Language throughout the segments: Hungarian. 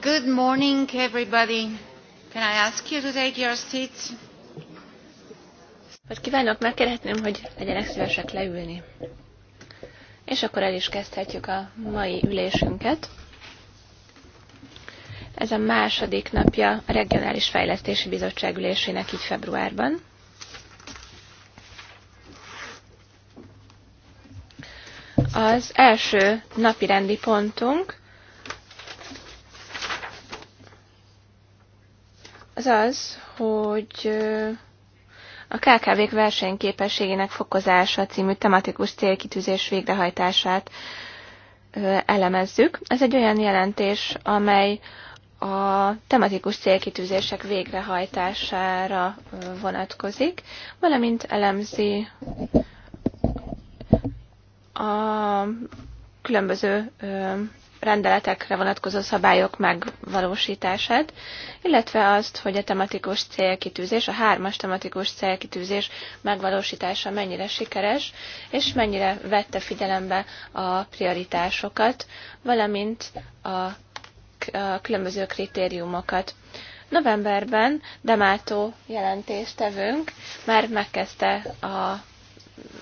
Good morning, everybody. Can I ask you to take your seats? Hogy kívánok, megkérhetném, hogy legyenek szívesek leülni. És akkor el is kezdhetjük a mai ülésünket. Ez a második napja a Regionális Fejlesztési Bizottság ülésének így februárban. Az első napi rendi pontunk az az, hogy a KKV-k versenyképességének fokozása című tematikus célkitűzés végrehajtását elemezzük. Ez egy olyan jelentés, amely a tematikus célkitűzések végrehajtására vonatkozik, valamint elemzi a különböző rendeletekre vonatkozó szabályok megvalósítását, illetve azt, hogy a tematikus célkitűzés, a hármas tematikus célkitűzés megvalósítása mennyire sikeres, és mennyire vette figyelembe a prioritásokat, valamint a, a különböző kritériumokat. Novemberben Demátó jelentéstevőnk már megkezdte a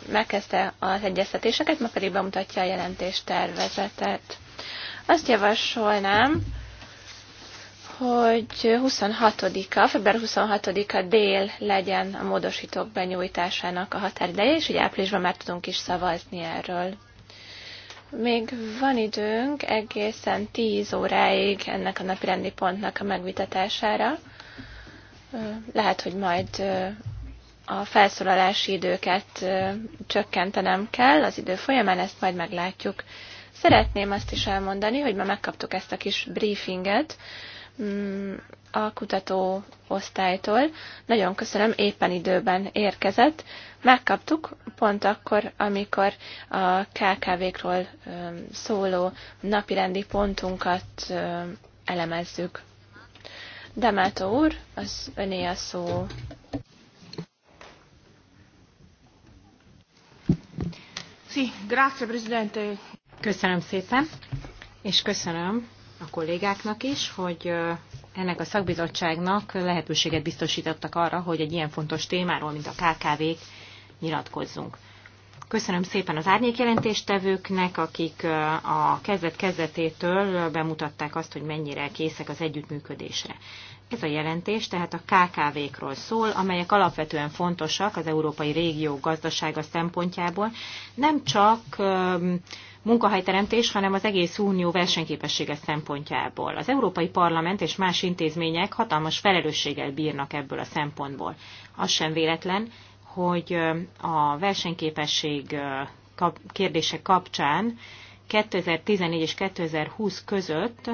megkezdte az egyeztetéseket, ma pedig bemutatja a jelentést tervezetet. Azt javasolnám, hogy 26-a, február 26-a dél legyen a módosítók benyújtásának a határideje, és így áprilisban már tudunk is szavazni erről. Még van időnk egészen 10 óráig ennek a napirendi pontnak a megvitatására. Lehet, hogy majd a felszólalási időket csökkentenem kell az idő folyamán, ezt majd meglátjuk. Szeretném azt is elmondani, hogy ma megkaptuk ezt a kis briefinget mm, a kutató osztálytól. Nagyon köszönöm, éppen időben érkezett. Megkaptuk pont akkor, amikor a KKV-król mm, szóló napirendi pontunkat mm, elemezzük. Demato úr, az öné a szó. Sí, grazie, Presidente. Köszönöm szépen, és köszönöm a kollégáknak is, hogy ennek a szakbizottságnak lehetőséget biztosítottak arra, hogy egy ilyen fontos témáról, mint a KKV-k nyilatkozzunk. Köszönöm szépen az árnyékjelentéstevőknek, akik a kezdet-kezdetétől bemutatták azt, hogy mennyire készek az együttműködésre. Ez a jelentés tehát a KKV-król szól, amelyek alapvetően fontosak az európai régió gazdasága szempontjából, nem csak munkahelyteremtés, hanem az egész unió versenyképessége szempontjából. Az Európai Parlament és más intézmények hatalmas felelősséggel bírnak ebből a szempontból. Az sem véletlen, hogy a versenyképesség kérdése kapcsán 2014 és 2020 között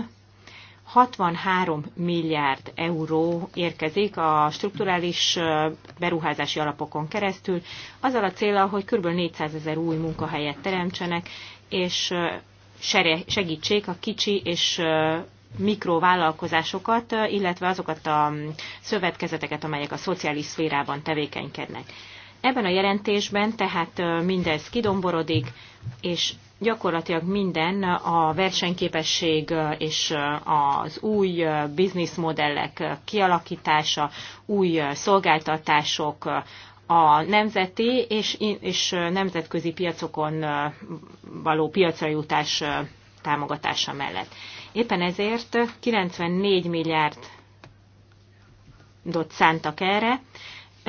63 milliárd euró érkezik a strukturális beruházási alapokon keresztül, azzal a célral, hogy kb. 400 ezer új munkahelyet teremtsenek, és segítsék a kicsi és mikrovállalkozásokat, illetve azokat a szövetkezeteket, amelyek a szociális szférában tevékenykednek. Ebben a jelentésben tehát mindez kidomborodik, és gyakorlatilag minden a versenyképesség és az új bizniszmodellek kialakítása, új szolgáltatások, a nemzeti és, és nemzetközi piacokon való piacra jutás támogatása mellett. Éppen ezért 94 milliárdot szántak erre,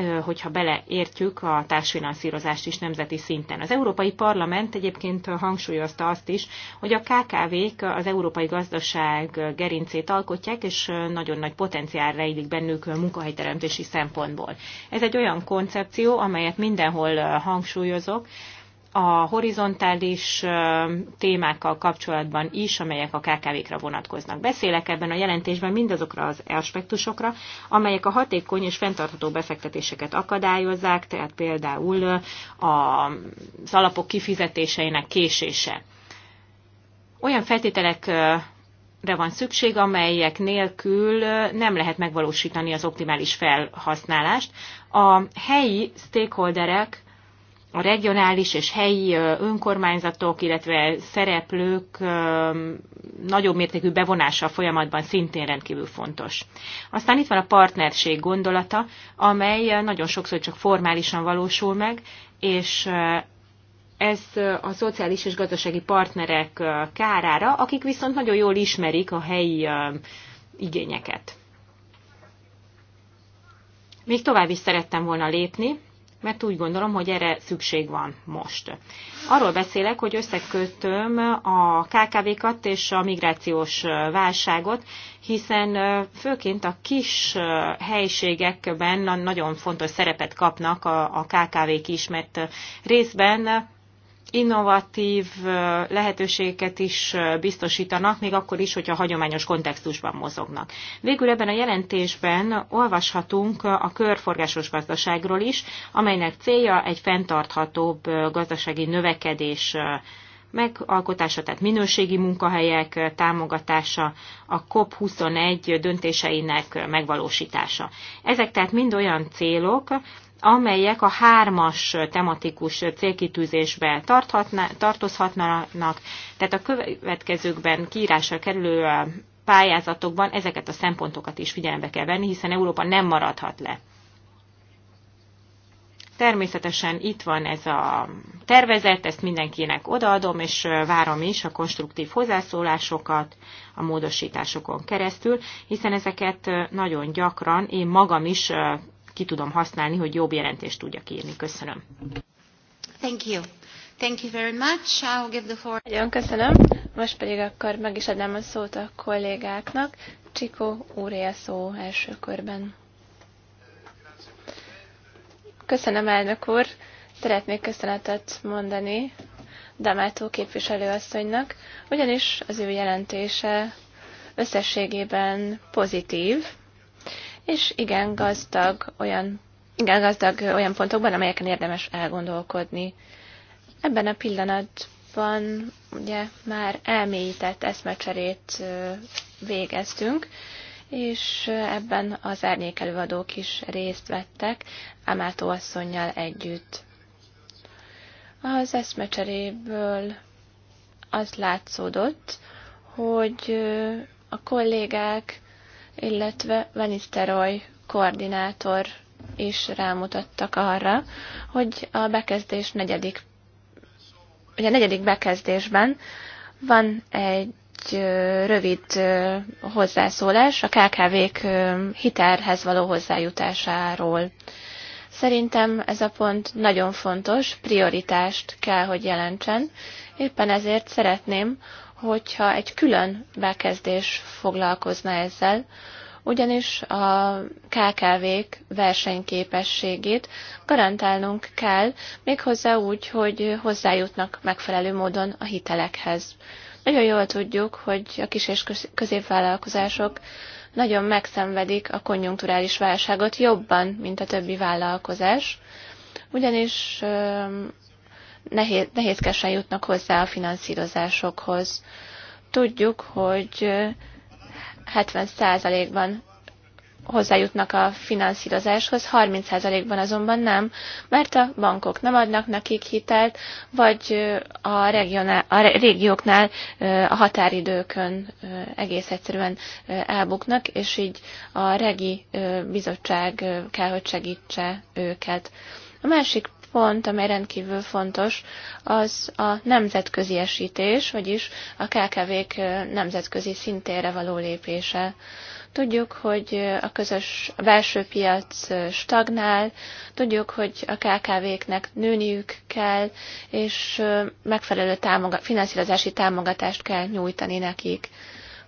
hogyha beleértjük a társfinanszírozást is nemzeti szinten. Az Európai Parlament egyébként hangsúlyozta azt is, hogy a KKV-k az európai gazdaság gerincét alkotják, és nagyon nagy potenciál rejlik bennük munkahelyteremtési szempontból. Ez egy olyan koncepció, amelyet mindenhol hangsúlyozok, a horizontális témákkal kapcsolatban is, amelyek a KKV-kra vonatkoznak. Beszélek ebben a jelentésben mindazokra az aspektusokra, amelyek a hatékony és fenntartható befektetéseket akadályozzák, tehát például az alapok kifizetéseinek késése. Olyan feltételek de van szükség, amelyek nélkül nem lehet megvalósítani az optimális felhasználást. A helyi stakeholderek a regionális és helyi önkormányzatok, illetve szereplők nagyobb mértékű bevonása a folyamatban szintén rendkívül fontos. Aztán itt van a partnerség gondolata, amely nagyon sokszor csak formálisan valósul meg, és ez a szociális és gazdasági partnerek kárára, akik viszont nagyon jól ismerik a helyi igényeket. Még tovább is szerettem volna lépni, mert úgy gondolom, hogy erre szükség van most. Arról beszélek, hogy összekötöm a KKV-kat és a migrációs válságot, hiszen főként a kis helységekben nagyon fontos szerepet kapnak a KKV-k is, mert részben innovatív lehetőségeket is biztosítanak, még akkor is, hogyha hagyományos kontextusban mozognak. Végül ebben a jelentésben olvashatunk a körforgásos gazdaságról is, amelynek célja egy fenntarthatóbb gazdasági növekedés megalkotása, tehát minőségi munkahelyek támogatása, a COP21 döntéseinek megvalósítása. Ezek tehát mind olyan célok, amelyek a hármas tematikus célkitűzésbe tartozhatnának, tehát a következőkben kiírásra kerülő pályázatokban ezeket a szempontokat is figyelembe kell venni, hiszen Európa nem maradhat le. Természetesen itt van ez a tervezet, ezt mindenkinek odaadom, és várom is a konstruktív hozzászólásokat a módosításokon keresztül, hiszen ezeket nagyon gyakran én magam is ki tudom használni, hogy jobb jelentést tudjak írni. Köszönöm. Thank you. Thank you very much. I'll give the floor. Nagyon köszönöm. Most pedig akkor meg is adnám a szót a kollégáknak. Csikó úré a szó első körben. Köszönöm, elnök úr. Szeretnék köszönetet mondani Damátó képviselőasszonynak, ugyanis az ő jelentése összességében pozitív, és igen gazdag olyan, igen gazdag olyan pontokban, amelyeken érdemes elgondolkodni. Ebben a pillanatban ugye már elmélyített eszmecserét végeztünk, és ebben az árnyékelőadók is részt vettek Amátó asszonynal együtt. Az eszmecseréből az látszódott, hogy a kollégák illetve Veniszteroy koordinátor is rámutattak arra, hogy a bekezdés negyedik, vagy a negyedik bekezdésben van egy rövid hozzászólás a KKV-k hitelhez való hozzájutásáról. Szerintem ez a pont nagyon fontos, prioritást kell, hogy jelentsen. Éppen ezért szeretném, hogyha egy külön bekezdés foglalkozna ezzel, ugyanis a KKV-k versenyképességét garantálnunk kell, méghozzá úgy, hogy hozzájutnak megfelelő módon a hitelekhez. Nagyon jól tudjuk, hogy a kis és középvállalkozások nagyon megszenvedik a konjunkturális válságot jobban, mint a többi vállalkozás, ugyanis nehéz, nehézkesen jutnak hozzá a finanszírozásokhoz. Tudjuk, hogy 70%-ban hozzájutnak a finanszírozáshoz, 30%-ban azonban nem, mert a bankok nem adnak nekik hitelt, vagy a, a régióknál a határidőkön egész egyszerűen elbuknak, és így a regi bizottság kell, hogy segítse őket. A másik pont, amely rendkívül fontos, az a nemzetközi esítés, vagyis a KKV-k nemzetközi szintére való lépése. Tudjuk, hogy a közös a belső piac stagnál, tudjuk, hogy a KKV-knek nőniük kell, és megfelelő támogat, finanszírozási támogatást kell nyújtani nekik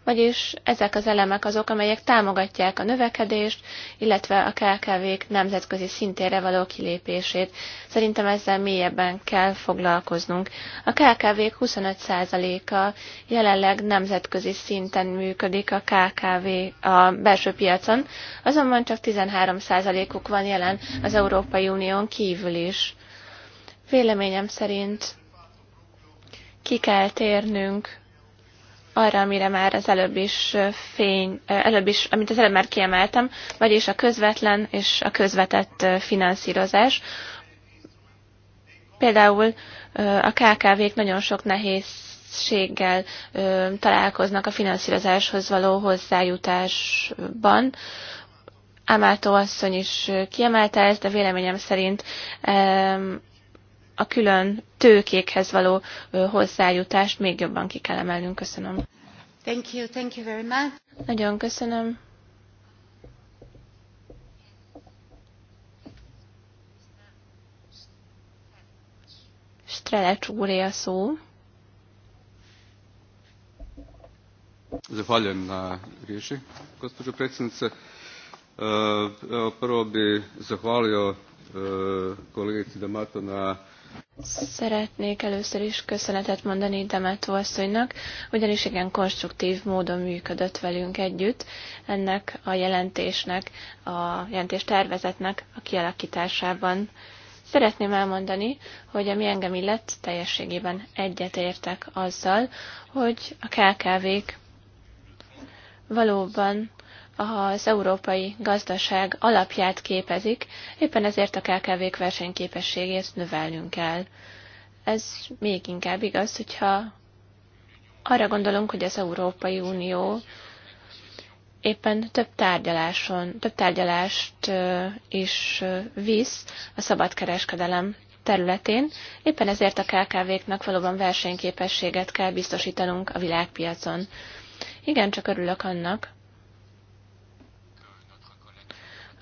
vagyis ezek az elemek azok, amelyek támogatják a növekedést, illetve a KKV-k nemzetközi szintére való kilépését. Szerintem ezzel mélyebben kell foglalkoznunk. A KKV-k 25%-a jelenleg nemzetközi szinten működik a KKV a belső piacon, azonban csak 13%-uk van jelen az Európai Unión kívül is. Véleményem szerint ki kell térnünk arra, amire már az előbb is fény, előbb is, amit az előbb már kiemeltem, vagyis a közvetlen és a közvetett finanszírozás. Például a KKV-k nagyon sok nehézséggel találkoznak a finanszírozáshoz való hozzájutásban. Amátó asszony is kiemelte ezt, de véleményem szerint a külön tőkékhez való hozzájutást még jobban ki kell emelnünk. Köszönöm. Thank you, thank you very much. Nagyon köszönöm. Strelec úré a szó. Zahvaljujem na riječi, gospođo predsjednice. E, prvo bi zahvalio e, kolegici Damato na Szeretnék először is köszönetet mondani Demetó asszonynak, ugyanis igen konstruktív módon működött velünk együtt ennek a jelentésnek, a jelentés tervezetnek a kialakításában. Szeretném elmondani, hogy ami engem illet, teljességében egyetértek azzal, hogy a KKV-k valóban az európai gazdaság alapját képezik, éppen ezért a kkv versenyképességét növelnünk kell. Ez még inkább igaz, hogyha arra gondolunk, hogy az Európai Unió éppen több tárgyaláson, több tárgyalást is visz a szabadkereskedelem területén, éppen ezért a KKV-knak valóban versenyképességet kell biztosítanunk a világpiacon. Igen, csak örülök annak,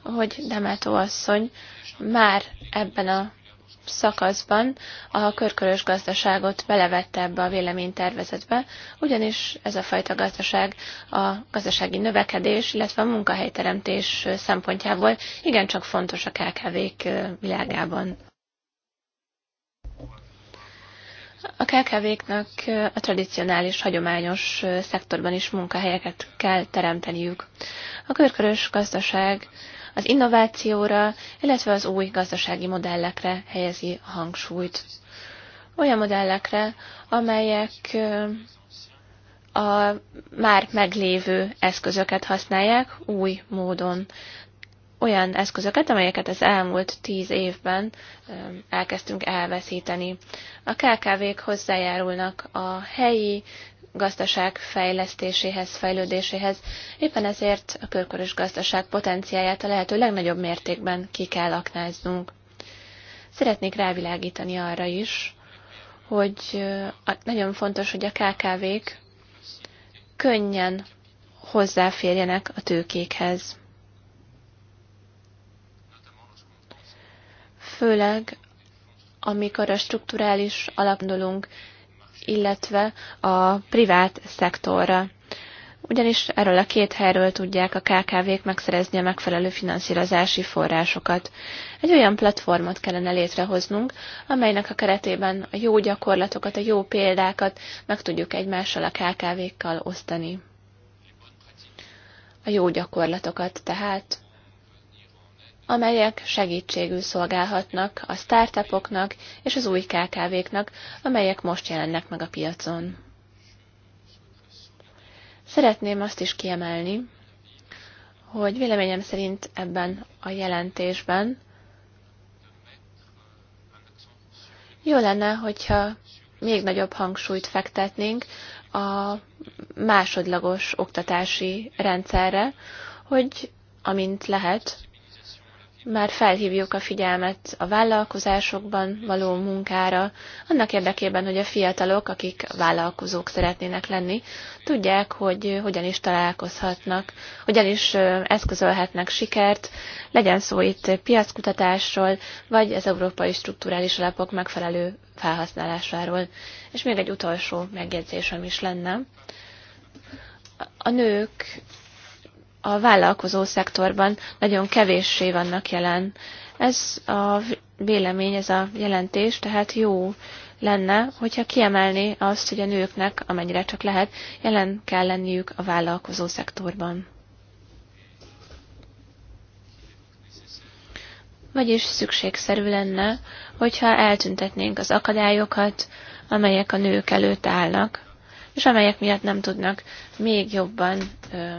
hogy Demeto asszony már ebben a szakaszban a körkörös gazdaságot belevette ebbe a véleménytervezetbe, ugyanis ez a fajta gazdaság a gazdasági növekedés, illetve a munkahelyteremtés szempontjából igencsak fontos a KKV-k világában. A KKV-knak a tradicionális, hagyományos szektorban is munkahelyeket kell teremteniük. A körkörös gazdaság az innovációra, illetve az új gazdasági modellekre helyezi a hangsúlyt. Olyan modellekre, amelyek a már meglévő eszközöket használják új módon. Olyan eszközöket, amelyeket az elmúlt tíz évben elkezdtünk elveszíteni. A KKV-k hozzájárulnak a helyi gazdaság fejlesztéséhez, fejlődéséhez, éppen ezért a körkörös gazdaság potenciáját a lehető legnagyobb mértékben ki kell aknáznunk. Szeretnék rávilágítani arra is, hogy nagyon fontos, hogy a KKV-k könnyen hozzáférjenek a tőkékhez. Főleg, amikor a strukturális alapdolunk illetve a privát szektorra. Ugyanis erről a két helyről tudják a KKV-k megszerezni a megfelelő finanszírozási forrásokat. Egy olyan platformot kellene létrehoznunk, amelynek a keretében a jó gyakorlatokat, a jó példákat meg tudjuk egymással a KKV-kkal osztani. A jó gyakorlatokat tehát amelyek segítségül szolgálhatnak a startupoknak és az új KKV-knak, amelyek most jelennek meg a piacon. Szeretném azt is kiemelni, hogy véleményem szerint ebben a jelentésben jó lenne, hogyha még nagyobb hangsúlyt fektetnénk a másodlagos oktatási rendszerre, hogy amint lehet, már felhívjuk a figyelmet a vállalkozásokban való munkára, annak érdekében, hogy a fiatalok, akik vállalkozók szeretnének lenni, tudják, hogy hogyan is találkozhatnak, hogyan is eszközölhetnek sikert, legyen szó itt piackutatásról, vagy az európai strukturális alapok megfelelő felhasználásáról. És még egy utolsó megjegyzésem is lenne. A nők a vállalkozó szektorban nagyon kevéssé vannak jelen. Ez a vélemény, ez a jelentés, tehát jó lenne, hogyha kiemelni azt, hogy a nőknek, amennyire csak lehet, jelen kell lenniük a vállalkozó szektorban. Vagyis szükségszerű lenne, hogyha eltüntetnénk az akadályokat, amelyek a nők előtt állnak és amelyek miatt nem tudnak még jobban ö,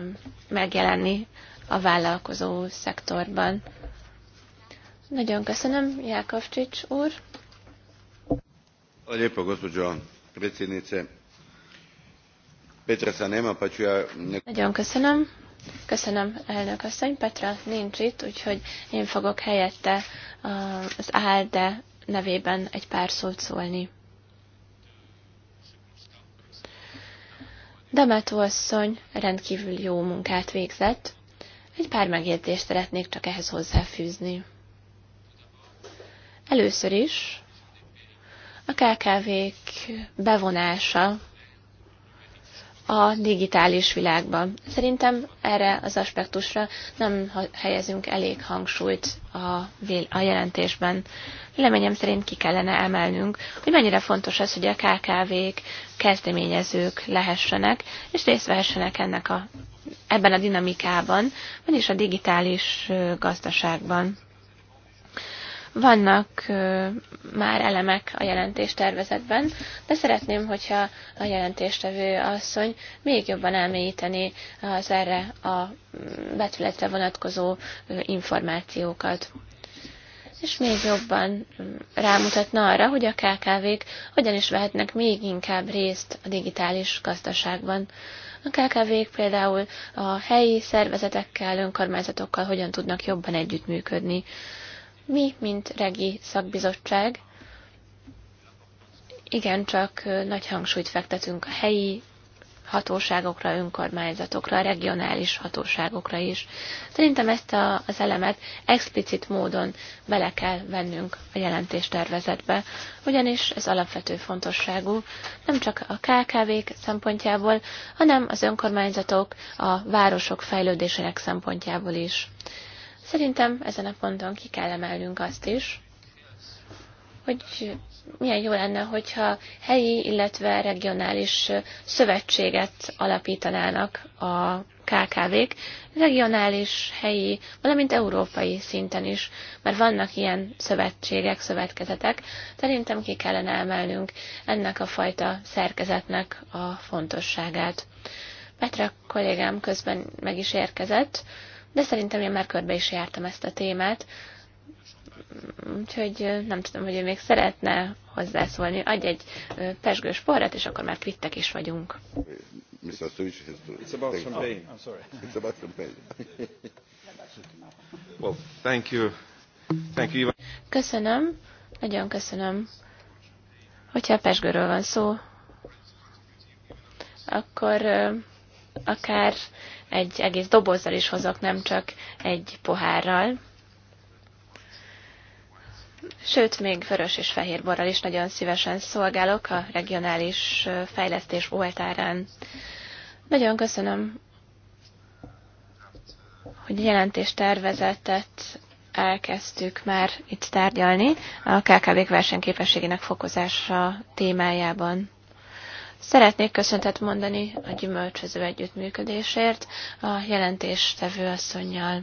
megjelenni a vállalkozó szektorban. Nagyon köszönöm, Csics úr. Petra nema, pa ja... Nagyon köszönöm. Köszönöm, elnök asszony. Petra nincs itt, úgyhogy én fogok helyette az ALDE nevében egy pár szót szólni. Damató asszony rendkívül jó munkát végzett. Egy pár megjegyzést szeretnék csak ehhez hozzáfűzni. Először is a KKV-k bevonása a digitális világban. Szerintem erre az aspektusra nem helyezünk elég hangsúlyt a, a jelentésben. Leményem szerint ki kellene emelnünk, hogy mennyire fontos az, hogy a KKV-k kezdeményezők lehessenek, és részt vehessenek ennek a, ebben a dinamikában, vagyis a digitális gazdaságban. Vannak már elemek a jelentés tervezetben, de szeretném, hogyha a jelentéstevő asszony még jobban elmélyíteni az erre a betületre mm, vonatkozó információkat és még jobban mm, rámutatna arra, hogy a KKV-k hogyan is vehetnek még inkább részt a digitális gazdaságban. A KKV-k például a helyi szervezetekkel, önkormányzatokkal hogyan tudnak jobban együttműködni. Mi, mint regi szakbizottság, igencsak nagy hangsúlyt fektetünk a helyi hatóságokra, önkormányzatokra, a regionális hatóságokra is. Szerintem ezt a, az elemet explicit módon bele kell vennünk a jelentéstervezetbe, ugyanis ez alapvető fontosságú nem csak a KKV-k szempontjából, hanem az önkormányzatok, a városok fejlődésének szempontjából is. Szerintem ezen a ponton ki kell emelnünk azt is, hogy milyen jó lenne, hogyha helyi, illetve regionális szövetséget alapítanának a KKV-k, regionális, helyi, valamint európai szinten is, mert vannak ilyen szövetségek, szövetkezetek, szerintem ki kellene emelnünk ennek a fajta szerkezetnek a fontosságát. Petra kollégám közben meg is érkezett, de szerintem én már körbe is jártam ezt a témát, úgyhogy nem tudom, hogy ő még szeretne hozzászólni. Adj egy pesgős porrat, és akkor már kvittek is vagyunk. Köszönöm. Nagyon köszönöm. Hogyha a pesgőről van szó, akkor akár egy egész dobozzal is hozok, nem csak egy pohárral. Sőt, még vörös és fehér borral is nagyon szívesen szolgálok a regionális fejlesztés oltárán. Nagyon köszönöm, hogy a tervezetet elkezdtük már itt tárgyalni a KKV-k versenyképességének fokozása témájában. Szeretnék köszöntet mondani a gyümölcsöző együttműködésért a jelentéstevő asszonynal.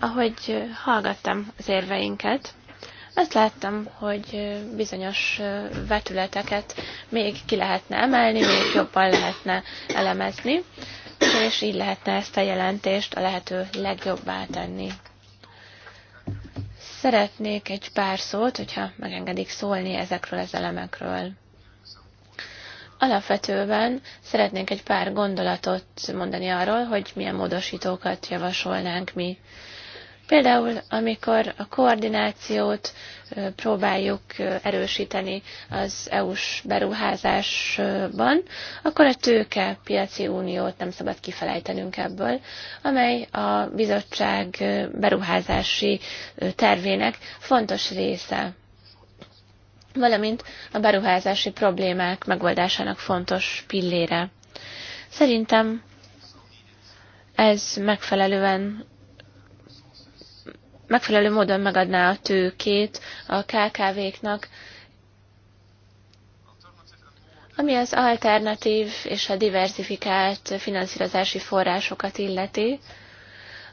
Ahogy hallgattam az érveinket, azt láttam, hogy bizonyos vetületeket még ki lehetne emelni, még jobban lehetne elemezni, és így lehetne ezt a jelentést a lehető legjobbá tenni. Szeretnék egy pár szót, hogyha megengedik szólni ezekről az elemekről. Alapvetően szeretnénk egy pár gondolatot mondani arról, hogy milyen módosítókat javasolnánk mi. Például, amikor a koordinációt próbáljuk erősíteni az EU-s beruházásban, akkor a tőke piaci uniót nem szabad kifelejtenünk ebből, amely a bizottság beruházási tervének fontos része valamint a beruházási problémák megoldásának fontos pillére. Szerintem ez megfelelően megfelelő módon megadná a tőkét a KKV-knak, ami az alternatív és a diversifikált finanszírozási forrásokat illeti.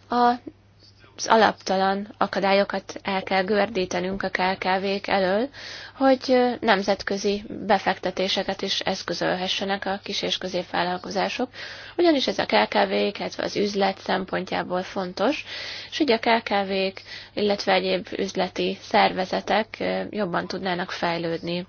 A az alaptalan akadályokat el kell gördítenünk a KKV-k elől, hogy nemzetközi befektetéseket is eszközölhessenek a kis- és középvállalkozások, ugyanis ez a KKV, illetve az üzlet szempontjából fontos, és így a KKV-k, illetve egyéb üzleti szervezetek jobban tudnának fejlődni.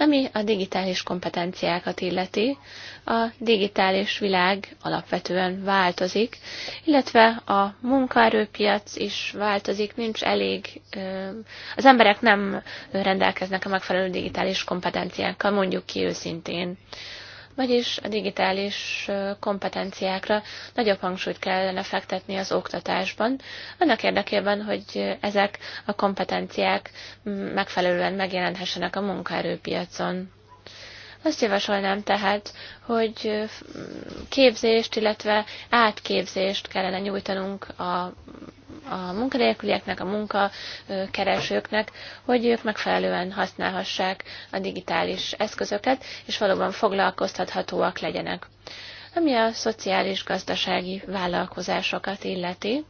Ami a digitális kompetenciákat illeti, a digitális világ alapvetően változik, illetve a munkaerőpiac is változik, nincs elég, az emberek nem rendelkeznek a megfelelő digitális kompetenciákkal, mondjuk ki őszintén vagyis a digitális kompetenciákra nagyobb hangsúlyt kellene fektetni az oktatásban, annak érdekében, hogy ezek a kompetenciák megfelelően megjelenhessenek a munkaerőpiacon. Azt javasolnám tehát, hogy képzést, illetve átképzést kellene nyújtanunk a a munkanélkülieknek, a munkakeresőknek, hogy ők megfelelően használhassák a digitális eszközöket, és valóban foglalkoztathatóak legyenek. Ami a szociális-gazdasági vállalkozásokat illeti,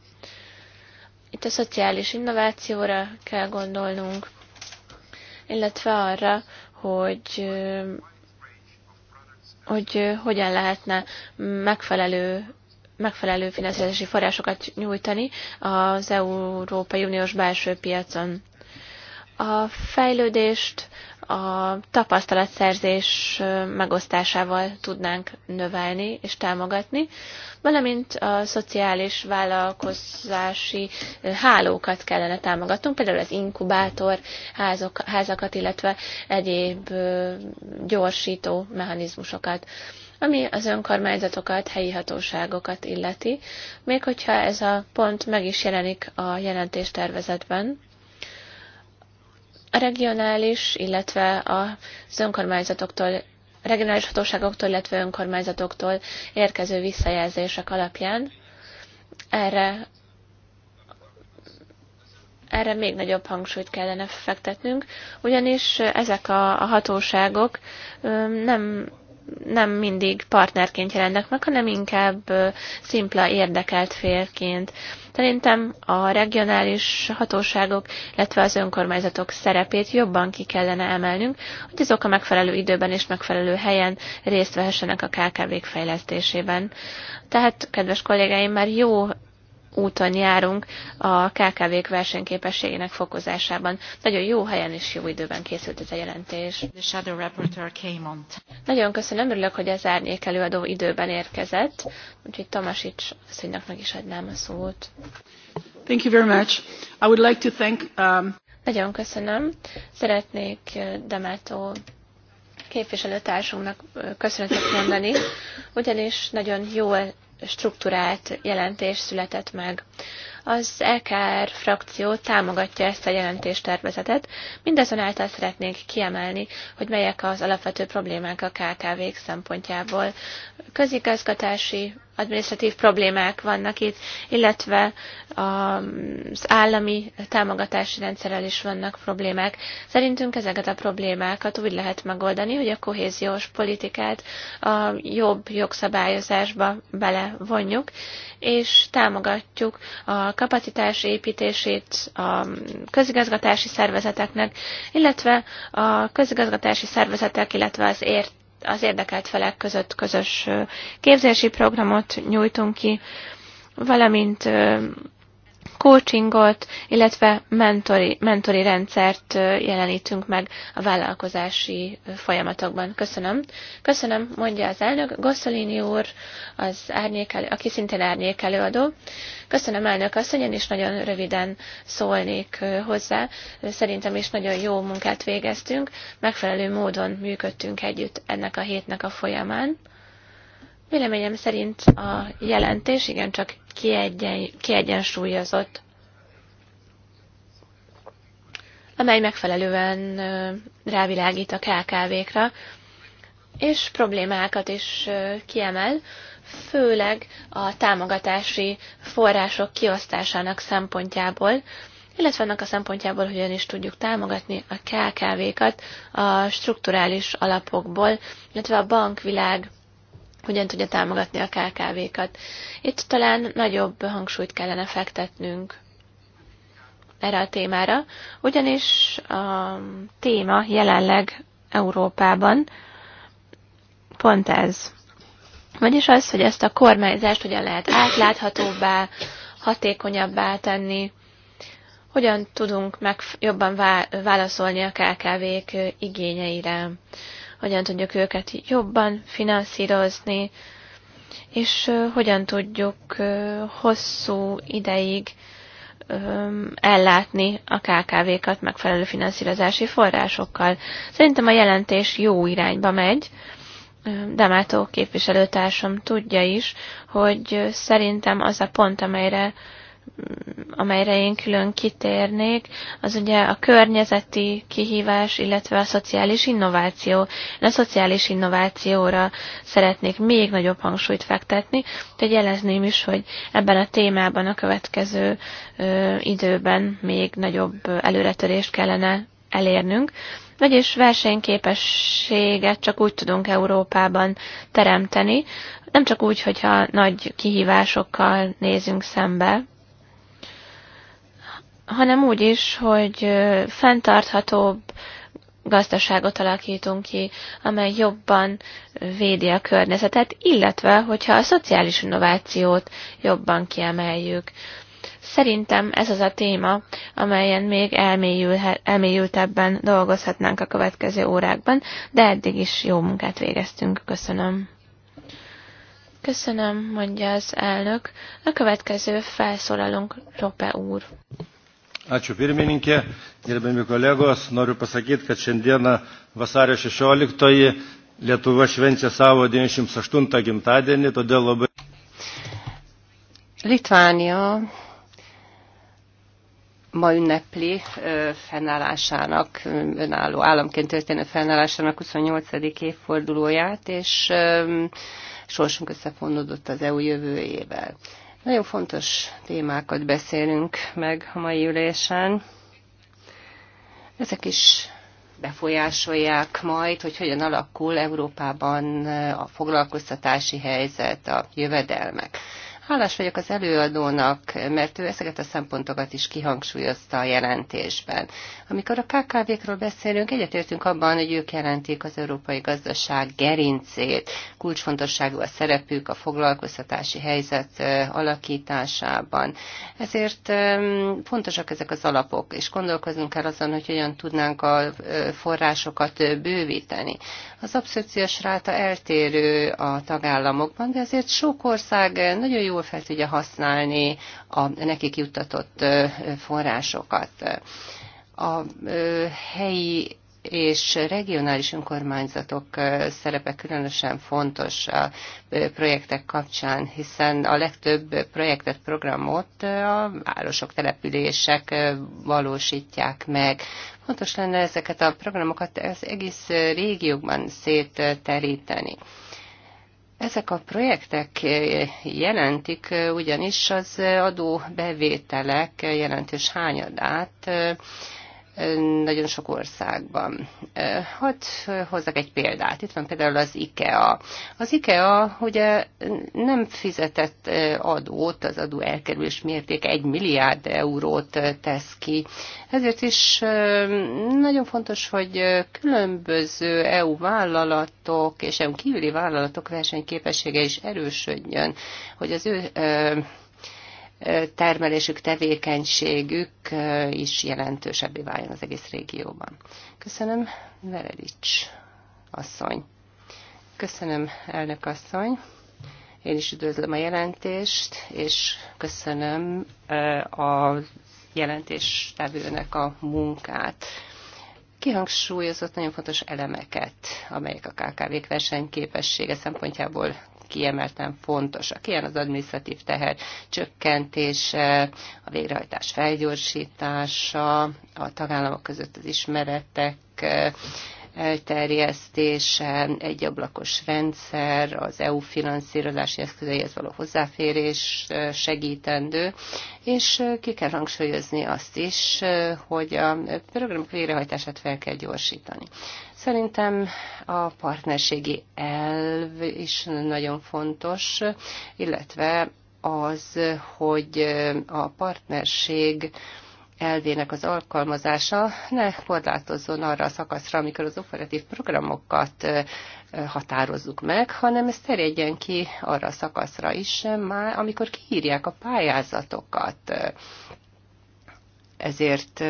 itt a szociális innovációra kell gondolnunk, illetve arra, hogy hogy hogyan lehetne megfelelő megfelelő finanszírozási forrásokat nyújtani az Európai Uniós belső piacon. A fejlődést a tapasztalatszerzés megosztásával tudnánk növelni és támogatni, valamint a szociális vállalkozási hálókat kellene támogatnunk, például az inkubátor házok, házakat, illetve egyéb gyorsító mechanizmusokat ami az önkormányzatokat, helyi hatóságokat illeti, még hogyha ez a pont meg is jelenik a jelentéstervezetben, a regionális, illetve az önkormányzatoktól regionális hatóságoktól, illetve önkormányzatoktól érkező visszajelzések alapján erre, erre még nagyobb hangsúlyt kellene fektetnünk, ugyanis ezek a, a hatóságok nem nem mindig partnerként jelennek meg, hanem inkább szimpla érdekelt félként. Szerintem a regionális hatóságok, illetve az önkormányzatok szerepét jobban ki kellene emelnünk, hogy azok a megfelelő időben és megfelelő helyen részt vehessenek a KKV-k fejlesztésében. Tehát, kedves kollégáim, már jó úton járunk a KKV-k versenyképességének fokozásában. Nagyon jó helyen és jó időben készült ez a jelentés. Nagyon köszönöm, örülök, hogy az árnyék előadó időben érkezett, úgyhogy Tamasics asszonynak meg is adnám a szót. Thank you very much. I would like to thank, um... Nagyon köszönöm. Szeretnék uh, Demátó képviselőtársunknak uh, köszönetet mondani, ugyanis nagyon jól struktúrált jelentés született meg. Az LKR frakció támogatja ezt a jelentéstervezetet, mindazonáltal szeretnénk kiemelni, hogy melyek az alapvető problémák a KKV-k szempontjából, közigazgatási administratív problémák vannak itt, illetve az állami támogatási rendszerrel is vannak problémák. Szerintünk ezeket a problémákat úgy lehet megoldani, hogy a kohéziós politikát a jobb jogszabályozásba belevonjuk, és támogatjuk a kapacitás építését a közigazgatási szervezeteknek, illetve a közigazgatási szervezetek, illetve az ért az érdekelt felek között közös képzési programot nyújtunk ki, valamint coachingot, illetve mentori, mentori rendszert jelenítünk meg a vállalkozási folyamatokban. Köszönöm. Köszönöm, mondja az elnök. Gosszolini úr, az árnyékelő, aki szintén árnyékelőadó. Köszönöm, elnök asszony, én is nagyon röviden szólnék hozzá. Szerintem is nagyon jó munkát végeztünk, megfelelő módon működtünk együtt ennek a hétnek a folyamán. Véleményem szerint a jelentés igencsak kiegyen, kiegyensúlyozott, amely megfelelően rávilágít a KKV-kra, és problémákat is kiemel, főleg a támogatási források kiosztásának szempontjából, illetve annak a szempontjából, hogyan is tudjuk támogatni a KKV-kat a strukturális alapokból, illetve a bankvilág hogyan tudja támogatni a KKV-kat. Itt talán nagyobb hangsúlyt kellene fektetnünk erre a témára, ugyanis a téma jelenleg Európában pont ez. Vagyis az, hogy ezt a kormányzást hogyan lehet átláthatóbbá, hatékonyabbá tenni, hogyan tudunk meg jobban válaszolni a KKV-k igényeire hogyan tudjuk őket jobban finanszírozni, és hogyan tudjuk hosszú ideig ellátni a KKV-kat megfelelő finanszírozási forrásokkal. Szerintem a jelentés jó irányba megy. Demátó képviselőtársam tudja is, hogy szerintem az a pont, amelyre amelyre én külön kitérnék, az ugye a környezeti kihívás, illetve a szociális innováció. Én a szociális innovációra szeretnék még nagyobb hangsúlyt fektetni, úgyhogy jelezném is, hogy ebben a témában a következő ö, időben még nagyobb előretörést kellene elérnünk. Vagyis versenyképességet csak úgy tudunk Európában teremteni, nem csak úgy, hogyha nagy kihívásokkal nézünk szembe, hanem úgy is, hogy fenntarthatóbb gazdaságot alakítunk ki, amely jobban védi a környezetet, illetve hogyha a szociális innovációt jobban kiemeljük. Szerintem ez az a téma, amelyen még elmélyültebben dolgozhatnánk a következő órákban, de eddig is jó munkát végeztünk. Köszönöm. Köszönöm, mondja az elnök. A következő felszólalunk Rope úr. Ačiū pirmininkė, gerbiami kolegos. Noriu pasakyti, kad šiandieną vasario 16-oji Lietuva švenčia savo 98 gimtadienį, todėl labai. Litvánia ma ünnepli fennállásának, önálló államként történő fennállásának 28. évfordulóját, és sorsunk összefonódott az EU jövőjével. Nagyon fontos témákat beszélünk meg a mai ülésen. Ezek is befolyásolják majd, hogy hogyan alakul Európában a foglalkoztatási helyzet, a jövedelmek. Hálás vagyok az előadónak, mert ő ezeket a szempontokat is kihangsúlyozta a jelentésben. Amikor a KKV-król beszélünk, egyetértünk abban, hogy ők jelentik az európai gazdaság gerincét, kulcsfontosságú a szerepük a foglalkoztatási helyzet alakításában. Ezért fontosak ezek az alapok, és gondolkozunk kell azon, hogy hogyan tudnánk a forrásokat bővíteni. Az abszorpciós ráta eltérő a tagállamokban, de azért sok ország nagyon jól jól fel tudja használni a nekik juttatott forrásokat. A helyi és regionális önkormányzatok szerepe különösen fontos a projektek kapcsán, hiszen a legtöbb projektet, programot a városok, települések valósítják meg. Fontos lenne ezeket a programokat az egész régiókban szétteríteni. Ezek a projektek eh, jelentik eh, ugyanis az adóbevételek eh, jelentős hányadát nagyon sok országban. Hadd hozzak egy példát. Itt van például az IKEA. Az IKEA ugye nem fizetett adót, az adó elkerülés mérték egy milliárd eurót tesz ki. Ezért is nagyon fontos, hogy különböző EU vállalatok és EU kívüli vállalatok versenyképessége is erősödjön, hogy az ő termelésük, tevékenységük is jelentősebbé váljon az egész régióban. Köszönöm, Veredics asszony. Köszönöm, elnök asszony. Én is üdvözlöm a jelentést, és köszönöm a jelentéstevőnek a munkát. Kihangsúlyozott nagyon fontos elemeket, amelyek a KKV-k versenyképessége szempontjából kiemelten fontosak. Ilyen az administratív teher csökkentése, a végrehajtás felgyorsítása, a tagállamok között az ismeretek, eh, elterjesztése, egy ablakos rendszer, az EU finanszírozási eszközeihez való hozzáférés eh, segítendő, és eh, ki kell hangsúlyozni azt is, hogy a programok végrehajtását fel kell gyorsítani. Szerintem a partnerségi elv is nagyon fontos, illetve az, hogy a partnerség elvének az alkalmazása ne korlátozzon arra a szakaszra, amikor az operatív programokat határozzuk meg, hanem ez terjedjen ki arra a szakaszra is, már amikor kiírják a pályázatokat ezért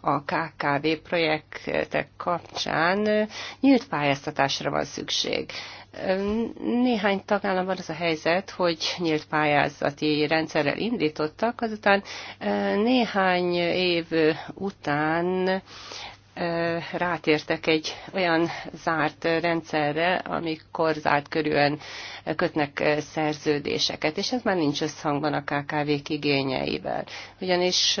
a KKV projektek kapcsán nyílt pályáztatásra van szükség. Néhány tagállamban az a helyzet, hogy nyílt pályázati rendszerrel indítottak, azután néhány év után rátértek egy olyan zárt rendszerre, amikor zárt körülön kötnek szerződéseket, és ez már nincs összhangban a KKV-k igényeivel. Ugyanis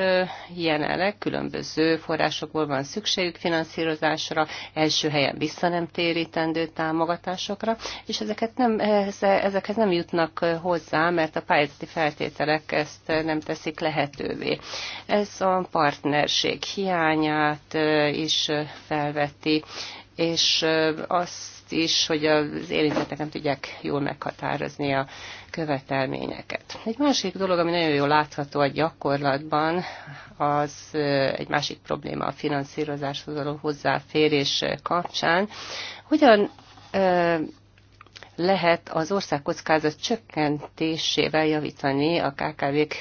jelenleg különböző forrásokból van szükségük finanszírozásra, első helyen vissza nem térítendő támogatásokra, és ezeket nem, ezekhez nem jutnak hozzá, mert a pályázati feltételek ezt nem teszik lehetővé. Ez a partnerség hiányát is is felveti, és azt is, hogy az érintettek nem tudják jól meghatározni a követelményeket. Egy másik dolog, ami nagyon jól látható a gyakorlatban, az egy másik probléma a finanszírozáshoz való hozzáférés kapcsán. Hogyan lehet az ország kockázat csökkentésével javítani a KKV-k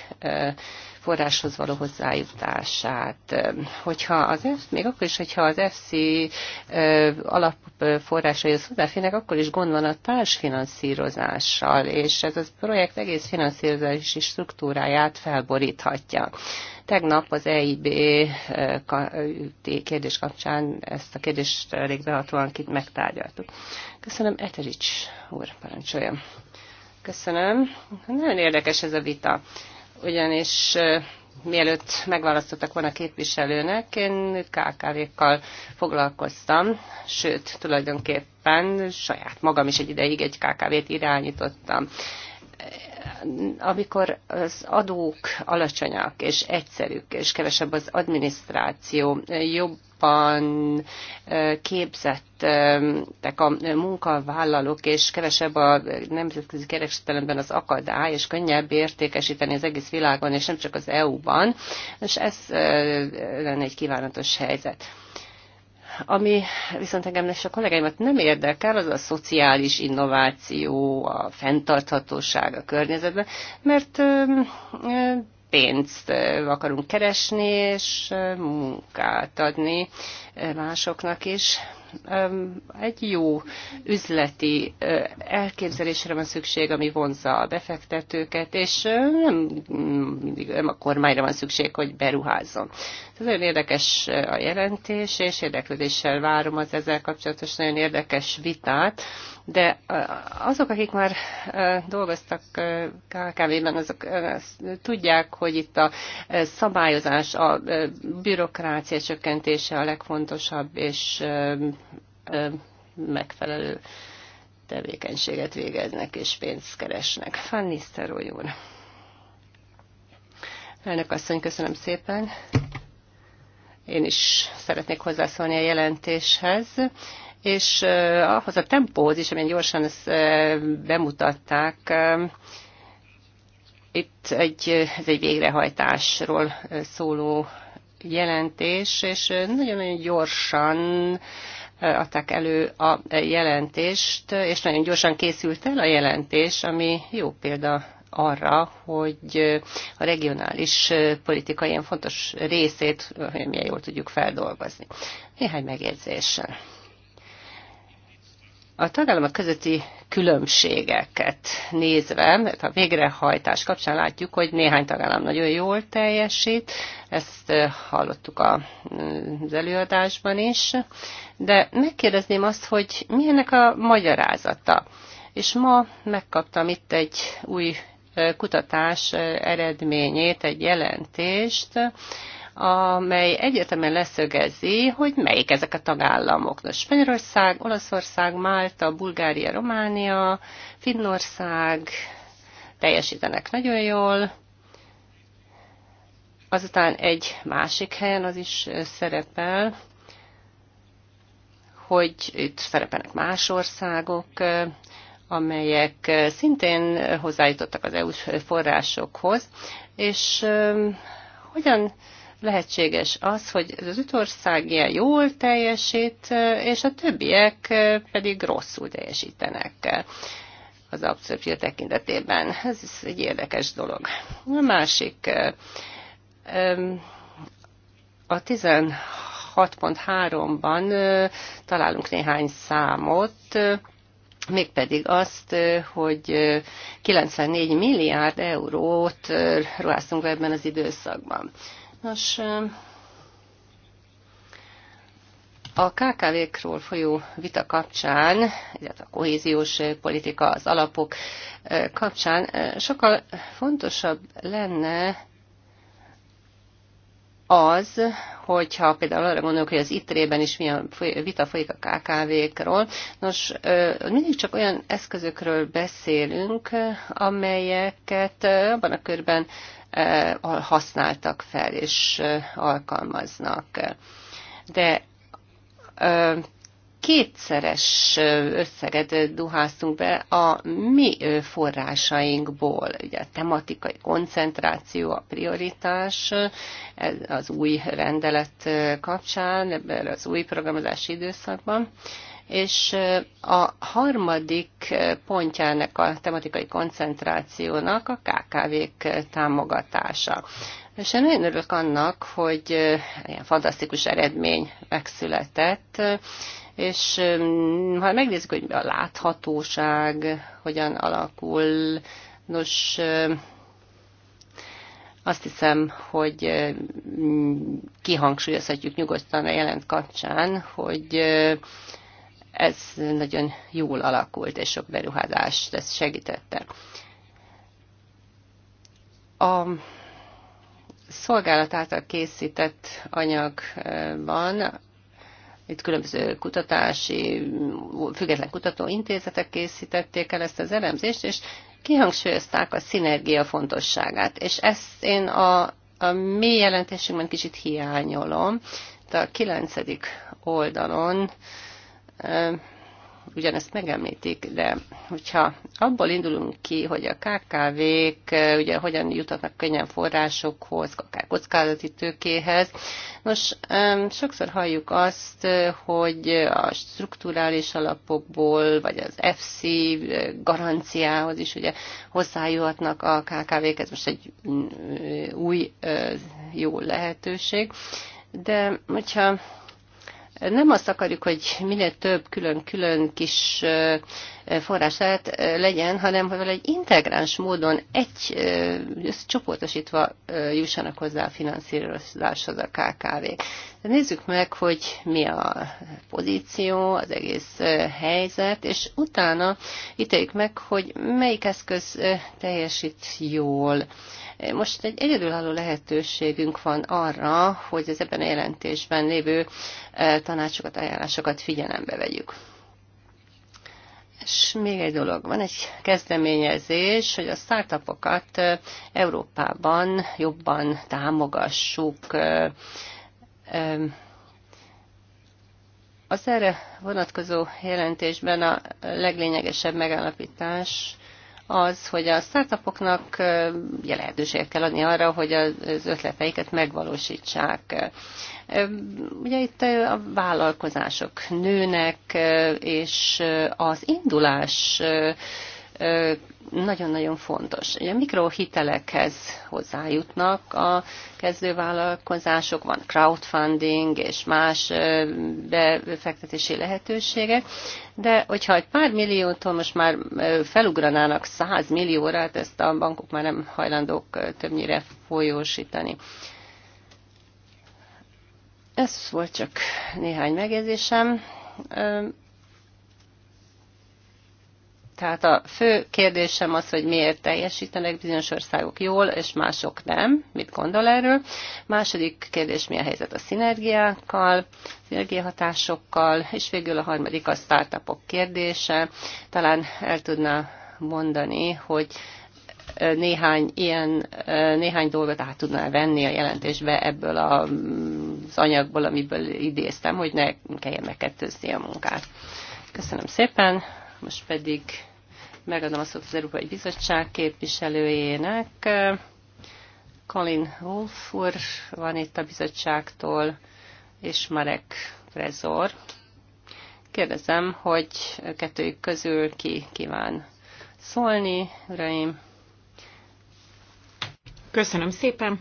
forráshoz való hozzájutását. Hogyha az még akkor is, hogyha az FC alapforrásaihoz hozzáférnek, akkor is gond van a társfinanszírozással, és ez a projekt egész finanszírozási struktúráját felboríthatja. Tegnap az EIB kérdés kapcsán ezt a kérdést elég behatóan kit megtárgyaltuk. Köszönöm, Eterics úr, parancsoljon. Köszönöm. Nagyon érdekes ez a vita ugyanis mielőtt megválasztottak volna képviselőnek, én KKV-kkal foglalkoztam, sőt, tulajdonképpen saját magam is egy ideig egy KKV-t irányítottam. Amikor az adók alacsonyak és egyszerűk, és kevesebb az adminisztráció, jobb jobban képzettek a munkavállalók, és kevesebb a nemzetközi kereskedelemben az akadály, és könnyebb értékesíteni az egész világon, és nem csak az EU-ban, és ez lenne egy kívánatos helyzet. Ami viszont engem és a kollégáimat nem érdekel, az a szociális innováció, a fenntarthatóság a környezetben, mert pénzt akarunk keresni, és munkát adni másoknak is. Egy jó üzleti elképzelésre van szükség, ami vonzza a befektetőket, és nem mm, mindig a kormányra van szükség, hogy beruházzon. Ez nagyon érdekes a jelentés, és érdeklődéssel várom az ezzel kapcsolatos nagyon érdekes vitát, de azok, akik már dolgoztak KKV-ben, azok tudják, hogy itt a szabályozás, a bürokrácia csökkentése a legfontosabb, és megfelelő tevékenységet végeznek és pénzt keresnek. Fanny Szeroly úr. Elnök asszony, köszönöm szépen. Én is szeretnék hozzászólni a jelentéshez és ahhoz a tempóhoz is, amilyen gyorsan ezt bemutatták, itt egy, ez egy végrehajtásról szóló jelentés, és nagyon-nagyon gyorsan adták elő a jelentést, és nagyon gyorsan készült el a jelentés, ami jó példa arra, hogy a regionális politika ilyen fontos részét milyen jól tudjuk feldolgozni. Néhány megjegyzéssel. A tagállamok közötti különbségeket nézve, mert a végrehajtás kapcsán látjuk, hogy néhány tagállam nagyon jól teljesít, ezt eh, hallottuk mm, az előadásban is, de megkérdezném azt, hogy milyennek a magyarázata. És ma megkaptam itt egy új kutatás eredményét, egy jelentést, amely egyetemen leszögezi, hogy melyik ezek a tagállamok. Na, Spanyolország, Olaszország, Málta, Bulgária, Románia, Finnország teljesítenek nagyon jól. Azután egy másik helyen az is szerepel, hogy itt szerepelnek más országok, amelyek szintén hozzájutottak az EU-s forrásokhoz, és hogyan lehetséges az, hogy az ország ilyen jól teljesít, és a többiek pedig rosszul teljesítenek az abszorpció tekintetében. Ez egy érdekes dolog. A másik, a 16.3-ban találunk néhány számot, mégpedig azt, hogy 94 milliárd eurót ruháztunk be ebben az időszakban. Nos, a KKV-król folyó vita kapcsán, illetve a kohéziós politika, az alapok kapcsán sokkal fontosabb lenne az, hogyha például arra gondolok, hogy az ITRE-ben is milyen vita folyik a KKV-król, nos, mindig csak olyan eszközökről beszélünk, amelyeket abban a körben használtak fel és alkalmaznak. De kétszeres összeget duháztunk be a mi forrásainkból. Ugye a tematikai koncentráció a prioritás az új rendelet kapcsán, ebben az új programozási időszakban és a harmadik pontjának a tematikai koncentrációnak a KKV-k támogatása. És én nagyon örülök annak, hogy ilyen fantasztikus eredmény megszületett, és ha megnézzük, hogy a láthatóság hogyan alakul, nos, azt hiszem, hogy kihangsúlyozhatjuk nyugodtan a jelent kapcsán, hogy ez nagyon jól alakult, és sok beruházást ez segítette. A szolgálat által készített anyagban itt különböző kutatási, független kutatóintézetek készítették el ezt az elemzést, és kihangsúlyozták a szinergia fontosságát. És ezt én a, a mi jelentésünkben kicsit hiányolom. De a kilencedik oldalon ugyanezt megemlítik, de hogyha abból indulunk ki, hogy a KKV-k eh, ugye hogyan jutatnak könnyen forrásokhoz, akár kockázati tőkéhez, nos, sokszor halljuk azt, eh, hogy a strukturális alapokból, vagy az FC eh, garanciához is ugye hozzájuhatnak a KKV-k, ez most egy mm, új jó lehetőség, de hogyha nem azt akarjuk, hogy minél több külön-külön kis forrását legyen, hanem hogy egy integráns módon egy csoportosítva jussanak hozzá a finanszírozáshoz a kkv De Nézzük meg, hogy mi a pozíció, az egész helyzet, és utána ítéljük meg, hogy melyik eszköz teljesít jól. Most egy egyedülálló lehetőségünk van arra, hogy az ebben a jelentésben lévő tanácsokat, ajánlásokat figyelembe vegyük. És még egy dolog, van egy kezdeményezés, hogy a startupokat Európában jobban támogassuk. Az erre vonatkozó jelentésben a leglényegesebb megállapítás, az, hogy a startupoknak lehetőséget kell adni arra, hogy az ötleteiket megvalósítsák. Ugye itt a vállalkozások nőnek, és az indulás nagyon-nagyon fontos. Ugye mikrohitelekhez hozzájutnak a kezdővállalkozások, van crowdfunding és más befektetési lehetőségek, de hogyha egy pár milliótól most már felugranának száz millióra, hát ezt a bankok már nem hajlandók többnyire folyósítani. Ez volt csak néhány megjegyzésem tehát a fő kérdésem az, hogy miért teljesítenek bizonyos országok jól, és mások nem. Mit gondol erről? Második kérdés, mi a helyzet a szinergiákkal, szinergiahatásokkal, és végül a harmadik a startupok kérdése. Talán el tudná mondani, hogy néhány ilyen, néhány dolgot át tudná venni a jelentésbe ebből a, mm, az anyagból, amiből idéztem, hogy ne kelljen megkettőzni a munkát. Köszönöm szépen, most pedig megadom a szót az Európai Bizottság képviselőjének. Colin Wolf úr van itt a bizottságtól, és Marek Rezor. Kérdezem, hogy kettőjük közül ki kíván szólni, uraim. Köszönöm szépen.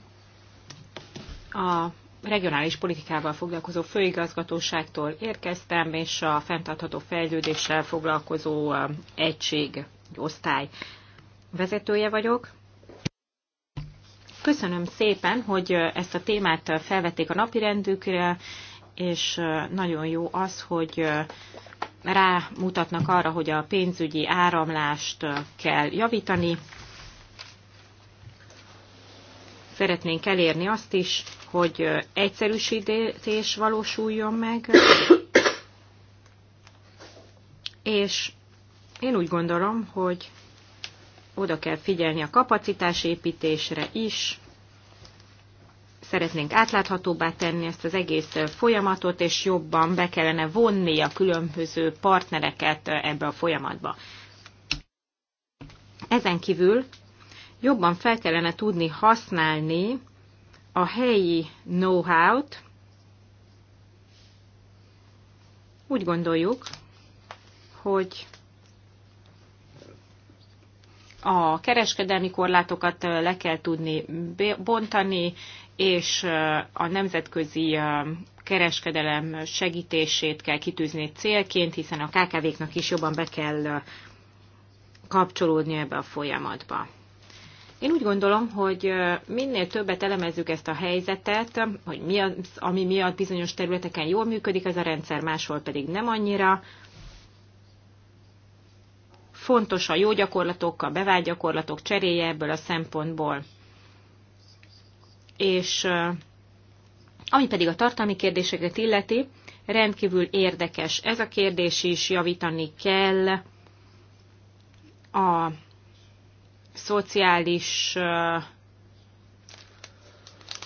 A regionális politikával foglalkozó főigazgatóságtól érkeztem, és a fenntartható fejlődéssel foglalkozó egység egy osztály vezetője vagyok. Köszönöm szépen, hogy ezt a témát felvették a napirendükre, és nagyon jó az, hogy rámutatnak arra, hogy a pénzügyi áramlást kell javítani. Szeretnénk elérni azt is, hogy egyszerűsítés valósuljon meg, és én úgy gondolom, hogy oda kell figyelni a kapacitásépítésre is, szeretnénk átláthatóbbá tenni ezt az egész folyamatot, és jobban be kellene vonni a különböző partnereket ebbe a folyamatba. Ezen kívül jobban fel kellene tudni használni a helyi know-how-t. Úgy gondoljuk, hogy a kereskedelmi korlátokat le kell tudni bontani, és a nemzetközi kereskedelem segítését kell kitűzni célként, hiszen a KKV-knak is jobban be kell kapcsolódni ebbe a folyamatba. Én úgy gondolom, hogy minél többet elemezzük ezt a helyzetet, hogy mi az, ami miatt bizonyos területeken jól működik ez a rendszer, máshol pedig nem annyira, Fontos a jó gyakorlatok, a bevált gyakorlatok cseréje ebből a szempontból. És ami pedig a tartalmi kérdéseket illeti, rendkívül érdekes. Ez a kérdés is javítani kell a szociális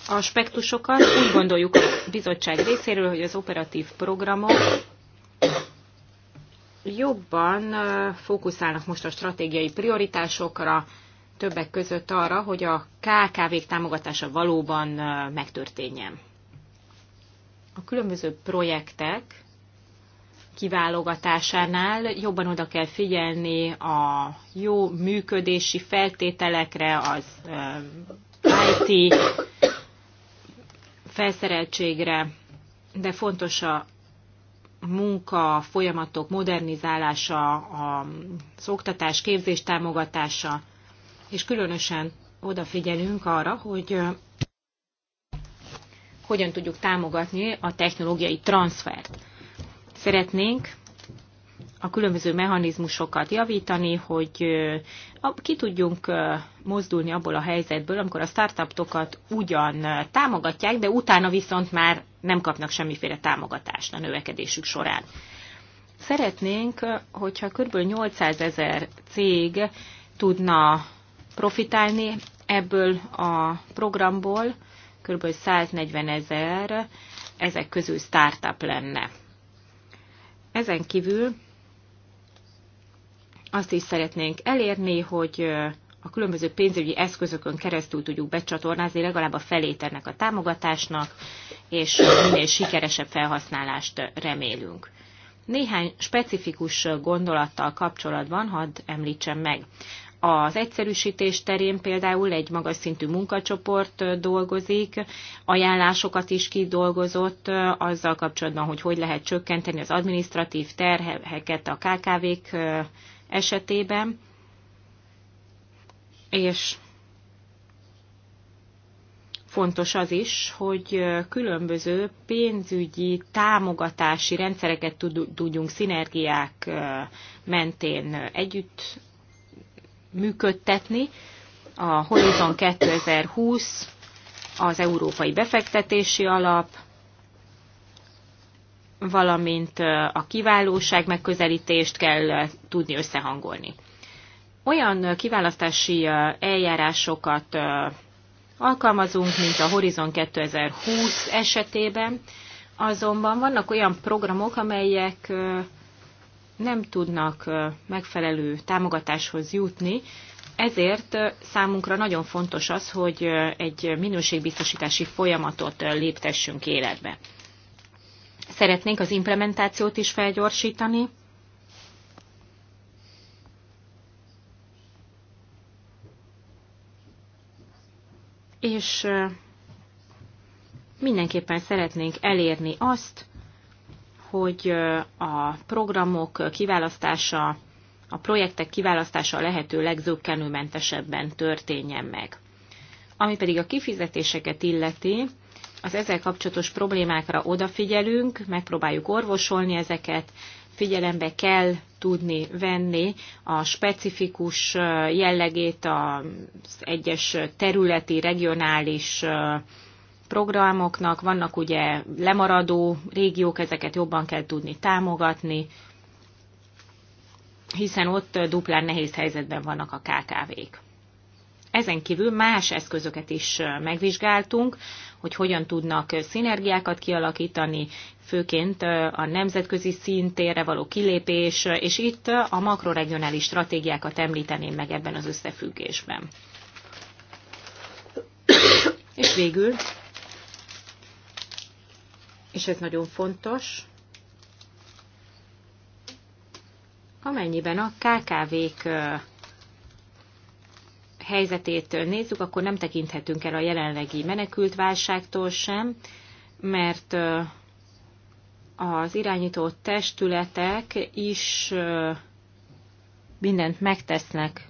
aspektusokat. Úgy gondoljuk a bizottság részéről, hogy az operatív programok jobban fókuszálnak most a stratégiai prioritásokra, többek között arra, hogy a KKV-k támogatása valóban megtörténjen. A különböző projektek kiválogatásánál jobban oda kell figyelni a jó működési feltételekre, az IT felszereltségre, de fontos a munka folyamatok modernizálása, a szoktatás, képzés támogatása, és különösen odafigyelünk arra, hogy hogyan tudjuk támogatni a technológiai transfert. Szeretnénk a különböző mechanizmusokat javítani, hogy ki tudjunk mozdulni abból a helyzetből, amikor a startuptokat ugyan támogatják, de utána viszont már nem kapnak semmiféle támogatást a növekedésük során. Szeretnénk, hogyha kb. 800 ezer cég tudna profitálni ebből a programból, kb. 140 ezer ezek közül startup lenne. Ezen kívül azt is szeretnénk elérni, hogy a különböző pénzügyi eszközökön keresztül tudjuk becsatornázni legalább a felét ennek a támogatásnak, és minél sikeresebb felhasználást remélünk. Néhány specifikus gondolattal kapcsolatban hadd említsem meg. Az egyszerűsítés terén például egy magas szintű munkacsoport dolgozik, ajánlásokat is kidolgozott azzal kapcsolatban, hogy hogy lehet csökkenteni az administratív terheket a KKV-k esetében, és fontos az is, hogy különböző pénzügyi támogatási rendszereket tudjunk szinergiák mentén együtt működtetni. A Horizon 2020 az Európai Befektetési Alap, valamint a kiválóság megközelítést kell tudni összehangolni. Olyan kiválasztási eljárásokat alkalmazunk, mint a Horizon 2020 esetében, azonban vannak olyan programok, amelyek nem tudnak megfelelő támogatáshoz jutni, ezért számunkra nagyon fontos az, hogy egy minőségbiztosítási folyamatot léptessünk életbe. Szeretnénk az implementációt is felgyorsítani. És mindenképpen szeretnénk elérni azt, hogy a programok kiválasztása, a projektek kiválasztása a lehető legzökkenőmentesebben történjen meg. Ami pedig a kifizetéseket illeti, az ezzel kapcsolatos problémákra odafigyelünk, megpróbáljuk orvosolni ezeket, figyelembe kell tudni venni a specifikus jellegét az egyes területi, regionális programoknak. Vannak ugye lemaradó régiók, ezeket jobban kell tudni támogatni, hiszen ott duplán nehéz helyzetben vannak a KKV-k. Ezen kívül más eszközöket is megvizsgáltunk, hogy hogyan tudnak szinergiákat kialakítani, főként a nemzetközi szintére való kilépés, és itt a makroregionális stratégiákat említeném meg ebben az összefüggésben. és végül, és ez nagyon fontos, amennyiben a KKV-k helyzetét nézzük, akkor nem tekinthetünk el a jelenlegi menekült válságtól sem, mert az irányító testületek is mindent megtesznek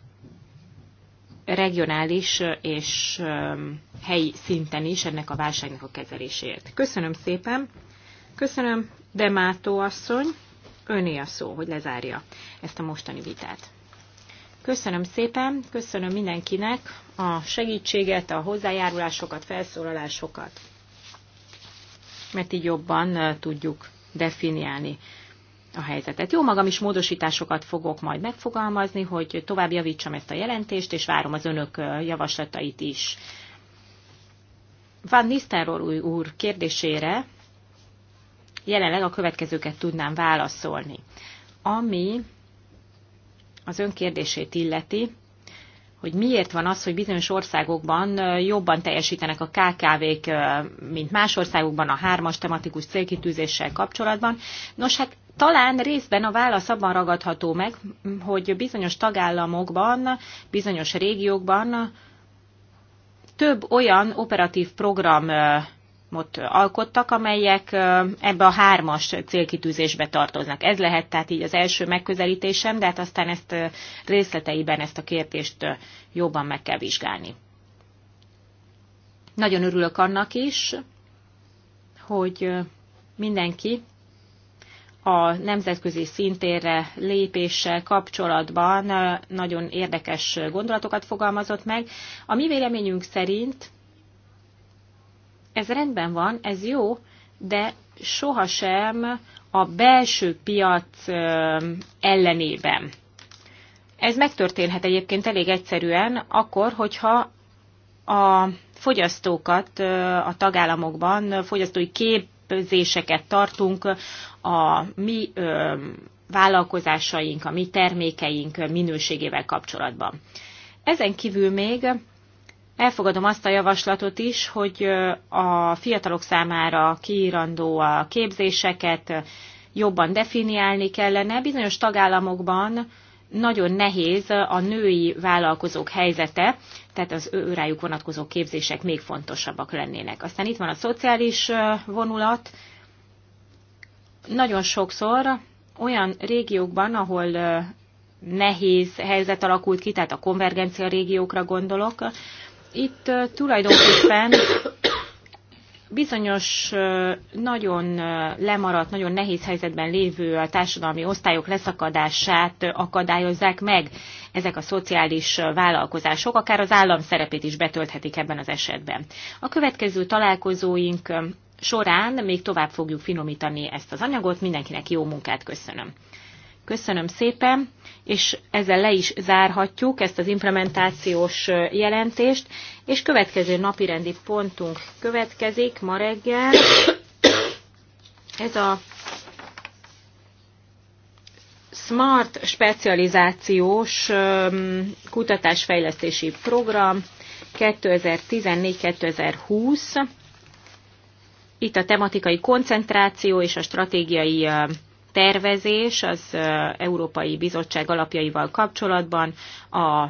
regionális és helyi szinten is ennek a válságnak a kezeléséért. Köszönöm szépen! Köszönöm, Demátó asszony! Öné a szó, hogy lezárja ezt a mostani vitát. Köszönöm szépen, köszönöm mindenkinek a segítséget, a hozzájárulásokat, felszólalásokat, mert így jobban tudjuk definiálni a helyzetet. Jó magam is módosításokat fogok majd megfogalmazni, hogy tovább javítsam ezt a jelentést, és várom az önök javaslatait is. Van Nisztáról úr kérdésére jelenleg a következőket tudnám válaszolni. Ami az önkérdését illeti, hogy miért van az, hogy bizonyos országokban jobban teljesítenek a KKV-k, mint más országokban a hármas tematikus célkitűzéssel kapcsolatban. Nos, hát talán részben a válasz abban ragadható meg, hogy bizonyos tagállamokban, bizonyos régiókban több olyan operatív program alkottak, amelyek ebbe a hármas célkitűzésbe tartoznak. Ez lehet tehát így az első megközelítésem, de hát aztán ezt részleteiben ezt a kérdést jobban meg kell vizsgálni. Nagyon örülök annak is, hogy mindenki a nemzetközi szintérre lépéssel kapcsolatban nagyon érdekes gondolatokat fogalmazott meg. A mi véleményünk szerint ez rendben van, ez jó, de sohasem a belső piac ellenében. Ez megtörténhet egyébként elég egyszerűen akkor, hogyha a fogyasztókat a tagállamokban fogyasztói képzéseket tartunk a mi vállalkozásaink, a mi termékeink minőségével kapcsolatban. Ezen kívül még Elfogadom azt a javaslatot is, hogy a fiatalok számára kiírandó a képzéseket jobban definiálni kellene. Bizonyos tagállamokban nagyon nehéz a női vállalkozók helyzete, tehát az ő rájuk vonatkozó képzések még fontosabbak lennének. Aztán itt van a szociális vonulat. Nagyon sokszor olyan régiókban, ahol nehéz helyzet alakult ki, tehát a konvergencia régiókra gondolok, itt tulajdonképpen bizonyos nagyon lemaradt, nagyon nehéz helyzetben lévő a társadalmi osztályok leszakadását akadályozzák meg ezek a szociális vállalkozások, akár az állam szerepét is betölthetik ebben az esetben. A következő találkozóink során még tovább fogjuk finomítani ezt az anyagot. Mindenkinek jó munkát köszönöm. Köszönöm szépen, és ezzel le is zárhatjuk ezt az implementációs jelentést, és következő napirendi pontunk következik ma reggel. Ez a Smart specializációs kutatásfejlesztési program 2014-2020. Itt a tematikai koncentráció és a stratégiai tervezés az Európai Bizottság alapjaival kapcsolatban, a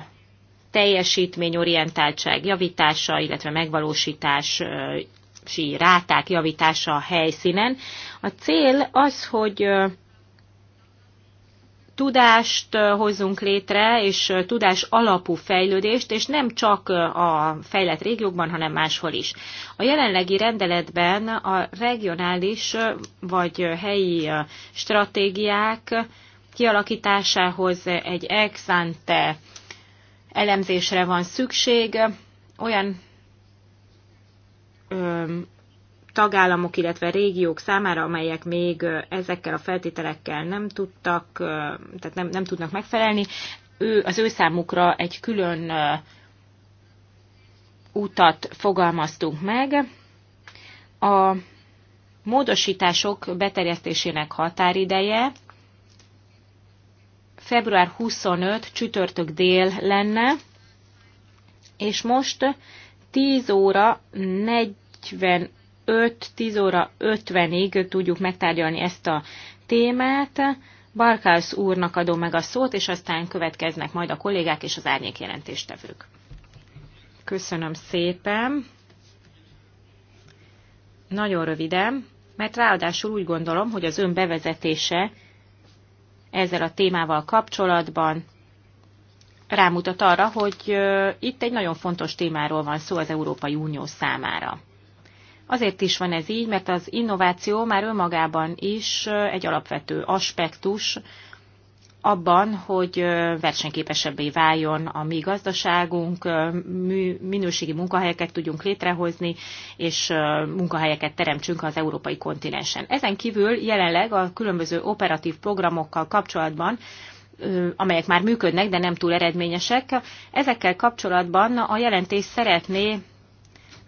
teljesítményorientáltság javítása, illetve megvalósítási ráták javítása a helyszínen. A cél az, hogy tudást hozzunk létre, és tudás alapú fejlődést, és nem csak a fejlett régiókban, hanem máshol is. A jelenlegi rendeletben a regionális vagy helyi stratégiák kialakításához egy ex ante elemzésre van szükség, olyan tagállamok, illetve régiók számára, amelyek még ezekkel a feltételekkel nem tudtak, tehát nem, nem tudnak megfelelni, ő, az ő számukra egy külön utat fogalmaztunk meg. A módosítások beterjesztésének határideje február 25 csütörtök dél lenne, és most 10 óra 40 5-10 óra 50-ig tudjuk megtárgyalni ezt a témát. Barkász úrnak adom meg a szót, és aztán következnek majd a kollégák és az árnyék jelentéstevők. Köszönöm szépen. Nagyon röviden, mert ráadásul úgy gondolom, hogy az ön bevezetése ezzel a témával kapcsolatban rámutat arra, hogy itt egy nagyon fontos témáról van szó az Európai Unió számára. Azért is van ez így, mert az innováció már önmagában is egy alapvető aspektus abban, hogy versenyképesebbé váljon a mi gazdaságunk, minőségi munkahelyeket tudjunk létrehozni, és munkahelyeket teremtsünk az európai kontinensen. Ezen kívül jelenleg a különböző operatív programokkal kapcsolatban amelyek már működnek, de nem túl eredményesek. Ezekkel kapcsolatban a jelentés szeretné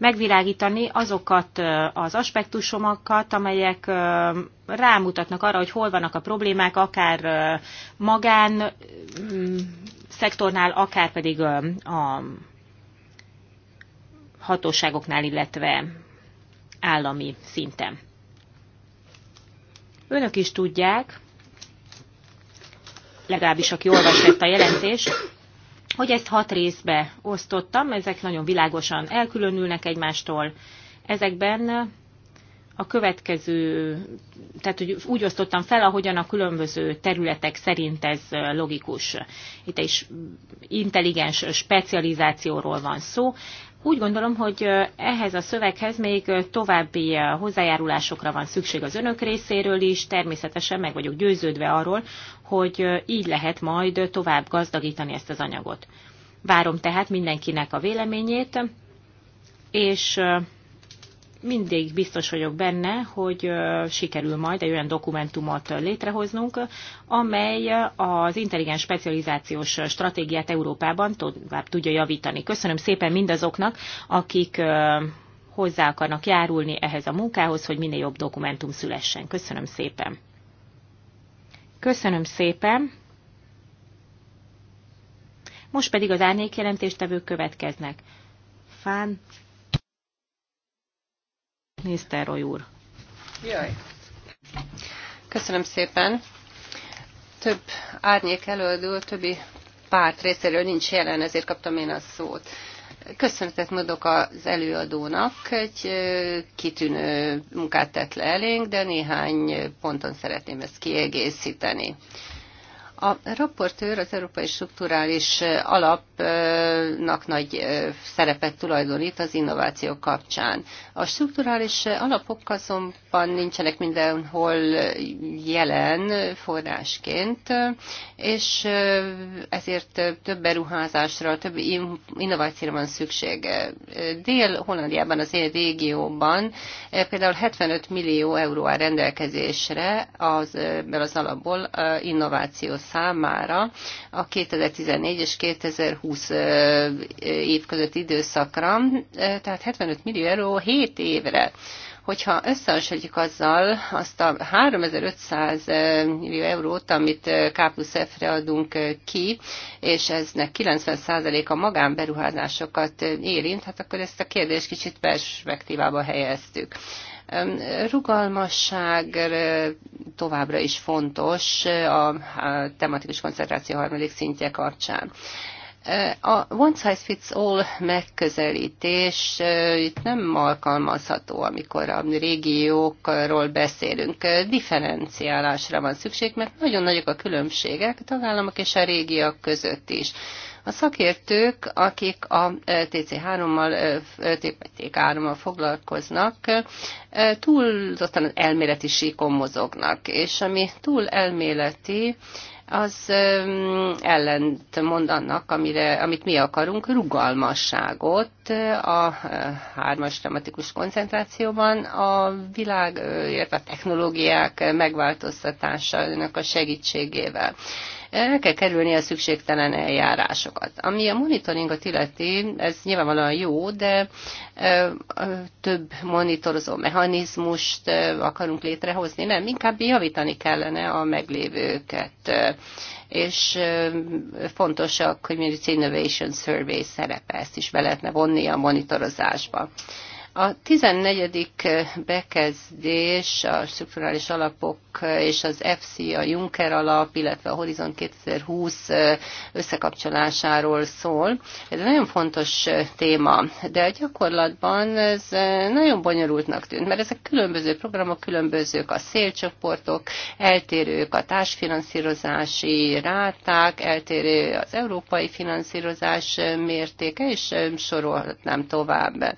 megvilágítani azokat az aspektusokat, amelyek rámutatnak arra, hogy hol vannak a problémák, akár magán mm, szektornál, akár pedig a hatóságoknál, illetve állami szinten. Önök is tudják, legalábbis aki olvasott a jelentést, hogy ezt hat részbe osztottam, ezek nagyon világosan elkülönülnek egymástól. Ezekben a következő, tehát hogy úgy osztottam fel, ahogyan a különböző területek szerint ez logikus. Itt is intelligens specializációról van szó. Úgy gondolom, hogy ehhez a szöveghez még további hozzájárulásokra van szükség az önök részéről is. Természetesen meg vagyok győződve arról, hogy így lehet majd tovább gazdagítani ezt az anyagot. Várom tehát mindenkinek a véleményét, és mindig biztos vagyok benne, hogy sikerül majd egy olyan dokumentumot létrehoznunk, amely az intelligens specializációs stratégiát Európában tovább tudja javítani. Köszönöm szépen mindazoknak, akik hozzá akarnak járulni ehhez a munkához, hogy minél jobb dokumentum szülessen. Köszönöm szépen. Köszönöm szépen. Most pedig az árnyékjelentéstevők következnek. Fán Nisztároly úr. Jaj. Köszönöm szépen. Több árnyék előadó, többi párt részéről nincs jelen, ezért kaptam én a szót. Köszönetet mondok az előadónak, egy kitűnő munkát tett le elénk, de néhány ponton szeretném ezt kiegészíteni. A raportőr az Európai Strukturális Alapnak nagy szerepet tulajdonít az innováció kapcsán. A strukturális alapok azonban nincsenek mindenhol jelen forrásként, és ezért több beruházásra, több innovációra van szükség. Dél-Hollandiában, az én régióban például 75 millió euró áll rendelkezésre az, az alapból innovációs számára a 2014 és 2020 év között időszakra, tehát 75 millió euró 7 évre hogyha összehasonlítjuk azzal azt a 3500 millió eurót, amit K plusz F-re adunk ki, és eznek 90%-a magánberuházásokat érint, hát akkor ezt a kérdést kicsit perspektívába helyeztük. Rugalmasság eh, továbbra is fontos eh, a tematikus koncentráció harmadik szintje kapcsán. Eh, a one size fits all megközelítés itt nem alkalmazható, amikor a régiókról beszélünk. Differenciálásra van szükség, mert nagyon nagyok a különbségek a tagállamok és a régiók között is. A szakértők, akik a e, TC3-mal, e, TK3-mal foglalkoznak, e, túl az elméleti síkon mozognak, és ami túl elméleti, az ellent mond annak, amire, amit mi akarunk, rugalmasságot a hármas tematikus koncentrációban a világ, illetve a technológiák megváltoztatása a segítségével. El kell kerülni a szükségtelen eljárásokat. Ami a monitoringot illeti, ez nyilvánvalóan jó, de több monitorozó mechanizmust akarunk létrehozni, nem, inkább javítani kellene a meglévőket és fontos a Community Innovation Survey szerepe, ezt is be lehetne vonni a monitorozásba. A 14. bekezdés a strukturális alapok és az EFSI, a Juncker alap, illetve a Horizon 2020 összekapcsolásáról szól. Ez egy nagyon fontos téma, de a gyakorlatban ez nagyon bonyolultnak tűnt, mert ezek különböző programok, különbözők a szélcsoportok, eltérők a társfinanszírozási ráták, eltérő az európai finanszírozás mértéke, és sorolhatnám tovább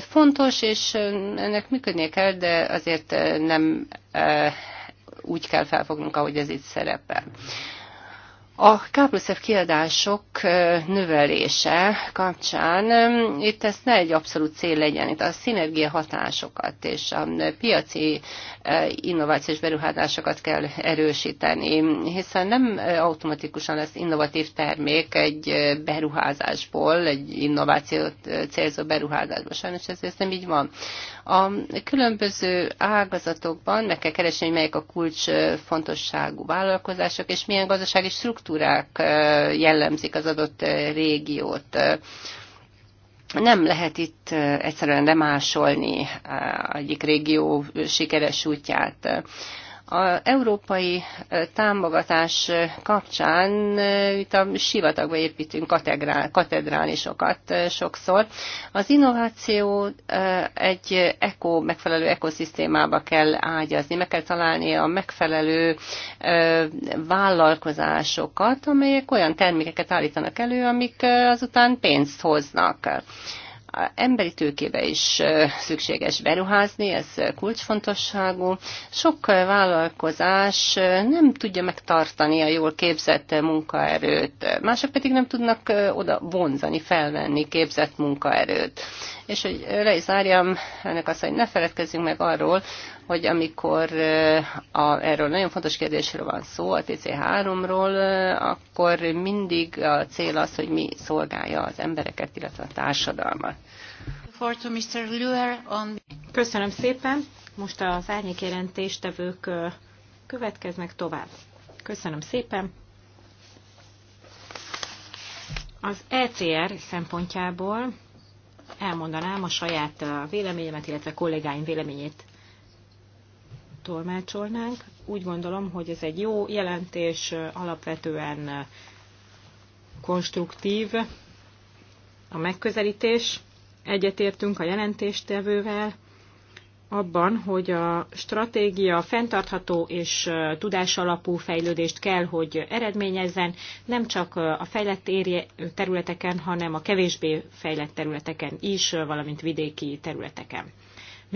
fontos, és ennek működnie kell, de azért nem úgy kell felfognunk, ahogy ez itt szerepel. A K plusz F kiadások növelése kapcsán itt ez ne egy abszolút cél legyen, itt a szinergia hatásokat és a piaci innovációs beruházásokat kell erősíteni, hiszen nem automatikusan lesz innovatív termék egy beruházásból, egy innovációt célzó beruházásból, sajnos ez, ez nem így van. A különböző ágazatokban meg kell keresni, hogy melyek a kulcs fontosságú vállalkozások, és milyen gazdasági struktúrák jellemzik az adott régiót. Nem lehet itt egyszerűen lemásolni egyik régió sikeres útját. A európai támogatás kapcsán itt a sivatagba építünk katedrál, katedrálisokat sokszor. Az innováció egy eko, megfelelő ekoszisztémába kell ágyazni, meg kell találni a megfelelő vállalkozásokat, amelyek olyan termékeket állítanak elő, amik azután pénzt hoznak emberi tőkébe is szükséges beruházni, ez kulcsfontosságú. Sok vállalkozás nem tudja megtartani a jól képzett munkaerőt, mások pedig nem tudnak oda vonzani, felvenni képzett munkaerőt. És hogy le is zárjam, ennek azt, hogy ne feledkezzünk meg arról, hogy amikor eh, a, erről nagyon fontos kérdésről van szó, a TC3-ról, eh, akkor mindig a cél az, hogy mi szolgálja az embereket, illetve a társadalmat. Köszönöm szépen. Most az árnyékjelentéstevők eh, következnek tovább. Köszönöm szépen. Az ECR szempontjából elmondanám a saját véleményemet, illetve kollégáim véleményét tolmácsolnánk. Úgy gondolom, hogy ez egy jó jelentés, alapvetően konstruktív a megközelítés. Egyetértünk a jelentéstevővel abban, hogy a stratégia fenntartható és tudásalapú fejlődést kell, hogy eredményezzen, nem csak a fejlett területeken, hanem a kevésbé fejlett területeken is, valamint vidéki területeken.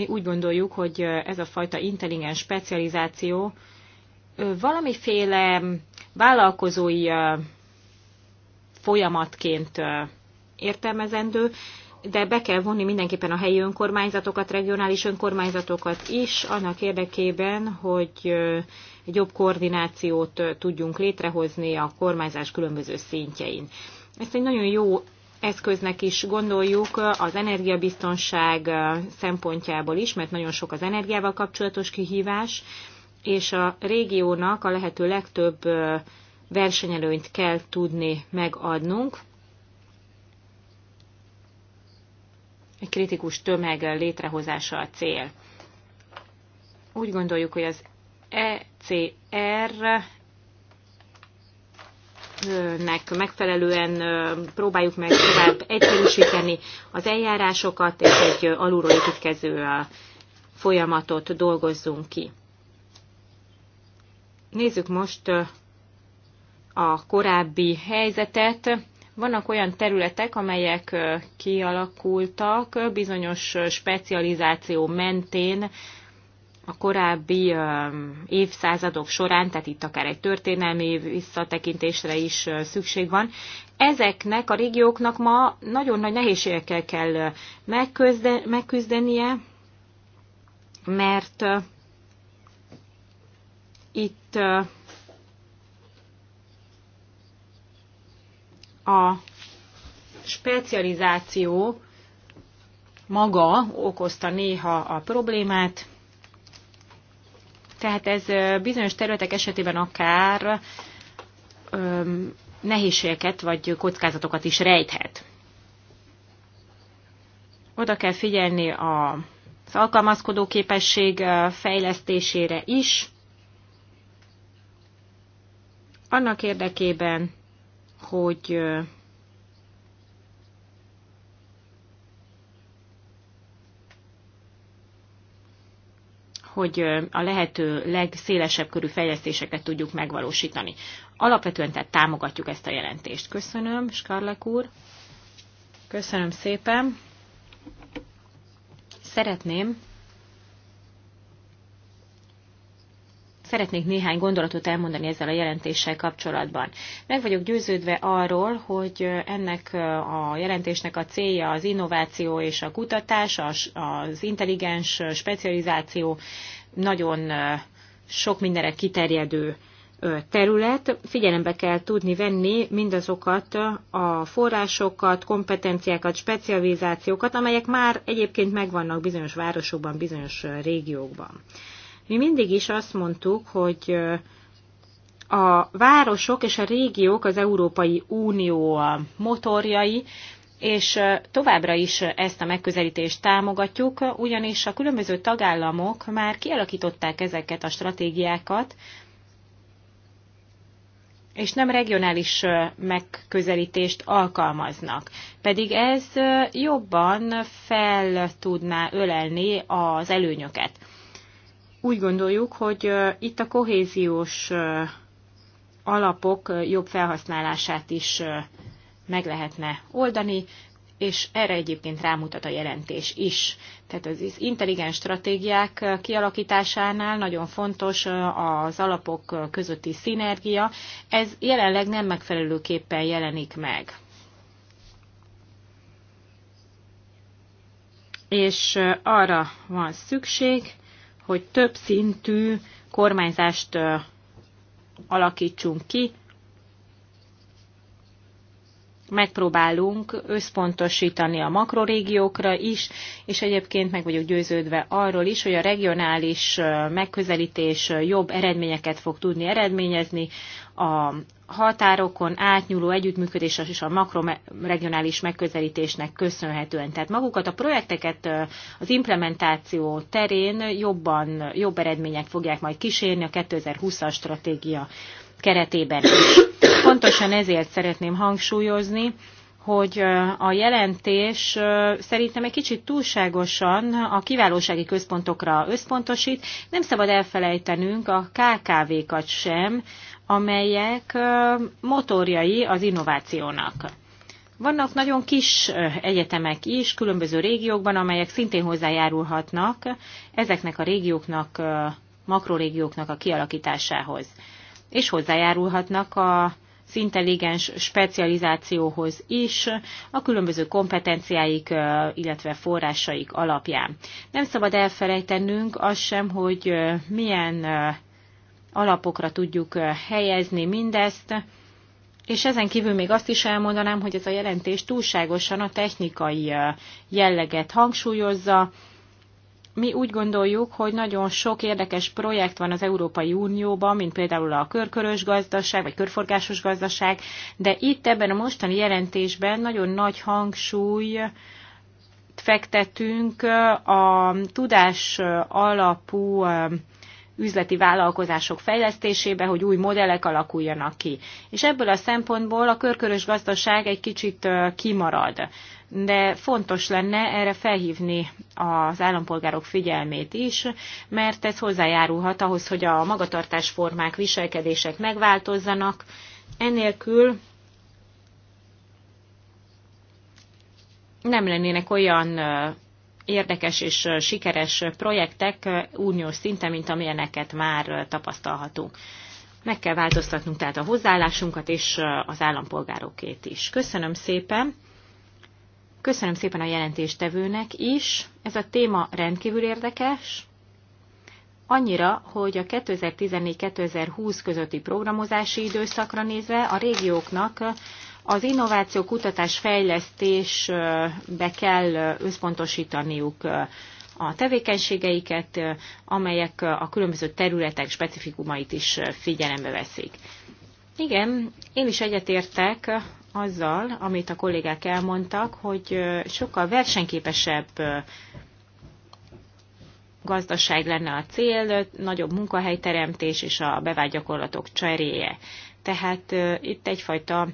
Mi úgy gondoljuk, hogy ez a fajta intelligens specializáció valamiféle vállalkozói folyamatként értelmezendő, de be kell vonni mindenképpen a helyi önkormányzatokat, regionális önkormányzatokat is, annak érdekében, hogy egy jobb koordinációt tudjunk létrehozni a kormányzás különböző szintjein. Ezt egy nagyon jó eszköznek is gondoljuk az energiabiztonság szempontjából is, mert nagyon sok az energiával kapcsolatos kihívás, és a régiónak a lehető legtöbb versenyelőnyt kell tudni megadnunk. Egy kritikus tömeg létrehozása a cél. Úgy gondoljuk, hogy az ECR nek megfelelően próbáljuk meg tovább egyszerűsíteni az eljárásokat, és egy alulról építkező folyamatot dolgozzunk ki. Nézzük most a korábbi helyzetet. Vannak olyan területek, amelyek kialakultak bizonyos specializáció mentén a korábbi évszázadok során, tehát itt akár egy történelmi visszatekintésre is szükség van. Ezeknek a régióknak ma nagyon nagy nehézségekkel kell megküzdenie, mert itt a specializáció maga okozta néha a problémát, tehát ez bizonyos területek esetében akár öm, nehézségeket vagy kockázatokat is rejthet. Oda kell figyelni a, az alkalmazkodó képesség fejlesztésére is, annak érdekében, hogy hogy a lehető legszélesebb körű fejlesztéseket tudjuk megvalósítani. Alapvetően tehát támogatjuk ezt a jelentést. Köszönöm, Skarlak úr. Köszönöm szépen. Szeretném Szeretnék néhány gondolatot elmondani ezzel a jelentéssel kapcsolatban. Meg vagyok győződve arról, hogy ennek a jelentésnek a célja az innováció és a kutatás, az intelligens specializáció nagyon sok mindenre kiterjedő terület. Figyelembe kell tudni venni mindazokat a forrásokat, kompetenciákat, specializációkat, amelyek már egyébként megvannak bizonyos városokban, bizonyos régiókban. Mi mindig is azt mondtuk, hogy a városok és a régiók az Európai Unió motorjai, és továbbra is ezt a megközelítést támogatjuk, ugyanis a különböző tagállamok már kialakították ezeket a stratégiákat, és nem regionális megközelítést alkalmaznak. Pedig ez jobban fel tudná ölelni az előnyöket úgy gondoljuk, hogy itt a kohéziós alapok jobb felhasználását is meg lehetne oldani, és erre egyébként rámutat a jelentés is. Tehát az intelligens stratégiák kialakításánál nagyon fontos az alapok közötti szinergia, ez jelenleg nem megfelelőképpen jelenik meg. És arra van szükség, hogy több szintű kormányzást alakítsunk ki, megpróbálunk összpontosítani a makrorégiókra is, és egyébként meg vagyok győződve arról is, hogy a regionális megközelítés jobb eredményeket fog tudni eredményezni a határokon átnyúló együttműködés és a makroregionális megközelítésnek köszönhetően. Tehát magukat a projekteket az implementáció terén jobban, jobb eredmények fogják majd kísérni a 2020-as stratégia keretében Pontosan ezért szeretném hangsúlyozni, hogy a jelentés szerintem egy kicsit túlságosan a kiválósági központokra összpontosít. Nem szabad elfelejtenünk a KKV-kat sem, amelyek motorjai az innovációnak. Vannak nagyon kis egyetemek is különböző régiókban, amelyek szintén hozzájárulhatnak ezeknek a régióknak, makrorégióknak a kialakításához, és hozzájárulhatnak a szintelligens specializációhoz is a különböző kompetenciáik, illetve forrásaik alapján. Nem szabad elfelejtenünk azt sem, hogy milyen alapokra tudjuk eh, helyezni mindezt, és ezen kívül még azt is elmondanám, hogy ez a jelentés túlságosan a technikai eh, jelleget hangsúlyozza. Mi úgy gondoljuk, hogy nagyon sok érdekes projekt van az Európai Unióban, mint például a körkörös gazdaság, vagy körforgásos gazdaság, de itt ebben a mostani jelentésben nagyon nagy hangsúly fektetünk eh, a tudás alapú üzleti vállalkozások fejlesztésébe, hogy új modellek alakuljanak ki. És ebből a szempontból a körkörös gazdaság egy kicsit kimarad. De fontos lenne erre felhívni az állampolgárok figyelmét is, mert ez hozzájárulhat ahhoz, hogy a magatartásformák, viselkedések megváltozzanak. Enélkül nem lennének olyan érdekes és sikeres projektek uniós szinten, mint amilyeneket már tapasztalhatunk. Meg kell változtatnunk tehát a hozzáállásunkat és az állampolgárokét is. Köszönöm szépen! Köszönöm szépen a jelentéstevőnek is. Ez a téma rendkívül érdekes. Annyira, hogy a 2014-2020 közötti programozási időszakra nézve a régióknak az innováció, kutatás, fejlesztésbe kell összpontosítaniuk a tevékenységeiket, amelyek a különböző területek specifikumait is figyelembe veszik. Igen, én is egyetértek azzal, amit a kollégák elmondtak, hogy sokkal versenyképesebb gazdaság lenne a cél, nagyobb munkahelyteremtés és a bevált gyakorlatok cseréje. Tehát itt egyfajta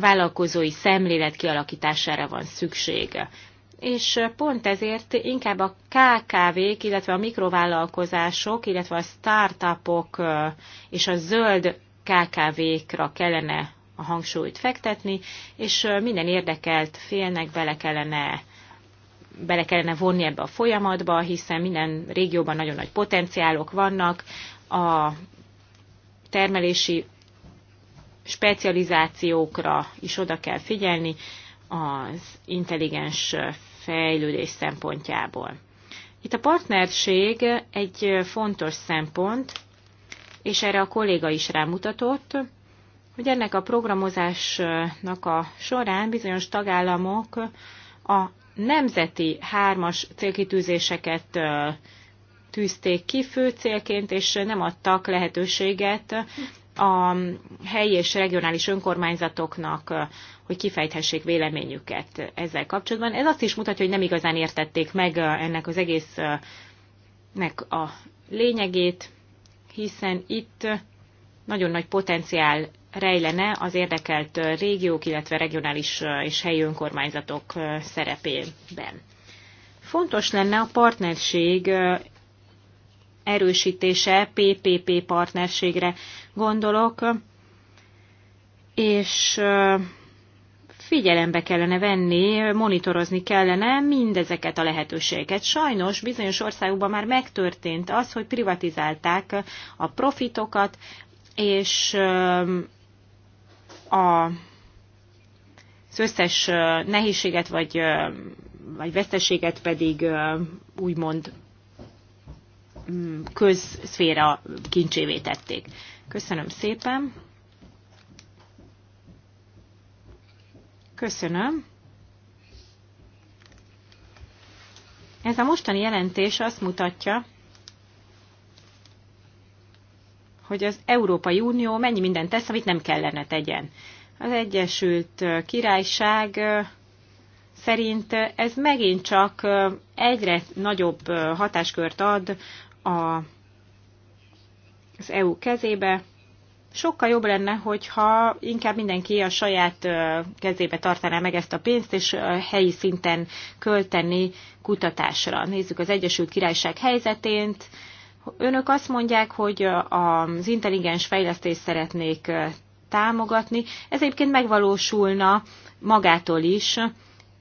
vállalkozói szemlélet kialakítására van szükség. És pont ezért inkább a KKV-k, illetve a mikrovállalkozások, illetve a startupok és a zöld KKV-kra kellene a hangsúlyt fektetni, és minden érdekelt félnek bele kellene bele kellene vonni ebbe a folyamatba, hiszen minden régióban nagyon nagy potenciálok vannak, a termelési specializációkra is oda kell figyelni az intelligens fejlődés szempontjából. Itt a partnerség egy fontos szempont, és erre a kolléga is rámutatott, hogy ennek a programozásnak a során bizonyos tagállamok a nemzeti hármas célkitűzéseket tűzték ki fő célként, és nem adtak lehetőséget a helyi és regionális önkormányzatoknak, hogy kifejthessék véleményüket ezzel kapcsolatban. Ez azt is mutatja, hogy nem igazán értették meg ennek az egésznek a lényegét, hiszen itt nagyon nagy potenciál rejlene az érdekelt régiók, illetve regionális és helyi önkormányzatok szerepében. Fontos lenne a partnerség erősítése, PPP partnerségre gondolok, és figyelembe kellene venni, monitorozni kellene mindezeket a lehetőségeket. Sajnos bizonyos országokban már megtörtént az, hogy privatizálták a profitokat, és a, az összes nehézséget vagy, vagy veszteséget pedig úgymond Mm, közszféra kincsévé tették. Köszönöm szépen. Köszönöm. Ez a mostani jelentés azt mutatja, hogy az Európai Unió mennyi mindent tesz, amit nem kellene tegyen. Az Egyesült Királyság szerint ez megint csak egyre nagyobb hatáskört ad a, az EU kezébe. Sokkal jobb lenne, hogyha inkább mindenki a saját kezébe tartaná meg ezt a pénzt, és helyi szinten költeni kutatásra. Nézzük az Egyesült Királyság helyzetét. Önök azt mondják, hogy az intelligens fejlesztést szeretnék támogatni. Ez egyébként megvalósulna magától is.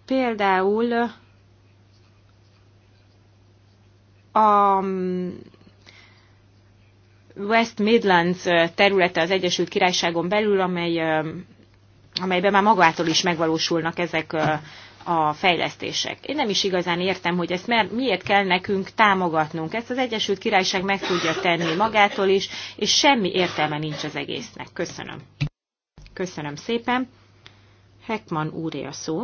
Például a West Midlands területe az Egyesült Királyságon belül, amely, amelyben már magától is megvalósulnak ezek a fejlesztések. Én nem is igazán értem, hogy ezt mert miért kell nekünk támogatnunk. Ezt az Egyesült Királyság meg tudja tenni magától is, és semmi értelme nincs az egésznek. Köszönöm. Köszönöm szépen. Heckman úré a szó.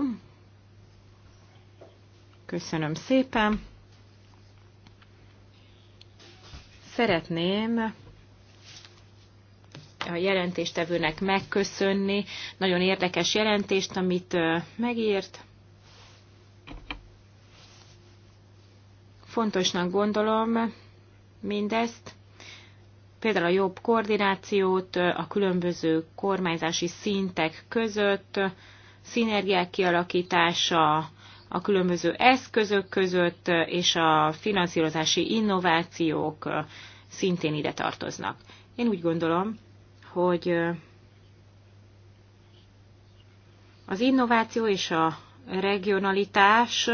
Köszönöm szépen. Szeretném a jelentéstevőnek megköszönni. Nagyon érdekes jelentést, amit megírt. Fontosnak gondolom mindezt, például a jobb koordinációt a különböző kormányzási szintek között, szinergiák kialakítása, a különböző eszközök között, és a finanszírozási innovációk szintén ide tartoznak. Én úgy gondolom, hogy az innováció és a regionalitás,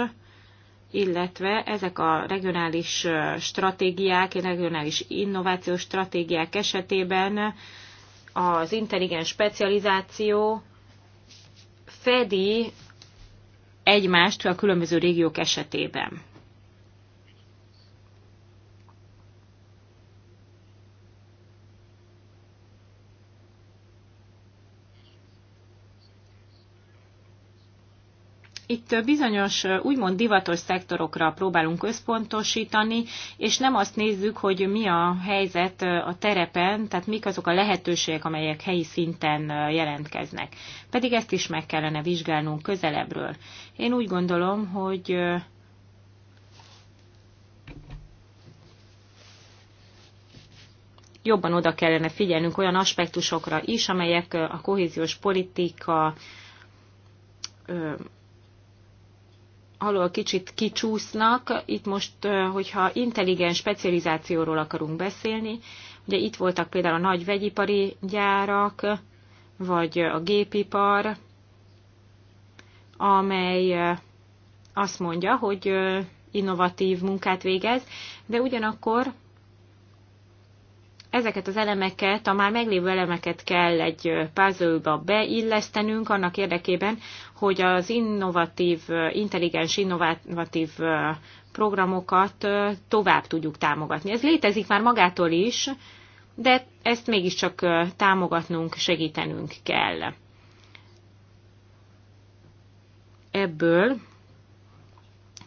illetve ezek a regionális stratégiák, regionális innovációs stratégiák esetében az intelligens specializáció fedi egymást a különböző régiók esetében. itt bizonyos úgymond divatos szektorokra próbálunk összpontosítani, és nem azt nézzük, hogy mi a helyzet a terepen, tehát mik azok a lehetőségek, amelyek helyi szinten jelentkeznek. Pedig ezt is meg kellene vizsgálnunk közelebbről. Én úgy gondolom, hogy jobban oda kellene figyelnünk olyan aspektusokra is, amelyek a kohéziós politika alól kicsit kicsúsznak. Itt most, hogyha intelligens specializációról akarunk beszélni, ugye itt voltak például a nagy vegyipari gyárak, vagy a gépipar, amely azt mondja, hogy innovatív munkát végez, de ugyanakkor ezeket az elemeket, a már meglévő elemeket kell egy puzzle-ba beillesztenünk annak érdekében, hogy az innovatív, intelligens innovatív programokat tovább tudjuk támogatni. Ez létezik már magától is, de ezt mégiscsak támogatnunk, segítenünk kell. Ebből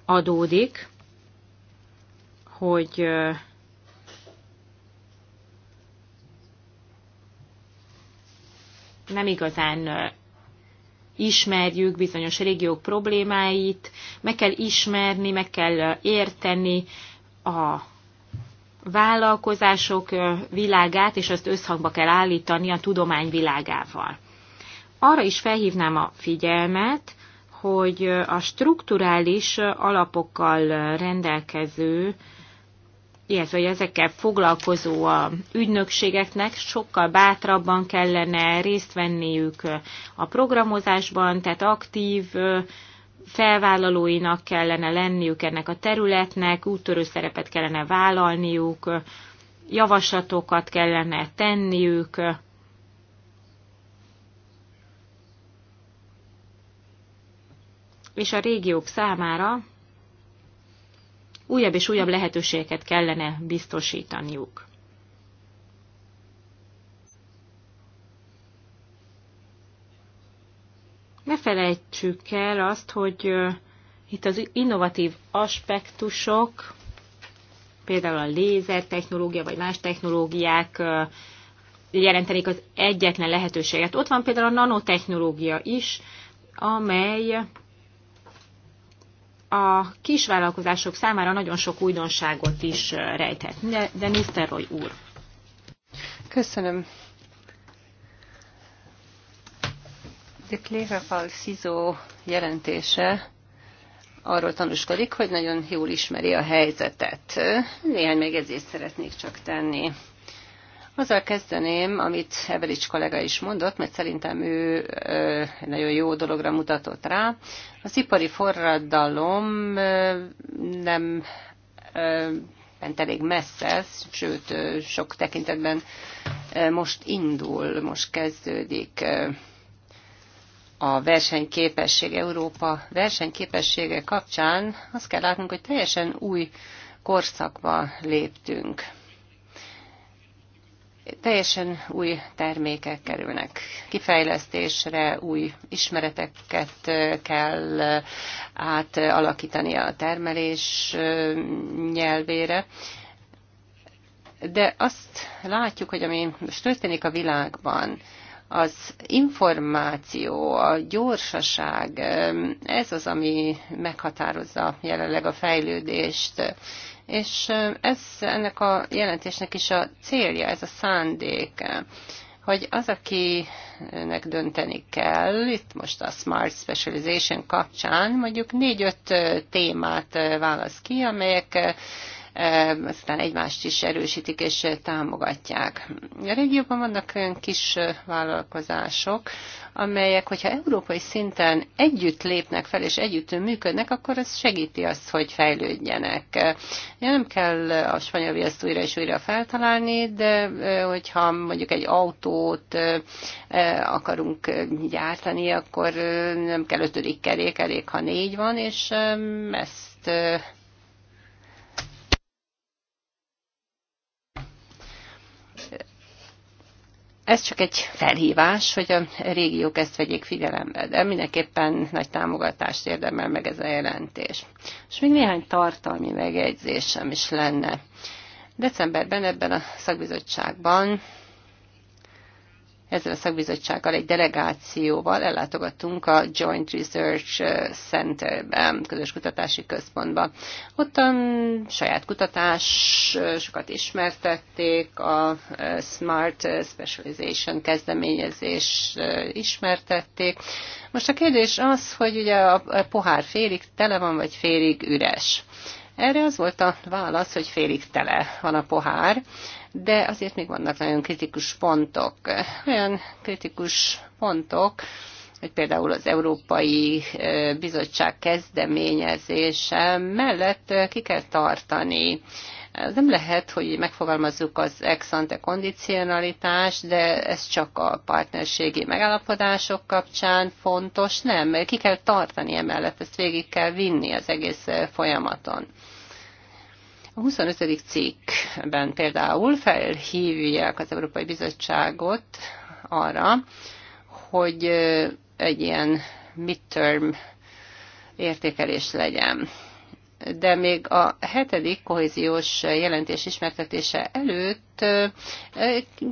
adódik, hogy nem igazán ismerjük bizonyos régiók problémáit, meg kell ismerni, meg kell érteni a vállalkozások világát, és azt összhangba kell állítani a tudomány világával. Arra is felhívnám a figyelmet, hogy a strukturális alapokkal rendelkező illetve ezekkel foglalkozó a ügynökségeknek sokkal bátrabban kellene részt venniük a programozásban, tehát aktív felvállalóinak kellene lenniük ennek a területnek, úttörő szerepet kellene vállalniuk, javaslatokat kellene tenniük, és a régiók számára újabb és újabb lehetőségeket kellene biztosítaniuk. Ne felejtsük el azt, hogy itt az innovatív aspektusok, például a lézer technológia vagy más technológiák jelentenék az egyetlen lehetőséget. Ott van például a nanotechnológia is, amely a kisvállalkozások számára nagyon sok újdonságot is rejthet. De, de Roy úr. Köszönöm. De Cléverfal Szizó jelentése arról tanúskodik, hogy nagyon jól ismeri a helyzetet. Néhány megjegyzést szeretnék csak tenni. Azzal kezdeném, amit Evelics kollega is mondott, mert szerintem ő nagyon jó dologra mutatott rá. Az ipari forradalom nem ment elég messze, sőt, sok tekintetben most indul, most kezdődik a versenyképesség, Európa versenyképessége kapcsán azt kell látnunk, hogy teljesen új korszakba léptünk teljesen új termékek kerülnek kifejlesztésre, új ismereteket kell átalakítani a termelés nyelvére. De azt látjuk, hogy ami most történik a világban, az információ, a gyorsaság, ez az, ami meghatározza jelenleg a fejlődést és ez ennek a jelentésnek is a célja, ez a szándék, hogy az, akinek dönteni kell, itt most a Smart Specialization kapcsán mondjuk négy-öt témát válasz ki, amelyek aztán egymást is erősítik és támogatják. A régióban vannak olyan kis vállalkozások, amelyek, hogyha európai szinten együtt lépnek fel és együtt működnek, akkor ez segíti azt, hogy fejlődjenek. Nem kell a spanyol viaszt újra és újra feltalálni, de hogyha mondjuk egy autót akarunk gyártani, akkor nem kell ötödik kerék, elég ha négy van, és ezt Ez csak egy felhívás, hogy a régiók ezt vegyék figyelembe, de mindenképpen nagy támogatást érdemel meg ez a jelentés. És még néhány tartalmi megjegyzésem is lenne. Decemberben ebben a szakbizottságban ezzel a szakbizottsággal egy delegációval ellátogattunk a Joint Research Centerben, közös kutatási központba. Ott a saját kutatásokat ismertették, a Smart Specialization kezdeményezés ismertették. Most a kérdés az, hogy ugye a pohár félig tele van, vagy félig üres. Erre az volt a válasz, hogy félig tele van a pohár, de azért még vannak nagyon kritikus pontok. Olyan kritikus pontok, hogy például az Európai Bizottság kezdeményezése mellett ki kell tartani. Ez nem lehet, hogy megfogalmazzuk az ex ante kondicionalitást, de ez csak a partnerségi megállapodások kapcsán fontos. Nem, ki kell tartani emellett, ezt végig kell vinni az egész folyamaton. A 25. cikkben például felhívják az Európai Bizottságot arra, hogy egy ilyen midterm értékelés legyen. De még a hetedik kohéziós jelentés ismertetése előtt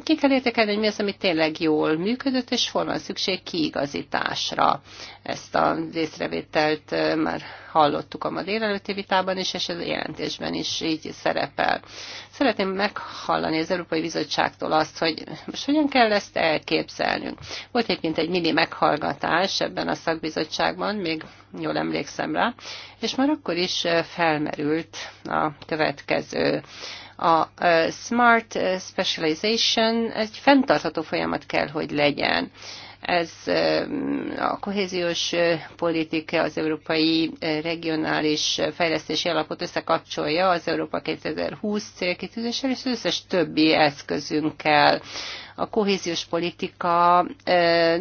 ki kell értékelni, hogy mi az, ami tényleg jól működött, és hol van szükség kiigazításra. Ezt az észrevételt már hallottuk a ma délelőtti vitában is, és ez a jelentésben is így szerepel. Szeretném meghallani az Európai Bizottságtól azt, hogy most hogyan kell ezt elképzelnünk. Volt egyébként egy mini meghallgatás ebben a szakbizottságban, még jól emlékszem rá, és már akkor is felmerült a következő a Smart Specialization egy fenntartható folyamat kell, hogy legyen. Ez a kohéziós politika az európai regionális fejlesztési alapot összekapcsolja az Európa 2020 célkitűzéssel és az összes többi eszközünkkel a kohéziós politika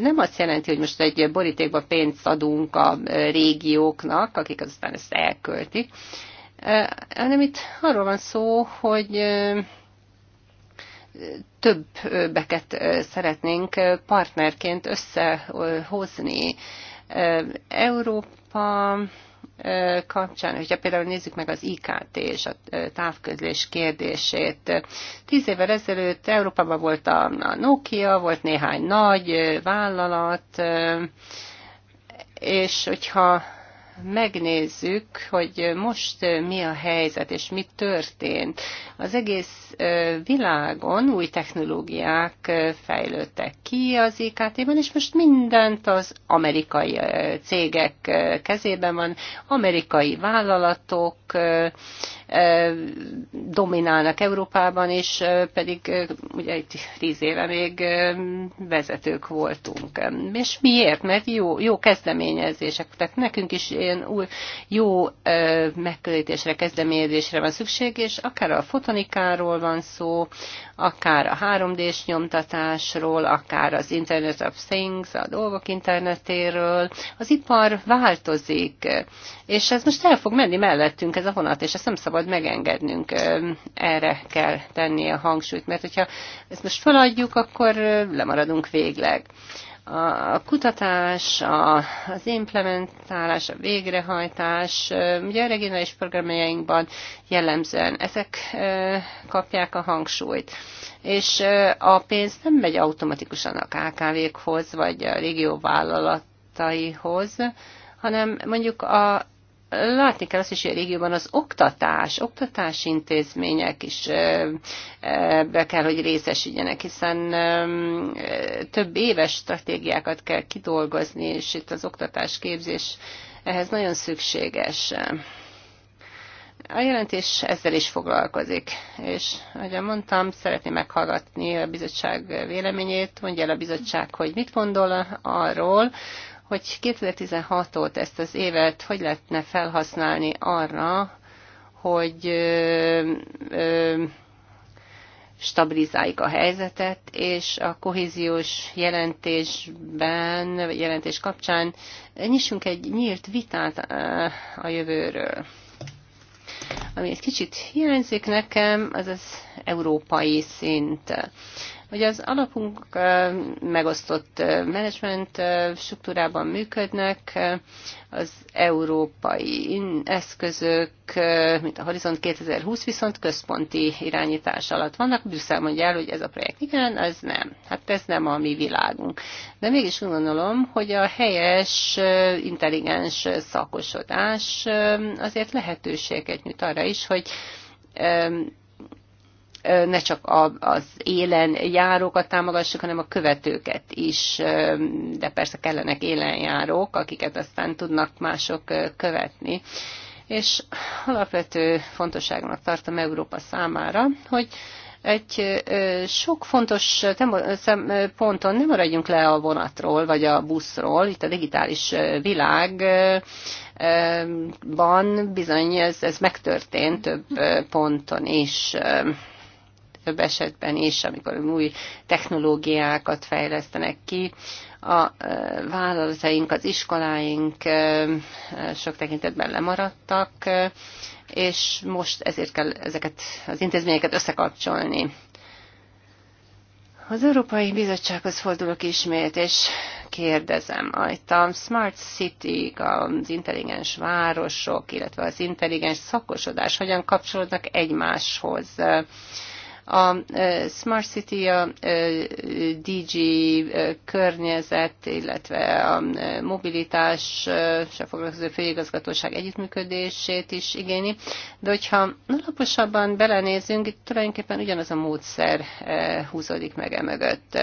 nem azt jelenti, hogy most egy borítékba pénzt adunk a régióknak, akik aztán ezt elköltik, hanem itt arról van szó, hogy többeket szeretnénk partnerként összehozni. Európa kapcsán, hogyha például nézzük meg az IKT és a távközlés kérdését. Tíz évvel ezelőtt Európában volt a Nokia, volt néhány nagy vállalat, és hogyha megnézzük, hogy most mi a helyzet és mi történt. Az egész világon új technológiák fejlődtek ki az IKT-ben, és most mindent az amerikai cégek kezében van, amerikai vállalatok, dominálnak Európában, és pedig ugye itt tíz éve még vezetők voltunk. És miért? Mert jó, jó kezdeményezések. Tehát nekünk is ilyen új, jó megközelítésre, kezdeményezésre van szükség, és akár a fotonikáról van szó, akár a 3D-s nyomtatásról, akár az Internet of Things, a dolgok internetéről. Az ipar változik, és ez most el fog menni mellettünk ez a vonat, és ezt nem szabad szabad megengednünk. Erre kell tenni a hangsúlyt, mert hogyha ezt most feladjuk, akkor lemaradunk végleg. A kutatás, az implementálás, a végrehajtás, ugye a regionális programjainkban jellemzően ezek kapják a hangsúlyt és a pénz nem megy automatikusan a KKV-khoz, vagy a régióvállalataihoz, hanem mondjuk a látni kell azt is, hogy a régióban az oktatás, oktatási intézmények is be kell, hogy részesüljenek, hiszen több éves stratégiákat kell kidolgozni, és itt az oktatás képzés ehhez nagyon szükséges. A jelentés ezzel is foglalkozik, és ahogy mondtam, szeretném meghallgatni a bizottság véleményét, mondja el a bizottság, hogy mit gondol arról, hogy 2016-ot, ezt az évet hogy lehetne felhasználni arra, hogy ö, ö, stabilizáljuk a helyzetet, és a kohéziós jelentésben, vagy jelentés kapcsán nyissunk egy nyílt vitát a jövőről. Ami egy kicsit hiányzik nekem, az az európai szint hogy az alapunk megosztott menedzsment struktúrában működnek, az európai eszközök, mint a Horizont 2020 viszont központi irányítás alatt vannak. Brüsszel mondja el, hogy ez a projekt igen, ez nem. Hát ez nem a mi világunk. De mégis úgy gondolom, hogy a helyes, intelligens szakosodás azért lehetőséget nyújt arra is, hogy ne csak az élen járókat támogassuk, hanem a követőket is, de persze kellenek élen járók, akiket aztán tudnak mások követni. És alapvető fontosságnak tartom Európa számára, hogy egy sok fontos ponton nem maradjunk le a vonatról, vagy a buszról, itt a digitális világban bizony ez, ez megtörtént több ponton is legtöbb esetben is, amikor új technológiákat fejlesztenek ki. A vállalataink, az iskoláink sok tekintetben lemaradtak, és most ezért kell ezeket az intézményeket összekapcsolni. Az Európai Bizottsághoz fordulok ismét, és kérdezem, itt a Smart City, az intelligens városok, illetve az intelligens szakosodás hogyan kapcsolódnak egymáshoz? A Smart City, a DG környezet, illetve a mobilitás, se foglalkozó főigazgatóság együttműködését is igényli, de hogyha alaposabban belenézünk, itt tulajdonképpen ugyanaz a módszer húzódik meg emögött.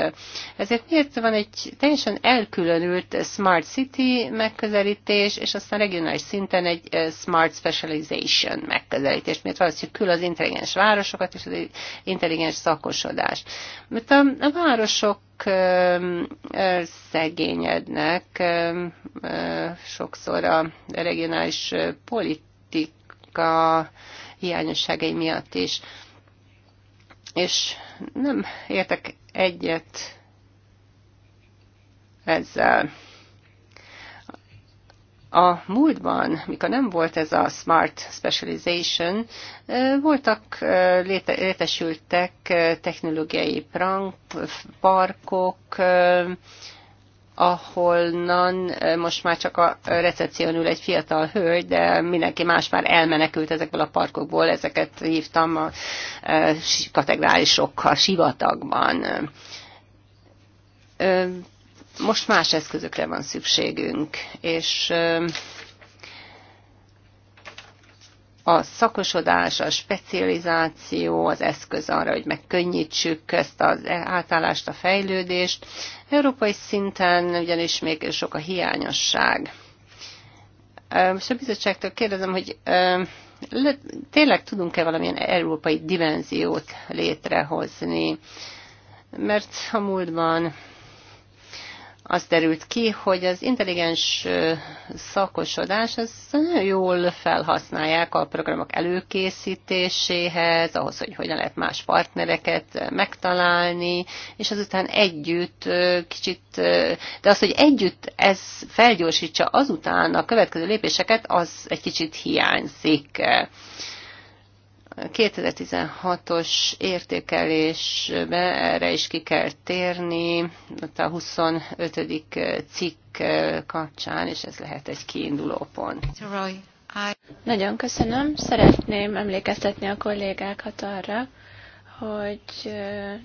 Ezért miért van egy teljesen elkülönült Smart City megközelítés, és aztán regionális szinten egy Smart Specialization megközelítés, miért valószínűleg kül az intelligens városokat és az intelligens szakosodás. Mert a, a városok szegényednek sokszor a regionális politika hiányosságai miatt is. És nem értek egyet ezzel. A múltban, mikor nem volt ez a Smart Specialization, voltak, létesültek technológiai prank, parkok, ahonnan most már csak a recepción ül egy fiatal hölgy, de mindenki más már elmenekült ezekből a parkokból, ezeket hívtam a kategrálisokkal, sivatagban most más eszközökre van szükségünk, és a szakosodás, a specializáció az eszköz arra, hogy megkönnyítsük ezt az átállást, a fejlődést. Európai szinten ugyanis még sok a hiányosság. Most a bizottságtól kérdezem, hogy tényleg tudunk-e valamilyen európai dimenziót létrehozni? Mert a múltban az derült ki, hogy az intelligens szakosodás ezt nagyon jól felhasználják a programok előkészítéséhez, ahhoz, hogy hogyan lehet más partnereket megtalálni, és azután együtt kicsit, de az, hogy együtt ez felgyorsítsa azután a következő lépéseket, az egy kicsit hiányzik 2016-os értékelésbe erre is ki kell térni, ott a 25. cikk kapcsán, és ez lehet egy kiinduló pont. Nagyon köszönöm. Szeretném emlékeztetni a kollégákat arra, hogy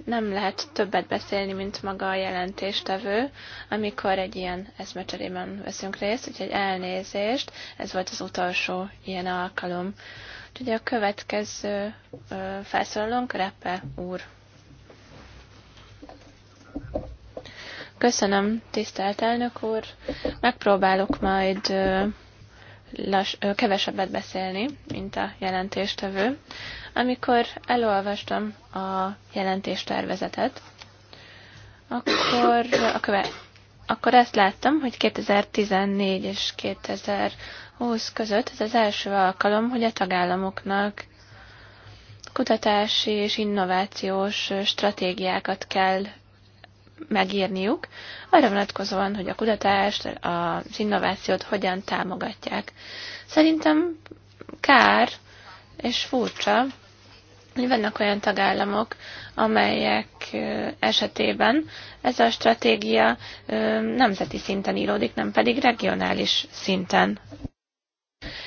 nem lehet többet beszélni, mint maga a jelentéstevő, amikor egy ilyen eszmecserében veszünk részt, úgyhogy elnézést, ez volt az utolsó ilyen alkalom. Ugye a következő felszólalónk Reppe úr. Köszönöm, tisztelt elnök úr. Megpróbálok majd lass, kevesebbet beszélni, mint a jelentéstevő. Amikor elolvastam a jelentéstervezetet, akkor a köve- akkor ezt láttam, hogy 2014 és 2020 között ez az első alkalom, hogy a tagállamoknak kutatási és innovációs stratégiákat kell megírniuk, arra vonatkozóan, hogy a kutatást, az innovációt hogyan támogatják. Szerintem kár és furcsa, vannak olyan tagállamok, amelyek esetében ez a stratégia nemzeti szinten íródik, nem pedig regionális szinten.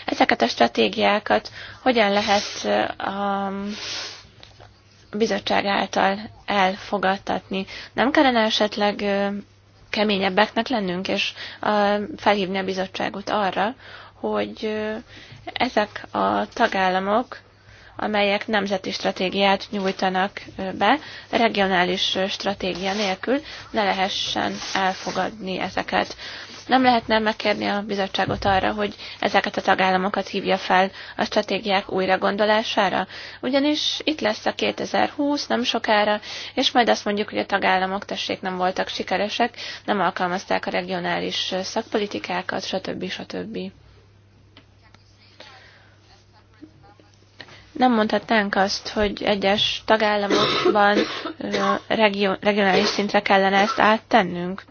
Ezeket a stratégiákat hogyan lehet a bizottság által elfogadtatni? Nem kellene esetleg keményebbeknek lennünk, és felhívni a bizottságot arra, hogy ezek a tagállamok amelyek nemzeti stratégiát nyújtanak be, regionális stratégia nélkül ne lehessen elfogadni ezeket. Nem lehetne megkérni a bizottságot arra, hogy ezeket a tagállamokat hívja fel a stratégiák gondolására? Ugyanis itt lesz a 2020 nem sokára, és majd azt mondjuk, hogy a tagállamok tessék nem voltak sikeresek, nem alkalmazták a regionális szakpolitikákat, stb. stb. nem mondhatnánk azt, hogy egyes tagállamokban regionális szintre kellene ezt áttennünk?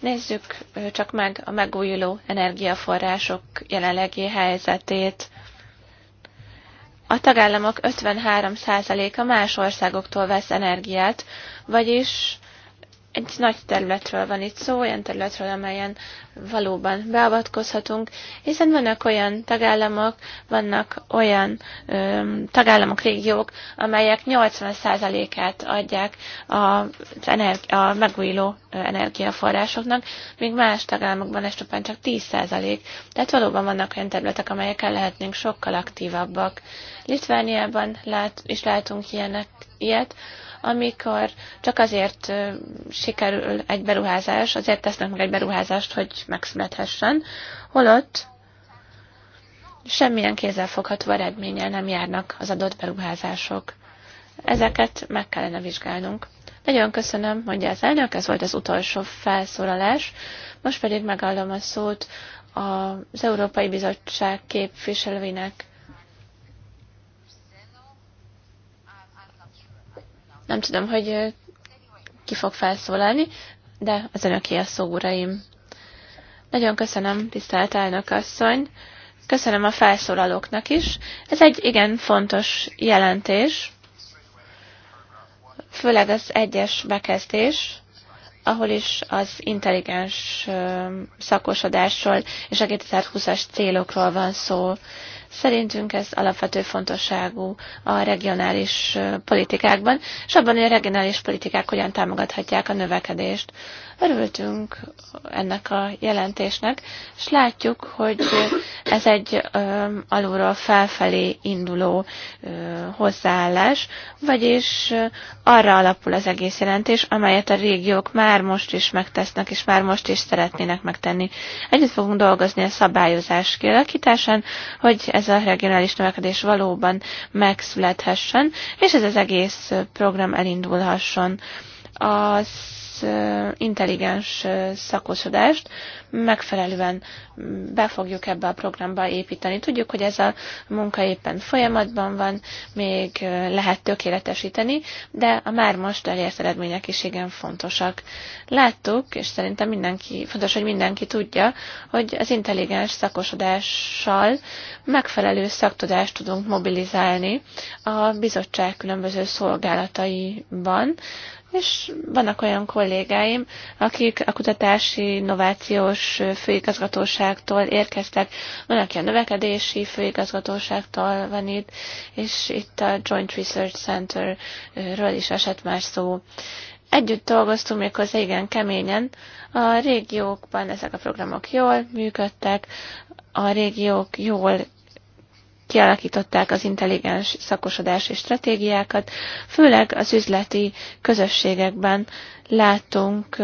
Nézzük csak meg a megújuló energiaforrások jelenlegi helyzetét. A tagállamok 53%-a más országoktól vesz energiát, vagyis egy nagy területről van itt szó, olyan területről, amelyen valóban beavatkozhatunk, hiszen vannak olyan tagállamok, vannak olyan ö, tagállamok, régiók, amelyek 80%-át adják a, az energi- a megújuló energiaforrásoknak, míg más tagállamokban ez csupán csak 10%. Tehát valóban vannak olyan területek, amelyekkel lehetnénk sokkal aktívabbak. Litvániában lát, is látunk ilyenek, ilyet, amikor csak azért sikerül egy beruházás, azért tesznek meg egy beruházást, hogy megszülethessen, holott semmilyen kézzelfogható eredménnyel nem járnak az adott beruházások. Ezeket meg kellene vizsgálnunk. Nagyon köszönöm, mondja az elnök, ez volt az utolsó felszólalás. Most pedig megállom a szót az Európai Bizottság képviselőinek, Nem tudom, hogy ki fog felszólalni, de az önöké a szó, uraim. Nagyon köszönöm, tisztelt elnök asszony. Köszönöm a felszólalóknak is. Ez egy igen fontos jelentés, főleg az egyes bekezdés, ahol is az intelligens szakosodásról és a 2020-as célokról van szó. Szerintünk ez alapvető fontosságú a regionális politikákban, és abban, hogy a regionális politikák hogyan támogathatják a növekedést. Örültünk ennek a jelentésnek, és látjuk, hogy ez egy alulról felfelé induló hozzáállás, vagyis arra alapul az egész jelentés, amelyet a régiók már most is megtesznek, és már most is szeretnének megtenni. Együtt fogunk dolgozni a szabályozás kialakításán, hogy ez ez a regionális növekedés valóban megszülethessen, és ez az egész program elindulhasson. Az intelligens szakosodást megfelelően be fogjuk ebbe a programba építeni. Tudjuk, hogy ez a munka éppen folyamatban van, még lehet tökéletesíteni, de a már most elért eredmények is igen fontosak. Láttuk, és szerintem mindenki, fontos, hogy mindenki tudja, hogy az intelligens szakosodással megfelelő szaktudást tudunk mobilizálni a bizottság különböző szolgálataiban, és vannak olyan kollégáim, akik a kutatási innovációs főigazgatóságtól érkeztek, van, aki a növekedési főigazgatóságtól van itt, és itt a Joint Research Centerről is esett már szó. Együtt dolgoztunk méghozzá igen keményen. A régiókban ezek a programok jól működtek, a régiók jól kialakították az intelligens szakosodási stratégiákat, főleg az üzleti közösségekben látunk,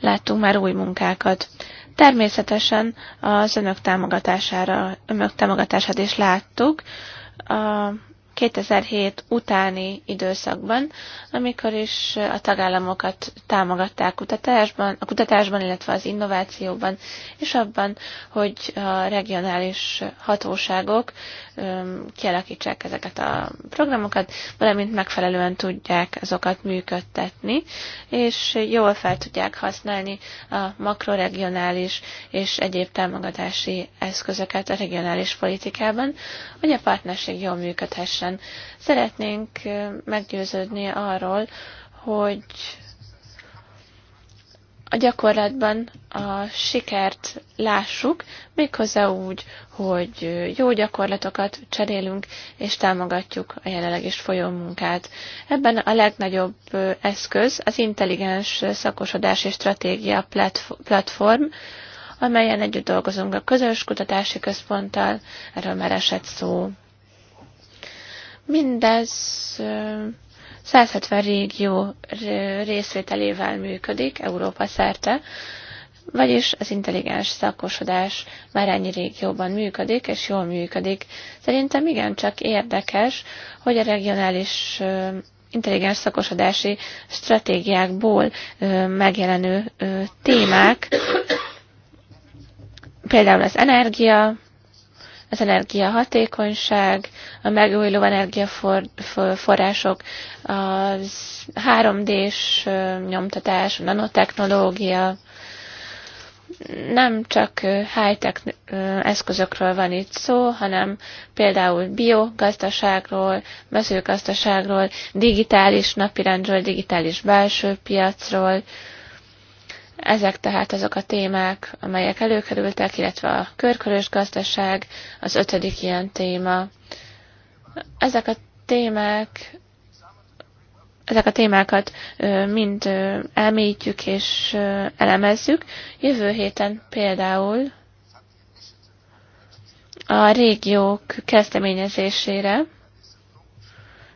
látunk már új munkákat. Természetesen az önök támogatására, önök támogatását is láttuk, a 2007 utáni időszakban, amikor is a tagállamokat támogatták kutatásban, a kutatásban, illetve az innovációban, és abban, hogy a regionális hatóságok kialakítsák ezeket a programokat, valamint megfelelően tudják azokat működtetni, és jól fel tudják használni a makroregionális és egyéb támogatási eszközöket a regionális politikában, hogy a partnerség jól működhessen közösen. Szeretnénk meggyőződni arról, hogy a gyakorlatban a sikert lássuk, méghozzá úgy, hogy jó gyakorlatokat cserélünk és támogatjuk a jelenleg is folyó munkát. Ebben a legnagyobb eszköz az intelligens szakosodási stratégia platform, amelyen együtt dolgozunk a közös kutatási központtal, erről már esett szó. Mindez 170 régió részvételével működik Európa szerte, vagyis az intelligens szakosodás már ennyi régióban működik, és jól működik. Szerintem igencsak érdekes, hogy a regionális intelligens szakosodási stratégiákból megjelenő témák, például az energia, az energiahatékonyság, a megújuló energiaforrások, az 3D-s nyomtatás, a nanotechnológia, nem csak high-tech eszközökről van itt szó, hanem például biogazdaságról, mezőgazdaságról, digitális napirendről, digitális belső piacról, ezek tehát azok a témák, amelyek előkerültek, illetve a körkörös gazdaság, az ötödik ilyen téma. Ezek a témák ezek a témákat mind elmélyítjük és elemezzük. Jövő héten például a régiók kezdeményezésére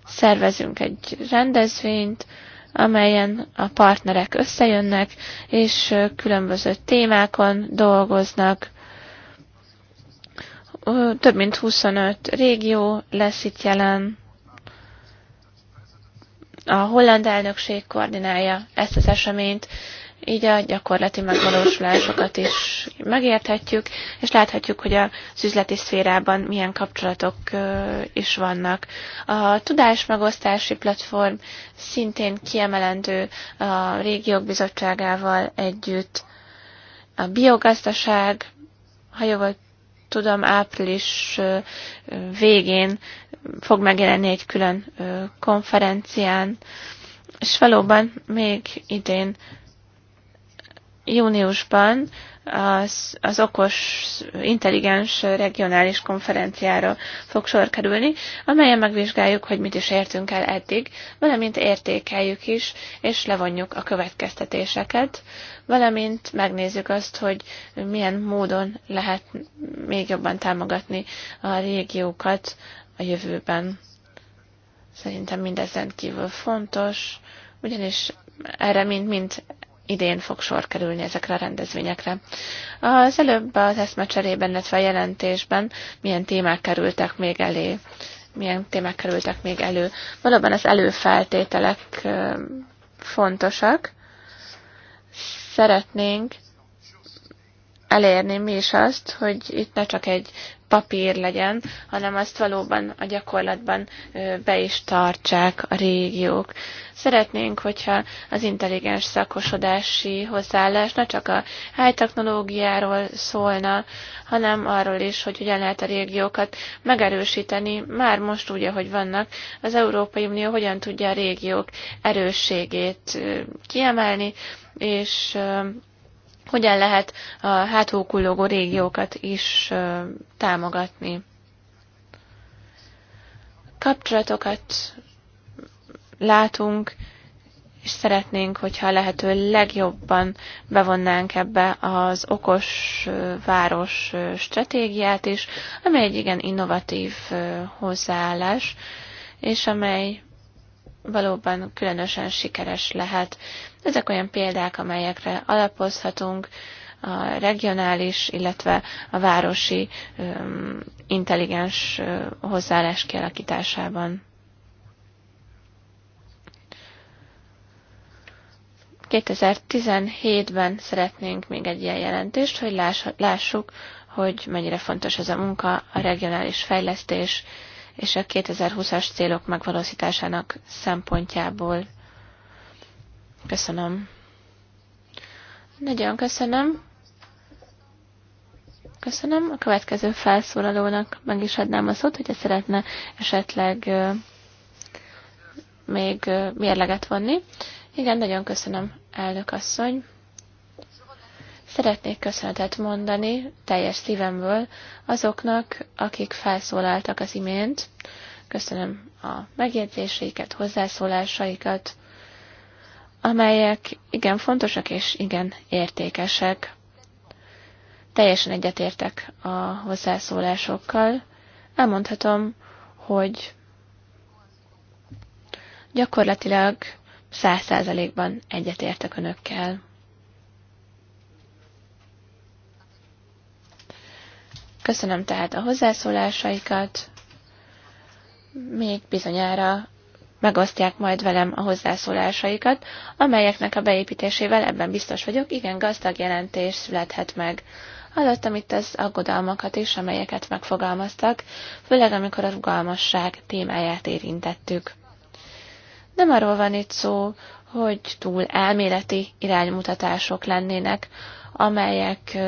szervezünk egy rendezvényt, amelyen a partnerek összejönnek, és különböző témákon dolgoznak. Több mint 25 régió lesz itt jelen. A holland elnökség koordinálja ezt az eseményt, így a gyakorlati megvalósulásokat is megérthetjük, és láthatjuk, hogy az üzleti szférában milyen kapcsolatok is vannak. A tudásmegosztási platform szintén kiemelendő a régiók bizottságával együtt. A biogazdaság, ha jól tudom, április végén fog megjelenni egy külön konferencián, és valóban még idén júniusban az, az okos, intelligens regionális konferenciára fog sor kerülni, amelyen megvizsgáljuk, hogy mit is értünk el eddig, valamint értékeljük is, és levonjuk a következtetéseket, valamint megnézzük azt, hogy milyen módon lehet még jobban támogatni a régiókat a jövőben. Szerintem mindez rendkívül fontos, ugyanis erre mind-mind idén fog sor kerülni ezekre a rendezvényekre. Az előbb az eszmecserében, illetve a jelentésben milyen témák kerültek még elé, milyen témák kerültek még elő. Valóban az előfeltételek fontosak. Szeretnénk elérni mi is azt, hogy itt ne csak egy papír legyen, hanem azt valóban a gyakorlatban be is tartsák a régiók. Szeretnénk, hogyha az intelligens szakosodási hozzáállás ne csak a high technológiáról szólna, hanem arról is, hogy hogyan lehet a régiókat megerősíteni, már most úgy, ahogy vannak, az Európai Unió hogyan tudja a régiók erősségét kiemelni, és hogyan lehet a hátulkullogó régiókat is támogatni. Kapcsolatokat látunk, és szeretnénk, hogyha lehető legjobban bevonnánk ebbe az okos város stratégiát is, amely egy igen innovatív hozzáállás, és amely valóban különösen sikeres lehet. Ezek olyan példák, amelyekre alapozhatunk a regionális, illetve a városi intelligens hozzáállás kialakításában. 2017-ben szeretnénk még egy ilyen jelentést, hogy lássuk, hogy mennyire fontos ez a munka, a regionális fejlesztés és a 2020-as célok megvalósításának szempontjából. Köszönöm. Nagyon köszönöm. Köszönöm. A következő felszólalónak meg is adnám a szót, hogyha szeretne esetleg még mérleget vonni. Igen, nagyon köszönöm, elnök asszony. Szeretnék köszönetet mondani teljes szívemből azoknak, akik felszólaltak az imént. Köszönöm a megjegyzéseiket, hozzászólásaikat amelyek igen fontosak és igen értékesek. Teljesen egyetértek a hozzászólásokkal. Elmondhatom, hogy gyakorlatilag száz százalékban egyetértek önökkel. Köszönöm tehát a hozzászólásaikat. Még bizonyára megosztják majd velem a hozzászólásaikat, amelyeknek a beépítésével ebben biztos vagyok, igen gazdag jelentés születhet meg. Hallottam itt az aggodalmakat is, amelyeket megfogalmaztak, főleg amikor a rugalmasság témáját érintettük. Nem arról van itt szó, hogy túl elméleti iránymutatások lennének, amelyek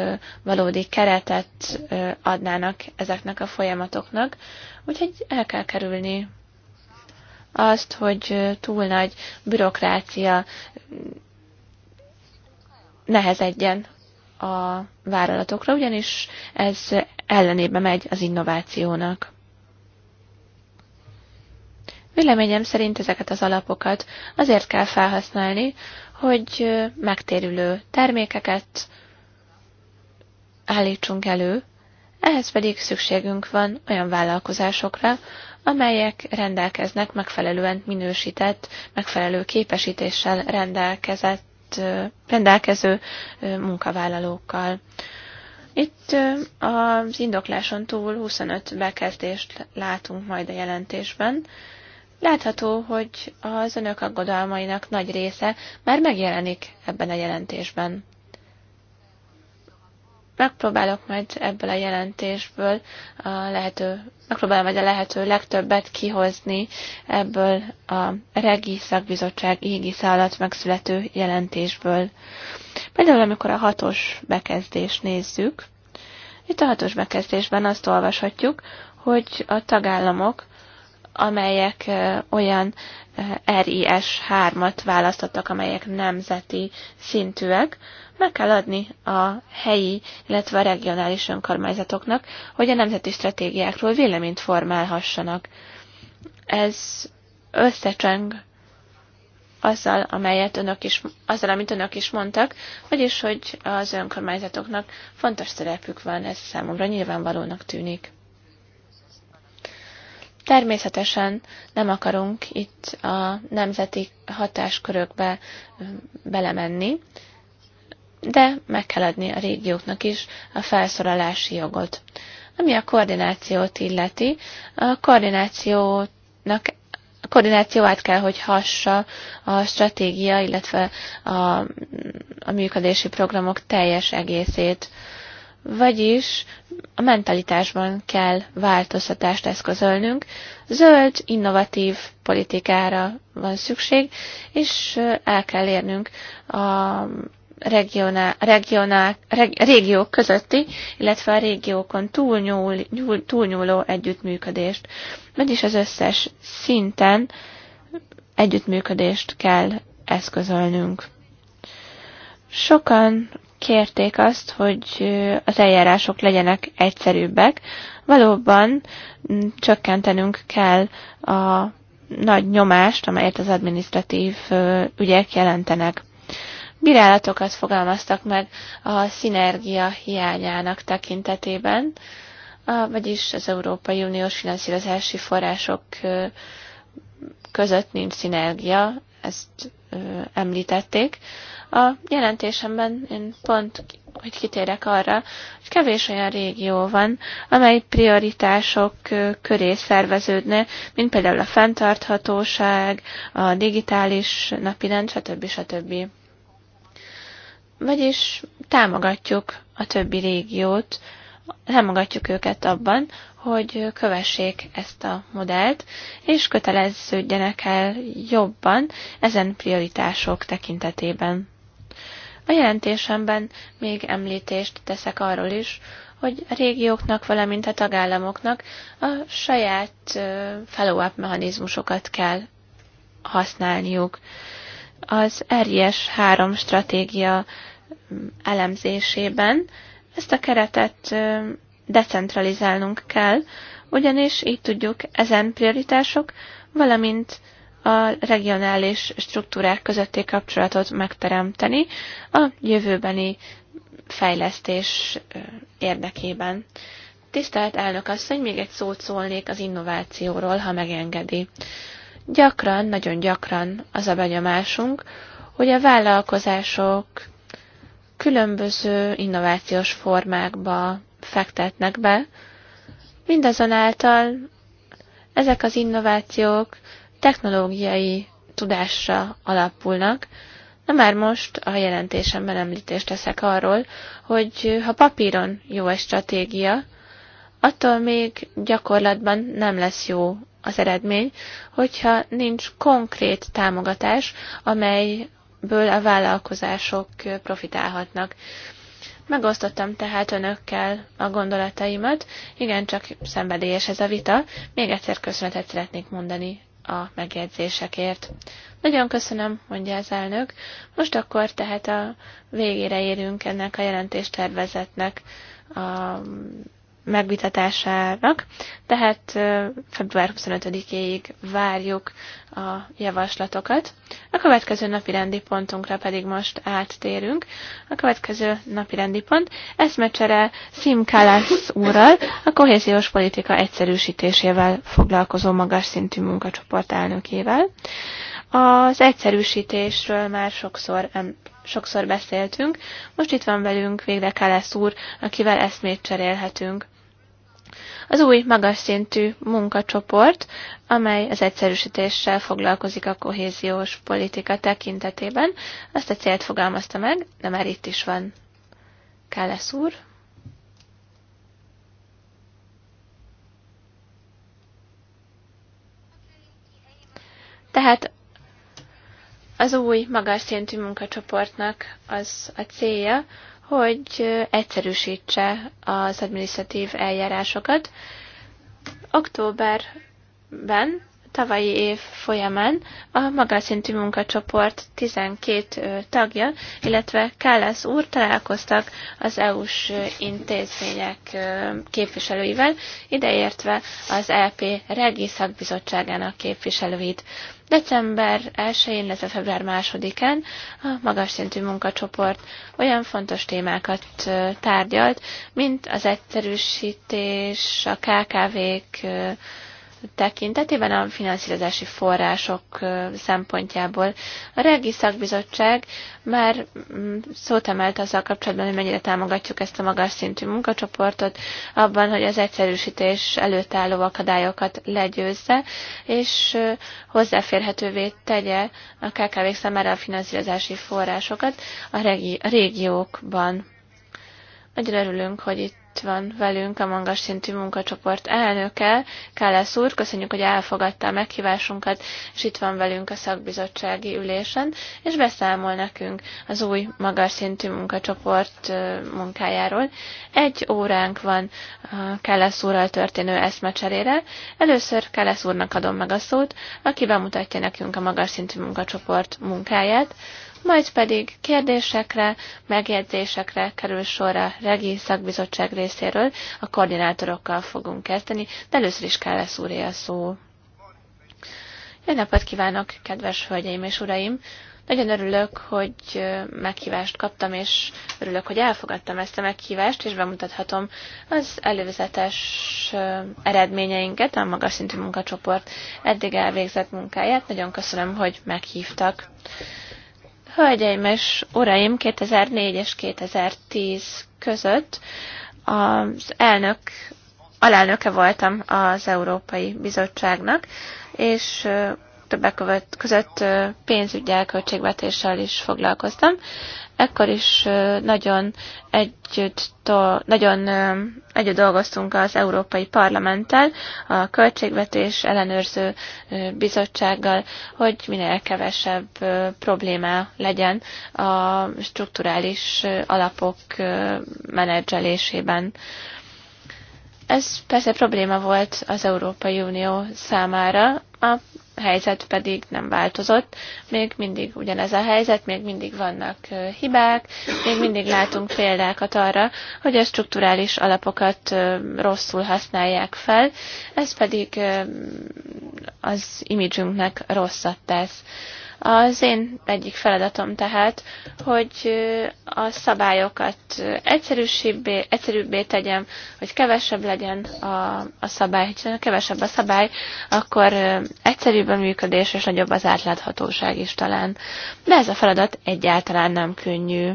valódi keretet adnának ezeknek a folyamatoknak, úgyhogy el kell kerülni azt, hogy túl nagy bürokrácia nehezedjen a vállalatokra, ugyanis ez ellenébe megy az innovációnak. Véleményem szerint ezeket az alapokat azért kell felhasználni, hogy megtérülő termékeket állítsunk elő, ehhez pedig szükségünk van olyan vállalkozásokra, amelyek rendelkeznek megfelelően minősített, megfelelő képesítéssel rendelkezett, rendelkező munkavállalókkal. Itt az indokláson túl 25 bekezdést látunk majd a jelentésben. Látható, hogy az önök aggodalmainak nagy része már megjelenik ebben a jelentésben megpróbálok majd ebből a jelentésből a lehető, megpróbálom majd a lehető legtöbbet kihozni ebből a Regi Szakbizottság égisze alatt megszülető jelentésből. Például amikor a hatos bekezdést nézzük, itt a hatos bekezdésben azt olvashatjuk, hogy a tagállamok amelyek olyan RIS-3-at választottak, amelyek nemzeti szintűek, meg kell adni a helyi, illetve a regionális önkormányzatoknak, hogy a nemzeti stratégiákról véleményt formálhassanak. Ez összecseng azzal, amelyet önök is, azzal, amit önök is mondtak, vagyis, hogy az önkormányzatoknak fontos szerepük van, ez számomra nyilvánvalónak tűnik. Természetesen nem akarunk itt a nemzeti hatáskörökbe belemenni, de meg kell adni a régióknak is a felszorolási jogot. Ami a koordinációt illeti, a koordinációnak a koordináció át kell, hogy hassa a stratégia, illetve a, a működési programok teljes egészét. Vagyis a mentalitásban kell változtatást eszközölnünk. Zöld, innovatív politikára van szükség, és el kell érnünk a regioná, regioná, reg, régiók közötti, illetve a régiókon túlnyúl, nyúl, túlnyúló együttműködést. Vagyis az összes szinten együttműködést kell eszközölnünk. Sokan kérték azt, hogy az eljárások legyenek egyszerűbbek. Valóban csökkentenünk kell a nagy nyomást, amelyet az adminisztratív ügyek jelentenek. Bírálatokat fogalmaztak meg a szinergia hiányának tekintetében, vagyis az Európai Uniós finanszírozási források között nincs szinergia, ezt említették. A jelentésemben én pont hogy kitérek arra, hogy kevés olyan régió van, amely prioritások köré szerveződne, mint például a fenntarthatóság, a digitális napirend, stb. stb. Vagyis támogatjuk a többi régiót támogatjuk őket abban, hogy kövessék ezt a modellt, és köteleződjenek el jobban ezen prioritások tekintetében. A jelentésemben még említést teszek arról is, hogy a régióknak, valamint a tagállamoknak a saját follow-up mechanizmusokat kell használniuk. Az RIS 3 stratégia mm, elemzésében ezt a keretet decentralizálnunk kell, ugyanis így tudjuk ezen prioritások, valamint a regionális struktúrák közötti kapcsolatot megteremteni a jövőbeni fejlesztés érdekében. Tisztelt elnök asszony, még egy szót szólnék az innovációról, ha megengedi. Gyakran, nagyon gyakran az a benyomásunk, hogy a vállalkozások különböző innovációs formákba fektetnek be, mindazonáltal ezek az innovációk technológiai tudásra alapulnak. Na már most a jelentésemben említést teszek arról, hogy ha papíron jó egy stratégia, attól még gyakorlatban nem lesz jó az eredmény, hogyha nincs konkrét támogatás, amely ből a vállalkozások profitálhatnak. Megosztottam tehát önökkel a gondolataimat, Igen, csak szenvedélyes ez a vita, még egyszer köszönetet szeretnék mondani a megjegyzésekért. Nagyon köszönöm, mondja az elnök. Most akkor tehát a végére érünk ennek a jelentéstervezetnek a megvitatásának, tehát február 25-éig várjuk a javaslatokat. A következő napi rendi pontunkra pedig most áttérünk. A következő napi rendi pont eszmecsere Sim Kalász úrral, a kohéziós politika egyszerűsítésével foglalkozó magas szintű munkacsoport elnökével. Az egyszerűsítésről már sokszor sokszor beszéltünk. Most itt van velünk végre Kálesz úr, akivel eszmét cserélhetünk. Az új magas szintű munkacsoport, amely az egyszerűsítéssel foglalkozik a kohéziós politika tekintetében, azt a célt fogalmazta meg, de már itt is van. Kálesz úr. Tehát az új magas szintű munkacsoportnak az a célja, hogy egyszerűsítse az adminisztratív eljárásokat. Októberben tavalyi év folyamán a magas szintű munkacsoport 12 tagja, illetve Kállász úr találkoztak az EU-s intézmények képviselőivel, ideértve az EP Regi Szakbizottságának képviselőit. December 1-én, illetve február 2-án a magas szintű munkacsoport olyan fontos témákat tárgyalt, mint az egyszerűsítés, a KKV-k, tekintetében a finanszírozási források szempontjából. A Regi Szakbizottság már mm, szót emelt azzal kapcsolatban, hogy mennyire támogatjuk ezt a magas szintű munkacsoportot, abban, hogy az egyszerűsítés előtt álló akadályokat legyőzze, és hozzáférhetővé tegye a kkv számára a finanszírozási forrásokat a, regi- a régiókban. Nagyon örülünk, hogy itt itt van velünk a magas szintű munkacsoport elnöke, Kálesz úr, köszönjük, hogy elfogadta a meghívásunkat, és itt van velünk a szakbizottsági ülésen, és beszámol nekünk az új magas szintű munkacsoport munkájáról. Egy óránk van Kálesz úrral történő eszmecserére. Először Kálesz úrnak adom meg a szót, aki bemutatja nekünk a magas szintű munkacsoport munkáját, majd pedig kérdésekre, megjegyzésekre kerül sor a Regi Szakbizottság részéről, a koordinátorokkal fogunk kezdeni, de először is kell lesz úré a szó. Jó napot kívánok, kedves hölgyeim és uraim! Nagyon örülök, hogy meghívást kaptam, és örülök, hogy elfogadtam ezt a meghívást, és bemutathatom az előzetes eredményeinket, a magas szintű munkacsoport eddig elvégzett munkáját. Nagyon köszönöm, hogy meghívtak. Hölgyeim és uraim, 2004 és 2010 között az elnök, alelnöke voltam az Európai Bizottságnak, és többek között pénzügyel, költségvetéssel is foglalkoztam. Ekkor is nagyon együtt, nagyon együtt dolgoztunk az Európai Parlamenttel, a Költségvetés ellenőrző bizottsággal, hogy minél kevesebb problémá legyen a strukturális alapok menedzselésében. Ez persze probléma volt az Európai Unió számára. A helyzet pedig nem változott. Még mindig ugyanez a helyzet, még mindig vannak hibák, még mindig látunk példákat arra, hogy a strukturális alapokat rosszul használják fel, ez pedig az imidzsünknek rosszat tesz. Az én egyik feladatom tehát, hogy a szabályokat egyszerűbbé, egyszerűbbé tegyem, hogy kevesebb legyen a, a szabály. ha kevesebb a szabály, akkor egyszerűbb a működés, és nagyobb az átláthatóság is talán. De ez a feladat egyáltalán nem könnyű.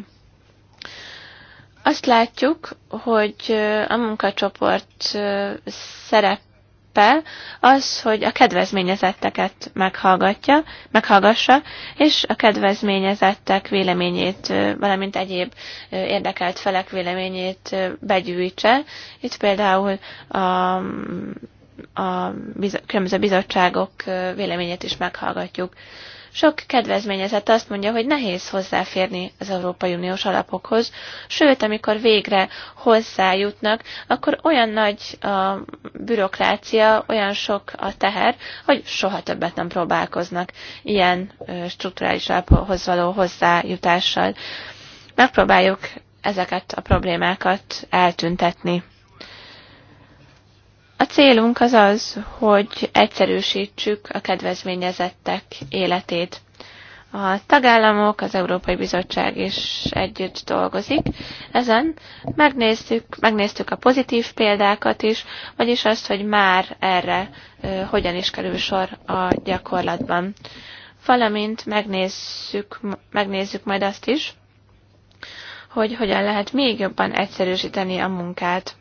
Azt látjuk, hogy a munkacsoport szerep szerepel az, hogy a kedvezményezetteket meghallgatja, meghallgassa, és a kedvezményezettek véleményét, valamint egyéb érdekelt felek véleményét begyűjtse. Itt például a a különböző bizottságok véleményét is meghallgatjuk. Sok kedvezményezett azt mondja, hogy nehéz hozzáférni az Európai Uniós alapokhoz, sőt, amikor végre hozzájutnak, akkor olyan nagy a bürokrácia, olyan sok a teher, hogy soha többet nem próbálkoznak ilyen strukturális alaphoz való hozzájutással. Megpróbáljuk ezeket a problémákat eltüntetni célunk az az, hogy egyszerűsítsük a kedvezményezettek életét. A tagállamok, az Európai Bizottság is együtt dolgozik. Ezen megnéztük, megnéztük a pozitív példákat is, vagyis azt, hogy már erre e, hogyan is kerül sor a gyakorlatban. Valamint megnézzük, megnézzük majd azt is, hogy hogyan lehet még jobban egyszerűsíteni a munkát.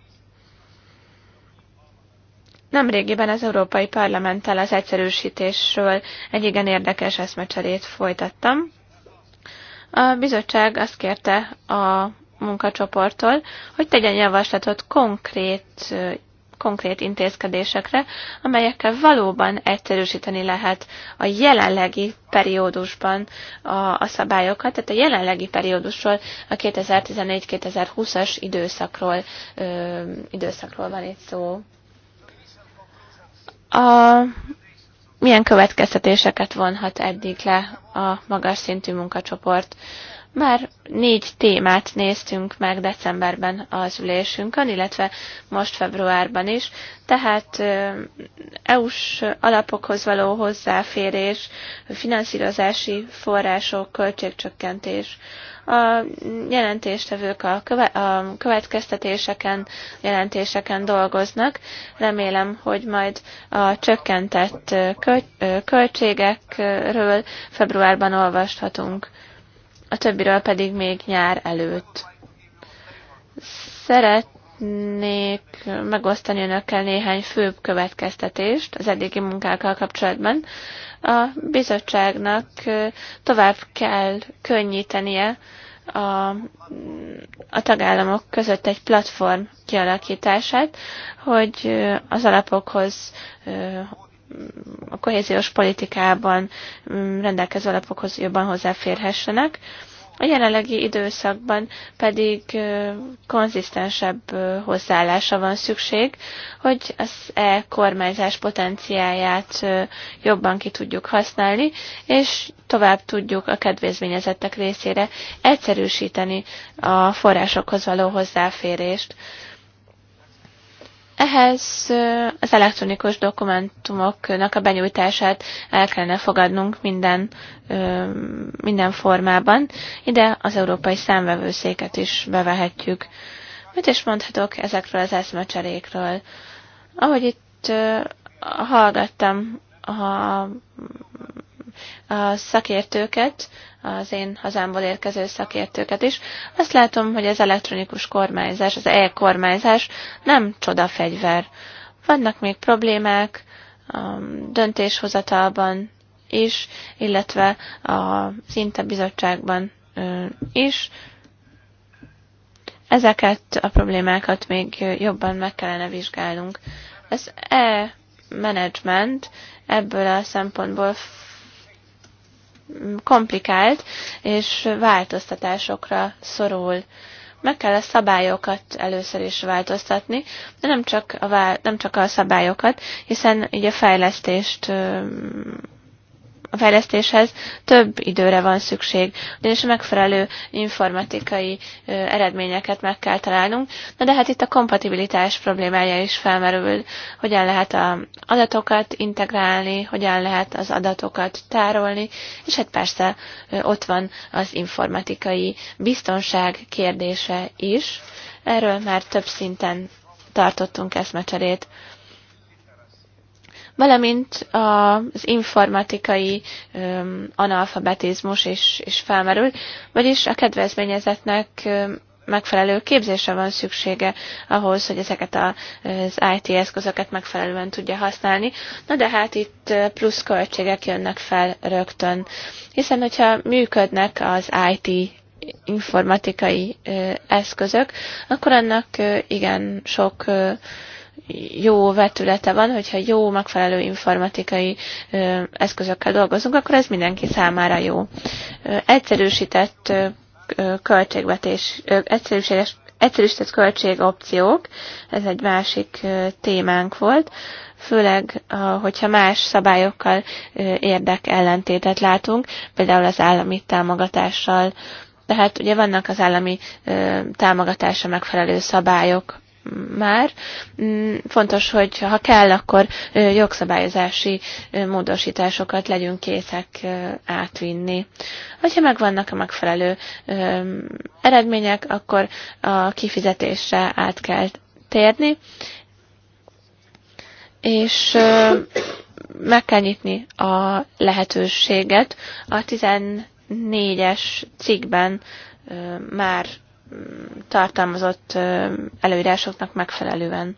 Nemrégiben az Európai Parlamenttel az egyszerűsítésről egy igen érdekes eszmecserét folytattam. A bizottság azt kérte a munkacsoporttól, hogy tegyen javaslatot konkrét konkrét intézkedésekre, amelyekkel valóban egyszerűsíteni lehet a jelenlegi periódusban a, a szabályokat, tehát a jelenlegi periódusról, a 2014-2020-as időszakról, ö, időszakról van itt szó. A, milyen következtetéseket vonhat eddig le a magas szintű munkacsoport már négy témát néztünk meg decemberben az ülésünkön, illetve most februárban is, tehát EU-s alapokhoz való hozzáférés, finanszírozási források, költségcsökkentés. A jelentéstevők a, köve- a következtetéseken, jelentéseken dolgoznak. Remélem, hogy majd a csökkentett költségekről februárban olvashatunk a többiről pedig még nyár előtt. Szeretnék megosztani önökkel néhány főbb következtetést az eddigi munkákkal kapcsolatban. A bizottságnak tovább kell könnyítenie a, a tagállamok között egy platform kialakítását, hogy az alapokhoz a kohéziós politikában mm, rendelkező alapokhoz jobban hozzáférhessenek. A jelenlegi időszakban pedig konzisztensebb hozzáállása van szükség, hogy az e-kormányzás potenciáját jobban ki tudjuk használni, és tovább tudjuk a kedvezményezettek részére egyszerűsíteni a forrásokhoz való hozzáférést. Ehhez az elektronikus dokumentumoknak a benyújtását el kellene fogadnunk minden, minden formában. Ide az európai számvevőszéket is bevehetjük. Mit is mondhatok ezekről az eszmecserékről? Ahogy itt hallgattam a a szakértőket, az én hazámból érkező szakértőket is, azt látom, hogy az elektronikus kormányzás, az e-kormányzás nem csodafegyver. Vannak még problémák a döntéshozatalban is, illetve a szinte bizottságban is. Ezeket a problémákat még jobban meg kellene vizsgálnunk. Az e-management ebből a szempontból komplikált, és változtatásokra szorul. Meg kell a szabályokat először is változtatni, de nem csak a, nem csak a szabályokat, hiszen így a fejlesztést a fejlesztéshez több időre van szükség, ugyanis a megfelelő informatikai eredményeket meg kell találnunk. Na de hát itt a kompatibilitás problémája is felmerül, hogyan lehet az adatokat integrálni, hogyan lehet az adatokat tárolni, és hát persze ott van az informatikai biztonság kérdése is. Erről már több szinten tartottunk eszmecserét valamint az informatikai analfabetizmus is, is felmerül, vagyis a kedvezményezetnek megfelelő képzésre van szüksége ahhoz, hogy ezeket az IT eszközöket megfelelően tudja használni. Na de hát itt plusz költségek jönnek fel rögtön, hiszen hogyha működnek az IT informatikai eszközök, akkor annak igen sok jó vetülete van, hogyha jó, megfelelő informatikai ö, eszközökkel dolgozunk, akkor ez mindenki számára jó. Ö, egyszerűsített ö, költségvetés, ö, egyszerűséges, egyszerűsített költségopciók, ez egy másik ö, témánk volt, főleg, hogyha más szabályokkal érdek ellentétet látunk, például az állami támogatással, tehát ugye vannak az állami támogatása megfelelő szabályok, már. Mm, fontos, hogy ha kell, akkor jogszabályozási módosításokat legyünk készek átvinni. Hogyha megvannak a megfelelő eredmények, akkor a kifizetésre át kell térni, és meg kell nyitni a lehetőséget. A 14-es cikkben már tartalmazott előírásoknak megfelelően.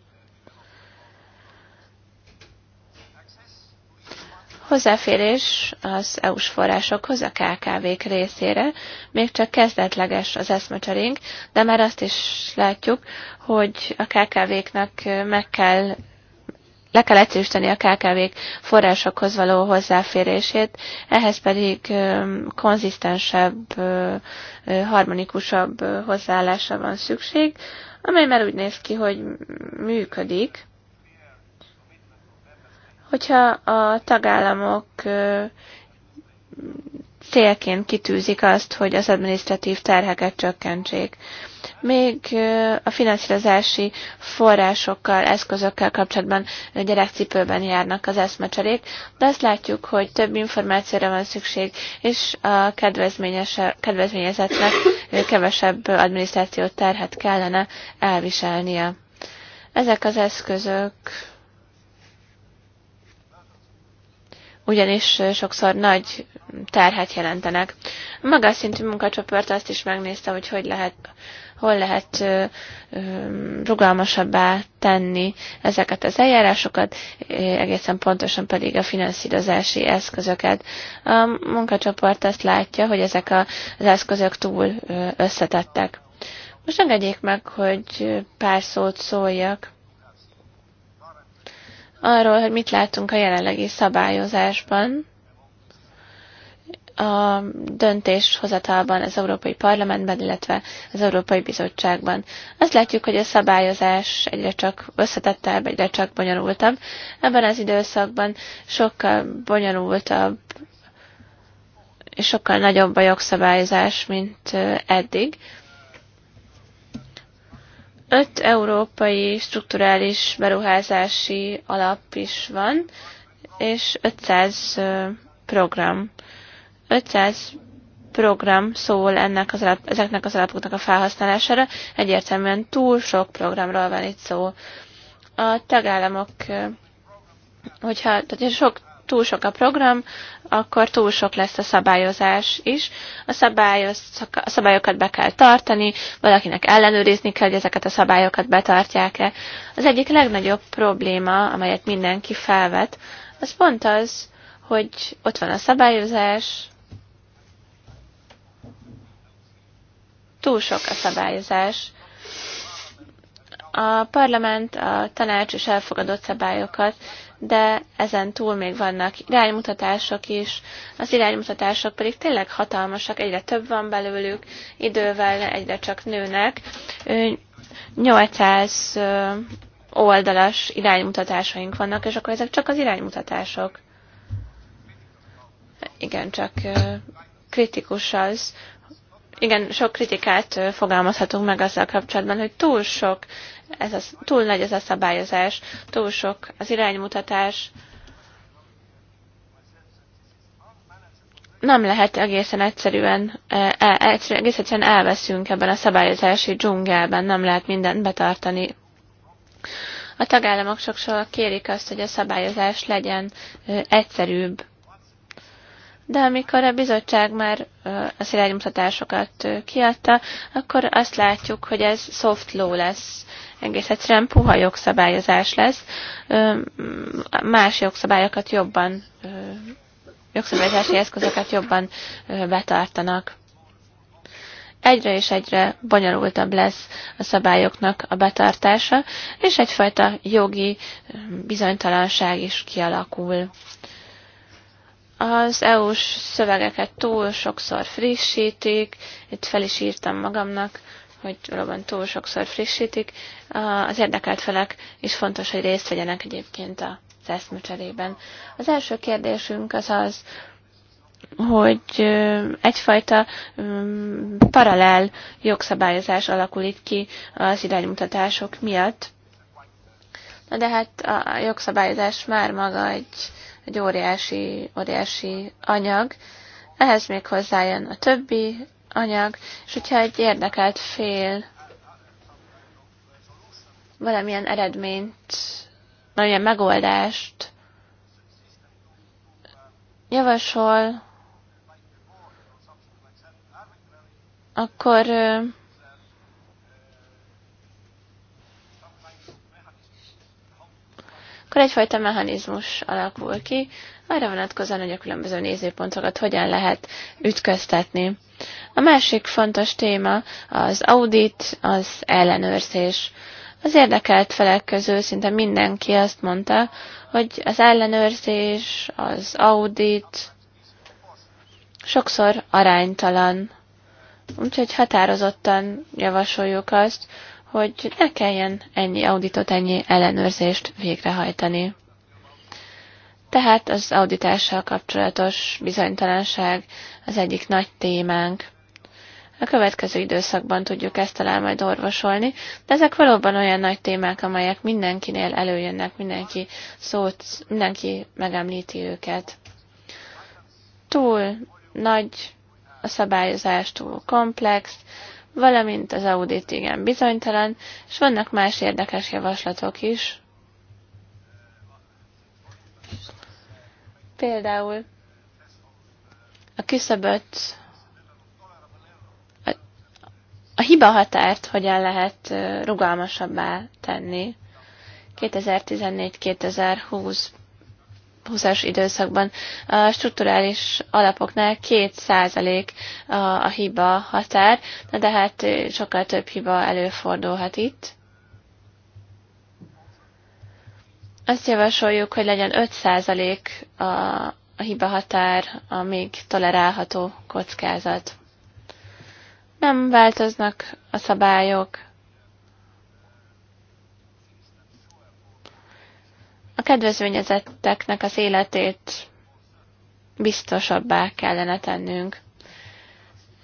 Hozzáférés az EU-s forrásokhoz a KKV-k részére még csak kezdetleges az eszmecserénk, de már azt is látjuk, hogy a KKV-knak meg kell le kell egyszerűsíteni a KKV-k forrásokhoz való hozzáférését, ehhez pedig konzisztensebb, harmonikusabb hozzáállásra van szükség, amely már úgy néz ki, hogy működik. Hogyha a tagállamok célként kitűzik azt, hogy az adminisztratív terheket csökkentsék. Még a finanszírozási forrásokkal, eszközökkel kapcsolatban gyerekcipőben járnak az eszmecserék, de azt látjuk, hogy több információra van szükség, és a kedvezményezetnek kevesebb adminisztrációt terhet kellene elviselnie. Ezek az eszközök ugyanis sokszor nagy terhet jelentenek. A magas szintű munkacsoport azt is megnézte, hogy hogy lehet hol lehet rugalmasabbá tenni ezeket az eljárásokat, egészen pontosan pedig a finanszírozási eszközöket. A munkacsoport azt látja, hogy ezek az eszközök túl összetettek. Most engedjék meg, hogy pár szót szóljak arról, hogy mit látunk a jelenlegi szabályozásban, a döntéshozatalban az Európai Parlamentben, illetve az Európai Bizottságban. Azt látjuk, hogy a szabályozás egyre csak összetettebb, egyre csak bonyolultabb. Ebben az időszakban sokkal bonyolultabb és sokkal nagyobb a jogszabályozás, mint eddig. Öt európai strukturális beruházási alap is van, és 500 program 500 program szól ennek az alap, ezeknek az alapoknak a felhasználására. Egyértelműen túl sok programról van itt szó. A tagállamok, hogyha tehát sok, túl sok a program, akkor túl sok lesz a szabályozás is. A, szabályoz, a szabályokat be kell tartani, valakinek ellenőrizni kell, hogy ezeket a szabályokat betartják-e. Az egyik legnagyobb probléma, amelyet mindenki felvet, az pont az, hogy ott van a szabályozás, túl sok a szabályozás. A parlament, a tanács is elfogadott szabályokat, de ezen túl még vannak iránymutatások is, az iránymutatások pedig tényleg hatalmasak, egyre több van belőlük, idővel egyre csak nőnek. 800 oldalas iránymutatásaink vannak, és akkor ezek csak az iránymutatások. Igen, csak kritikus az, igen, sok kritikát fogalmazhatunk meg azzal kapcsolatban, hogy túl sok, ez a, túl nagy ez a szabályozás, túl sok az iránymutatás, nem lehet egészen egyszerűen, e, egész egyszerűen elveszünk ebben a szabályozási dzsungelben, nem lehet mindent betartani. A tagállamok sokszor kérik azt, hogy a szabályozás legyen egyszerűbb, de amikor a bizottság már az iránymutatásokat kiadta, akkor azt látjuk, hogy ez soft law lesz. Egész egyszerűen puha jogszabályozás lesz. Más jogszabályokat jobban, jogszabályozási eszközöket jobban betartanak egyre és egyre bonyolultabb lesz a szabályoknak a betartása, és egyfajta jogi bizonytalanság is kialakul. Az EU-s szövegeket túl sokszor frissítik, itt fel is írtam magamnak, hogy valóban túl sokszor frissítik. Az érdekelt felek is fontos, hogy részt vegyenek egyébként a eszmecserében. Az első kérdésünk az az, hogy egyfajta paralel jogszabályozás alakul itt ki az iránymutatások miatt. Na de hát a jogszabályozás már maga egy egy óriási, óriási anyag, ehhez még hozzájön a többi anyag, és hogyha egy érdekelt fél valamilyen eredményt, valamilyen megoldást javasol, akkor akkor egyfajta mechanizmus alakul ki, arra vonatkozóan, hogy a különböző nézőpontokat hogyan lehet ütköztetni. A másik fontos téma az audit, az ellenőrzés. Az érdekelt felek közül szinte mindenki azt mondta, hogy az ellenőrzés, az audit sokszor aránytalan. Úgyhogy határozottan javasoljuk azt, hogy ne kelljen ennyi auditot, ennyi ellenőrzést végrehajtani. Tehát az auditással kapcsolatos bizonytalanság az egyik nagy témánk. A következő időszakban tudjuk ezt talán majd orvosolni, de ezek valóban olyan nagy témák, amelyek mindenkinél előjönnek, mindenki szót, mindenki megemlíti őket. Túl nagy a szabályozás, túl komplex, valamint az audit igen bizonytalan, és vannak más érdekes javaslatok is. Például a küszöböt, a, a hiba határt hogyan lehet rugalmasabbá tenni 2014-2020 20-as időszakban a strukturális alapoknál 2% a, a hiba határ, de hát sokkal több hiba előfordulhat itt. Azt javasoljuk, hogy legyen 5% a, a hiba határ, a még tolerálható kockázat. Nem változnak a szabályok, A kedvezményezetteknek az életét biztosabbá kellene tennünk.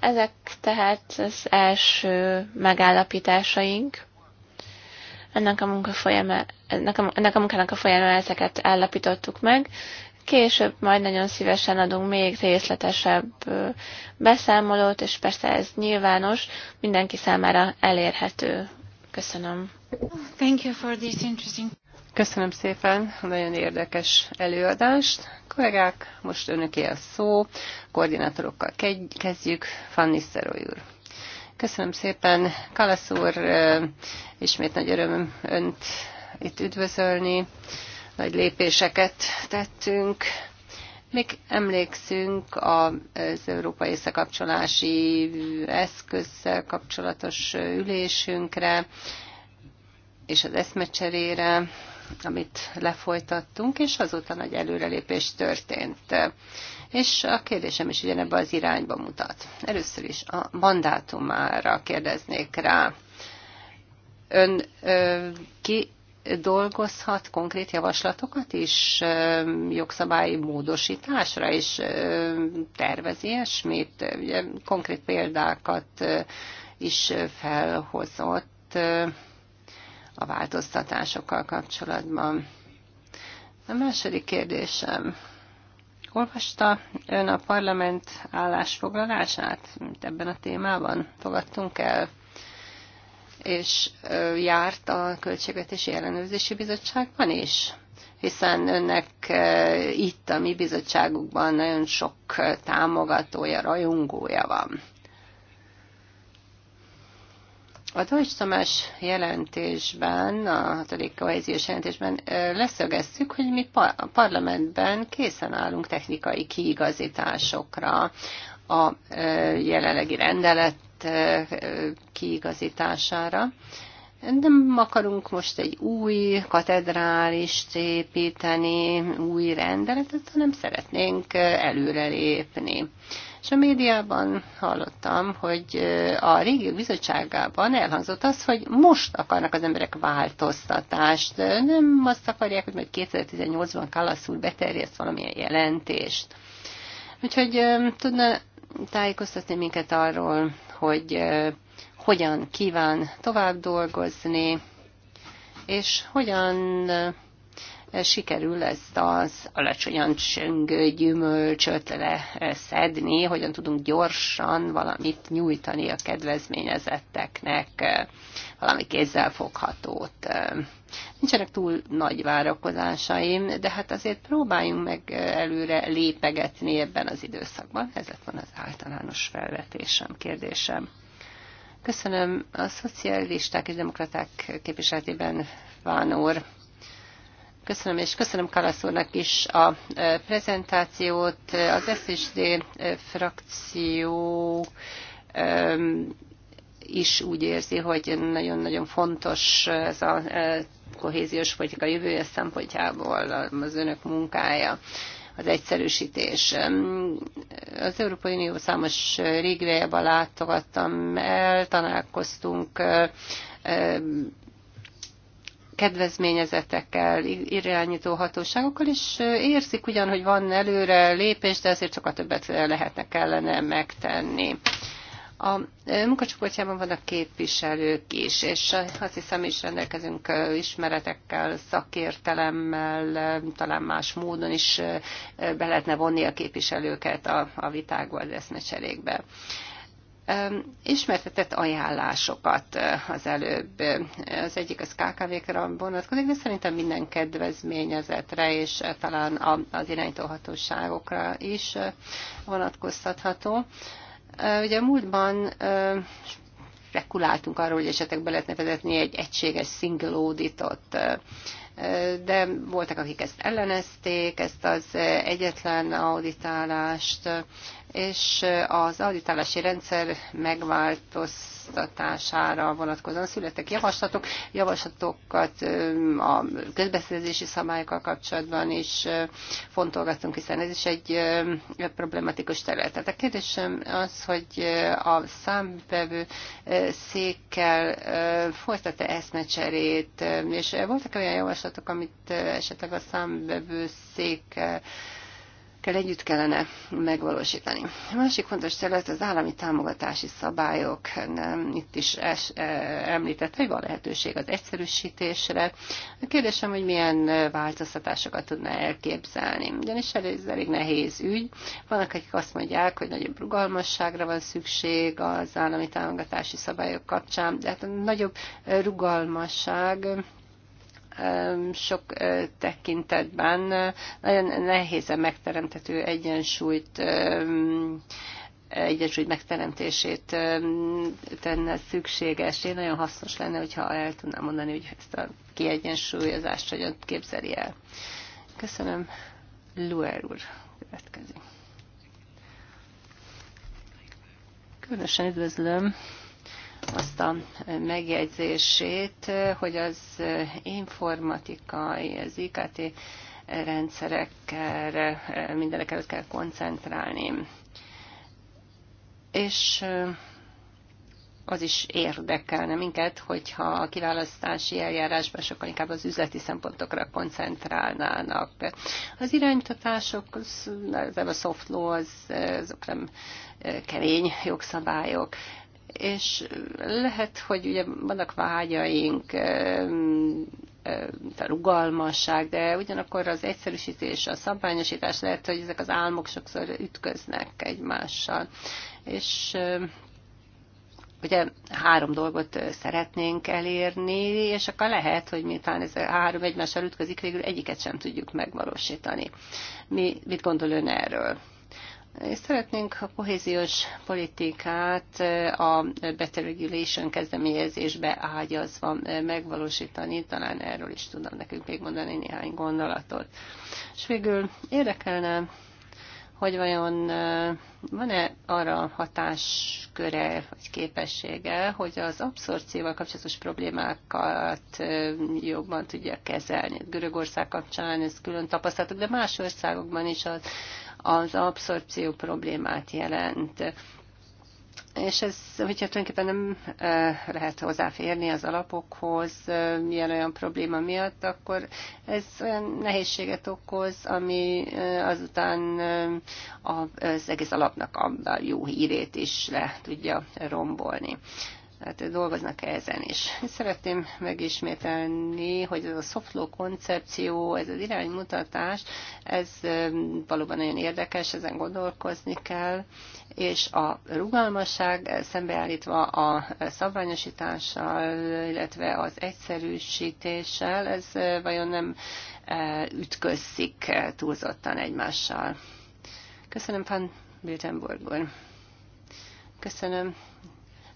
Ezek tehát az első megállapításaink. Ennek a, munka folyama, ennek, a, ennek a munkának a folyamán ezeket állapítottuk meg. Később majd nagyon szívesen adunk még részletesebb beszámolót, és persze ez nyilvános, mindenki számára elérhető. Köszönöm. Thank you for this interesting... Köszönöm szépen a nagyon érdekes előadást. Kollégák, most önöké a szó, koordinátorokkal kezdjük. Fanny Szeroly úr. Köszönöm szépen, Kalasz úr, ismét nagy öröm önt itt üdvözölni. Nagy lépéseket tettünk. Még emlékszünk az európai összekapcsolási eszközzel kapcsolatos ülésünkre és az eszmecserére, amit lefolytattunk, és azóta nagy előrelépés történt. És a kérdésem is ugyanebben az irányba mutat. Először is a mandátumára kérdeznék rá. Ön ö, ki dolgozhat konkrét javaslatokat is jogszabályi módosításra, és tervez ilyesmit? Ugye konkrét példákat is felhozott a változtatásokkal kapcsolatban. A második kérdésem. Olvasta ön a parlament állásfoglalását ebben a témában? Fogadtunk el? És járt a Költségvetési Ellenőrzési Bizottságban is? hiszen önnek itt a mi bizottságunkban nagyon sok támogatója, rajongója van. A Deutsch Tamás jelentésben, a hatodik kohéziós jelentésben leszögeztük, hogy mi a parlamentben készen állunk technikai kiigazításokra a jelenlegi rendelet kiigazítására. Nem akarunk most egy új katedrálist építeni, új rendeletet, hanem szeretnénk előrelépni. És a médiában hallottam, hogy a régió bizottságában elhangzott az, hogy most akarnak az emberek változtatást, nem azt akarják, hogy majd 2018-ban Kalasz úr beterjeszt valamilyen jelentést. Úgyhogy tudna tájékoztatni minket arról, hogy hogyan kíván tovább dolgozni, és hogyan sikerül ezt az alacsonyan csöngő gyümölcsöt leszedni, hogyan tudunk gyorsan valamit nyújtani a kedvezményezetteknek, valami kézzelfoghatót. Nincsenek túl nagy várakozásaim, de hát azért próbáljunk meg előre lépegetni ebben az időszakban. Ez lett van az általános felvetésem, kérdésem. Köszönöm a szocialisták és demokraták képviseletében, Vánor. Köszönöm, és köszönöm Kalasz úrnak is a e, prezentációt. Az SZSD e, frakció e, is úgy érzi, hogy nagyon-nagyon fontos ez a kohéziós politika jövője szempontjából az önök munkája az egyszerűsítés. Az Európai Unió számos régiójában látogattam el, találkoztunk kedvezményezetekkel, irányító hatóságokkal, és érzik ugyan, hogy van előre lépés, de azért sokkal többet lehetne kellene megtenni. A munkacsoportjában vannak képviselők is, és azt hiszem is rendelkezünk ismeretekkel, szakértelemmel, talán más módon is be lehetne vonni a képviselőket a, a vitákba, az eszmecserékbe ismertetett ajánlásokat az előbb. Az egyik az KKV-kra vonatkozik, de szerintem minden kedvezményezetre és talán az irányítóhatóságokra is vonatkoztatható. Ugye a múltban spekuláltunk arról, hogy esetleg be lehetne vezetni egy egységes single auditot de voltak, akik ezt ellenezték, ezt az egyetlen auditálást, és az auditálási rendszer megváltoz változtatására vonatkozóan születtek javaslatok, javaslatokat a közbeszerzési szabályokkal kapcsolatban is fontolgattunk, hiszen ez is egy problematikus terület. Tehát a kérdésem az, hogy a számbevő székkel folytatta eszmecserét, és voltak olyan javaslatok, amit esetleg a számbevő szék kell együtt kellene megvalósítani. A másik fontos terület az állami támogatási szabályok. Nem, itt is es, e, említett, hogy van lehetőség az egyszerűsítésre. A kérdésem, hogy milyen változtatásokat tudna elképzelni. Ugyanis ez elég nehéz ügy. Vannak, akik azt mondják, hogy nagyobb rugalmasságra van szükség az állami támogatási szabályok kapcsán, de hát a nagyobb rugalmasság sok tekintetben nagyon nehézen megteremtető egyensúlyt egyensúly megteremtését tenne szükséges. Én nagyon hasznos lenne, hogyha el tudnám mondani, hogy ezt a kiegyensúlyozást hogyan képzeli el. Köszönöm. Luer úr következik. Különösen üdvözlöm azt a megjegyzését, hogy az informatikai, az IKT rendszerekkel, mindenek előtt kell koncentrálni. És az is érdekelne minket, hogyha a kiválasztási eljárásban sokkal inkább az üzleti szempontokra koncentrálnának. Az iránytatások, az, a soft law, az, azok nem kemény jogszabályok, és lehet, hogy ugye vannak vágyaink, a rugalmasság, de ugyanakkor az egyszerűsítés, a szabványosítás lehet, hogy ezek az álmok sokszor ütköznek egymással. És ugye három dolgot szeretnénk elérni, és akkor lehet, hogy miután ez a három egymással ütközik, végül egyiket sem tudjuk megvalósítani. Mi, mit gondol ön erről? szeretnénk a kohéziós politikát eh, a Better Regulation kezdeményezésbe ágyazva eh, megvalósítani. Talán erről is tudom nekünk még mondani néhány gondolatot. És végül érdekelne, hogy vajon eh, van-e arra hatásköre vagy képessége, hogy az abszorcióval kapcsolatos problémákat jobban tudja kezelni. Görögország kapcsán ez külön tapasztalatok, de más országokban is az az abszorpció problémát jelent. És ez, hogyha tulajdonképpen nem lehet hozzáférni az alapokhoz, milyen olyan probléma miatt, akkor ez olyan nehézséget okoz, ami azután az egész alapnak a jó hírét is le tudja rombolni tehát dolgoznak -e ezen is. Szeretném megismételni, hogy ez a soft koncepció, ez az iránymutatás, ez valóban nagyon érdekes, ezen gondolkozni kell, és a rugalmasság szembeállítva a szabványosítással, illetve az egyszerűsítéssel, ez vajon nem ütközzik túlzottan egymással. Köszönöm, Pan Biltenburg Köszönöm,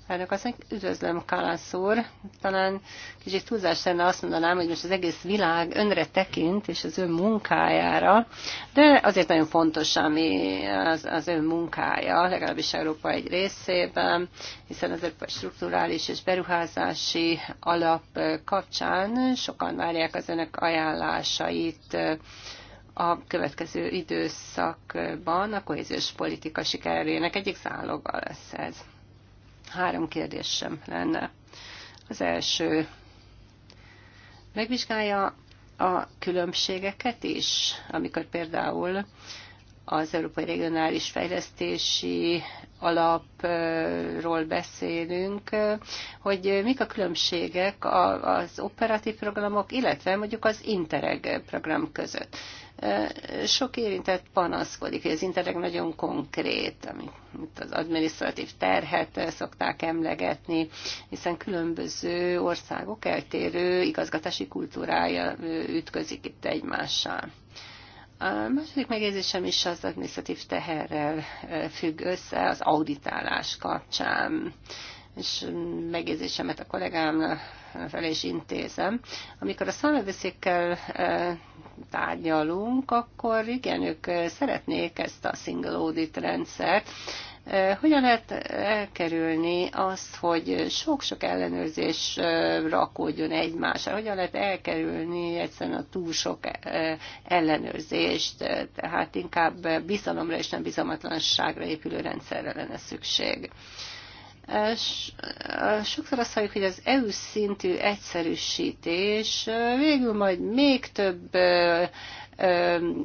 Elnök mondja, üdvözlöm Kalász úr. Talán kicsit túlzás lenne azt mondanám, hogy most az egész világ önre tekint, és az ön munkájára, de azért nagyon fontos, ami az, az ön munkája, legalábbis Európa egy részében, hiszen az Európai Strukturális és Beruházási Alap kapcsán sokan várják az önök ajánlásait, a következő időszakban a kohéziós politika sikerének egyik záloga lesz ez. Három kérdésem lenne. Az első, megvizsgálja a különbségeket is, amikor például az Európai Regionális Fejlesztési Alapról beszélünk, hogy mik a különbségek az operatív programok, illetve mondjuk az Interreg program között sok érintett panaszkodik, hogy az internet nagyon konkrét, amit az adminisztratív terhet szokták emlegetni, hiszen különböző országok eltérő igazgatási kultúrája ütközik itt egymással. A második megjegyzésem is az administratív teherrel függ össze az auditálás kapcsán és megjegyzésemet a kollégám felé is intézem. Amikor a számövőszékkel tárgyalunk, akkor igen, ők szeretnék ezt a single audit rendszert, hogyan lehet elkerülni azt, hogy sok-sok ellenőrzés rakódjon egymásra? Hogyan lehet elkerülni egyszerűen a túl sok ellenőrzést? Tehát inkább bizalomra és nem bizalmatlanságra épülő rendszerre lenne szükség. Sokszor azt halljuk, hogy az EU szintű egyszerűsítés végül majd még több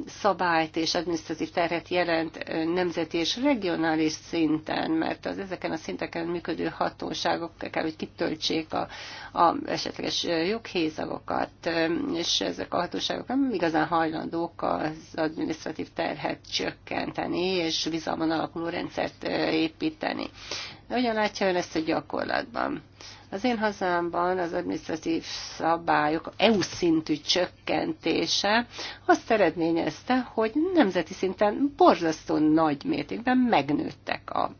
szabályt és adminisztratív terhet jelent nemzeti és regionális szinten, mert az ezeken a szinteken működő hatóságok kell, hogy kitöltsék a, a esetleges joghézagokat, és ezek a hatóságok nem igazán hajlandók az adminisztratív terhet csökkenteni, és bizalman alakuló rendszert építeni. De hogyan látja ön ezt a gyakorlatban? Az én hazámban az administratív szabályok EU szintű csökkentése azt eredményezte, hogy nemzeti szinten borzasztó nagy mértékben megnőttek a,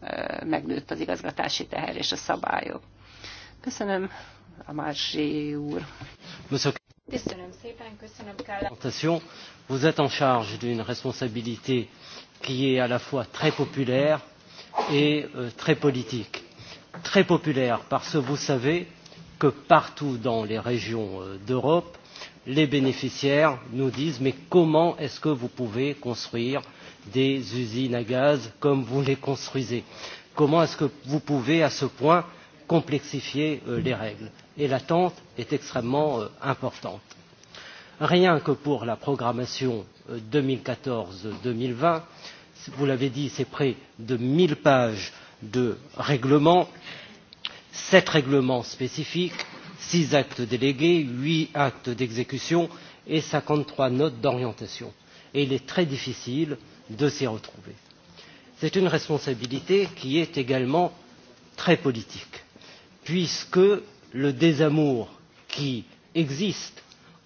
megnőtt az igazgatási teher és a szabályok. Köszönöm, a Amázsi úr. Köszönöm szépen, köszönöm Kállam. Vous êtes en charge d'une responsabilité qui est à la fois très populaire et euh, très politique très populaire parce que vous savez que partout dans les régions euh, d'Europe, les bénéficiaires nous disent mais comment est-ce que vous pouvez construire des usines à gaz comme vous les construisez Comment est-ce que vous pouvez à ce point complexifier euh, les règles Et l'attente est extrêmement euh, importante. Rien que pour la programmation 2014-2020, vous l'avez dit, c'est près de 1000 pages de règlement, sept règlements spécifiques, six actes délégués, huit actes d'exécution et cinquante trois notes d'orientation. Et il est très difficile de s'y retrouver. C'est une responsabilité qui est également très politique, puisque le désamour qui existe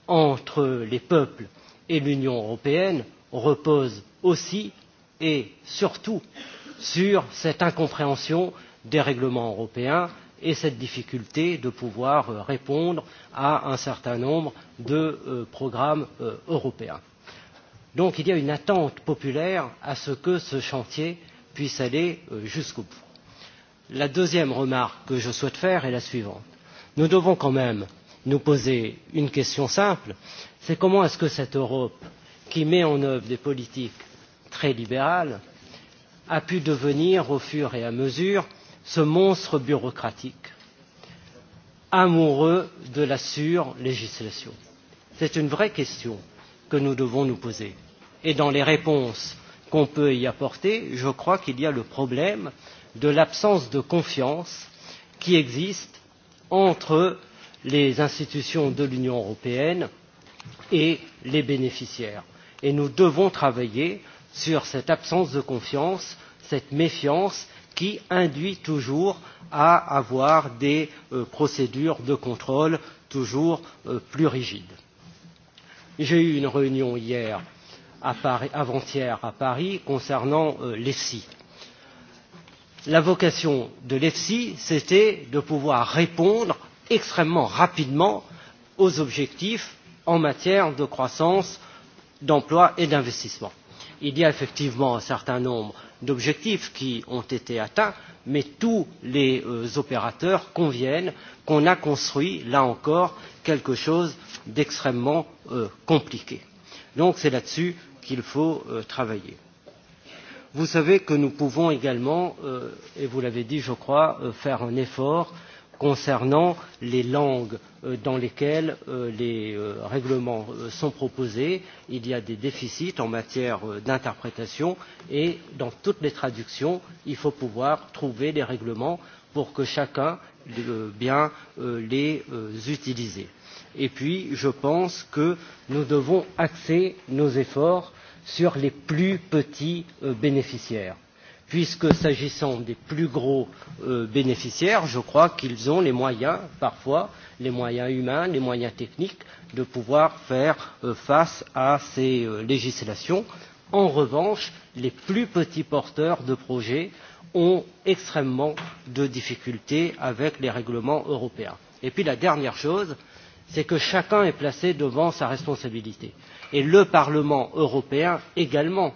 entre les peuples et l'Union européenne repose aussi et surtout sur cette incompréhension des règlements européens et cette difficulté de pouvoir euh, répondre à un certain nombre de euh, programmes euh, européens. Donc il y a une attente populaire à ce que ce chantier puisse aller jusqu'au bout. La deuxième remarque que je souhaite faire est la suivante. Nous devons quand même nous poser une question simple, c'est comment est-ce que cette Europe qui met en œuvre des politiques très libérales a pu devenir au fur et à mesure ce monstre bureaucratique amoureux de la surlégislation. C'est une vraie question que nous devons nous poser. Et dans les réponses qu'on peut y apporter, je crois qu'il y a le problème de l'absence de confiance qui existe entre les institutions de l'Union européenne et les bénéficiaires. Et nous devons travailler sur cette absence de confiance, cette méfiance qui induit toujours à avoir des euh, procédures de contrôle toujours euh, plus rigides. J'ai eu une réunion hier, avant-hier à Paris, concernant euh, l'EFSI. La vocation de l'EFSI, c'était de pouvoir répondre extrêmement rapidement aux objectifs en matière de croissance, d'emploi et d'investissement il y a effectivement un certain nombre d'objectifs qui ont été atteints, mais tous les euh, opérateurs conviennent qu'on a construit, là encore, quelque chose d'extrêmement euh, compliqué. Donc c'est là-dessus qu'il faut euh, travailler. Vous savez que nous pouvons également, euh, et vous l'avez dit je crois, euh, faire un effort euh, concernant les langues euh, dans lesquelles euh, les euh, règlements sont proposés. Il y a des déficits en matière d'interprétation et dans toutes les traductions, il faut pouvoir trouver des règlements pour que chacun bien les utiliser. Et puis, je pense que nous devons axer nos efforts sur les plus petits bénéficiaires puisque s'agissant des plus gros euh, bénéficiaires, je crois qu'ils ont les moyens, parfois les moyens humains, les moyens techniques, de pouvoir faire euh, face à ces euh, législations. En revanche, les plus petits porteurs de projets ont extrêmement de difficultés avec les règlements européens. Et puis la dernière chose, c'est que chacun est placé devant sa responsabilité. Et le Parlement européen également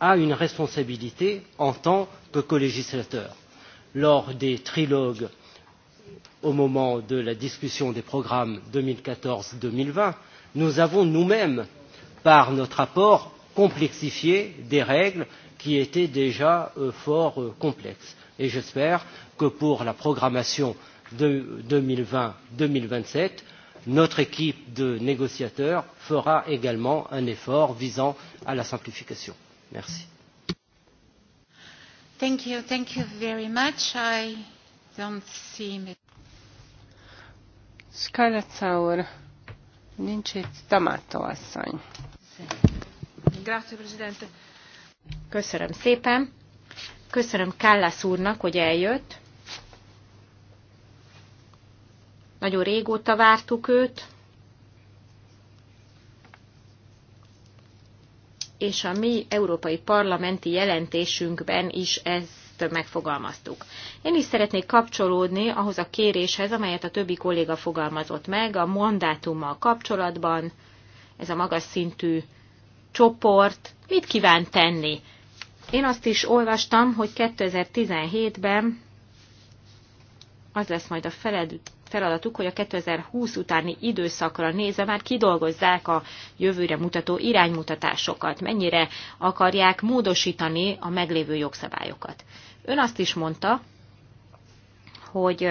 a une responsabilité en tant que colégislateur. lors des trilogues au moment de la discussion des programmes 2014 2020, nous avons nous mêmes par notre apport complexifié des règles qui étaient déjà euh, fort euh, complexes et j'espère que pour la programmation 2020-2027, notre équipe de négociateurs fera également un effort visant à la simplification. Merci. Thank you, thank you very much. I don't see me. Scarlett Sauer, nincs itt, Tamato asszony. Grazie, Presidente. Köszönöm szépen. Köszönöm Kállász úrnak, hogy eljött. Nagyon régóta vártuk őt. és a mi európai parlamenti jelentésünkben is ezt megfogalmaztuk. Én is szeretnék kapcsolódni ahhoz a kéréshez, amelyet a többi kolléga fogalmazott meg a mandátummal kapcsolatban, ez a magas szintű csoport mit kíván tenni. Én azt is olvastam, hogy 2017-ben az lesz majd a feladatuk, hogy a 2020 utáni időszakra nézve már kidolgozzák a jövőre mutató iránymutatásokat, mennyire akarják módosítani a meglévő jogszabályokat. Ön azt is mondta, hogy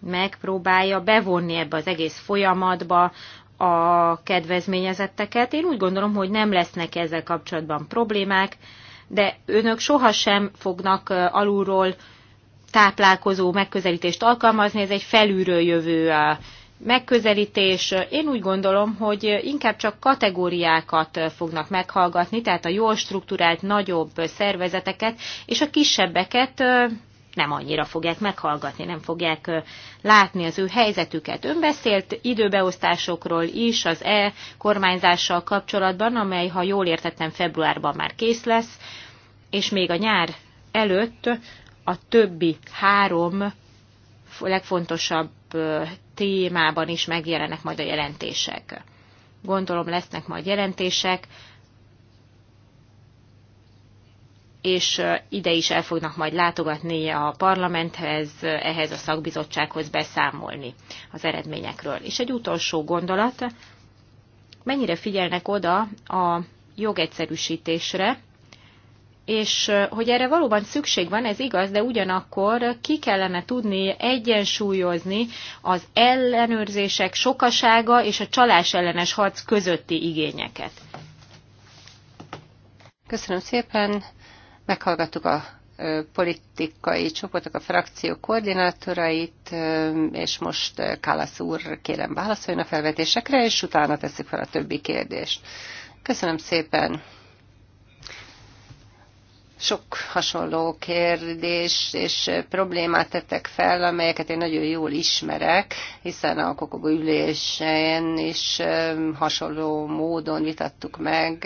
megpróbálja bevonni ebbe az egész folyamatba a kedvezményezetteket. Én úgy gondolom, hogy nem lesznek ezzel kapcsolatban problémák, de önök sohasem fognak alulról táplálkozó megközelítést alkalmazni, ez egy felülről jövő megközelítés. Én úgy gondolom, hogy inkább csak kategóriákat fognak meghallgatni, tehát a jól struktúrált nagyobb szervezeteket, és a kisebbeket nem annyira fogják meghallgatni, nem fogják látni az ő helyzetüket. Ön beszélt időbeosztásokról is az e-kormányzással kapcsolatban, amely, ha jól értettem, februárban már kész lesz, és még a nyár előtt a többi három legfontosabb témában is megjelenek majd a jelentések. Gondolom lesznek majd jelentések, és ide is el fognak majd látogatni a parlamenthez, ehhez a szakbizottsághoz beszámolni az eredményekről. És egy utolsó gondolat, mennyire figyelnek oda a jogegyszerűsítésre, és hogy erre valóban szükség van, ez igaz, de ugyanakkor ki kellene tudni egyensúlyozni az ellenőrzések sokasága és a csalás ellenes harc közötti igényeket. Köszönöm szépen. Meghallgattuk a politikai csoportok, a frakció koordinátorait, és most Kálasz úr kérem válaszoljon a felvetésekre, és utána teszik fel a többi kérdést. Köszönöm szépen sok hasonló kérdés és problémát tettek fel, amelyeket én nagyon jól ismerek, hiszen a Kokogó ülésen is hasonló módon vitattuk meg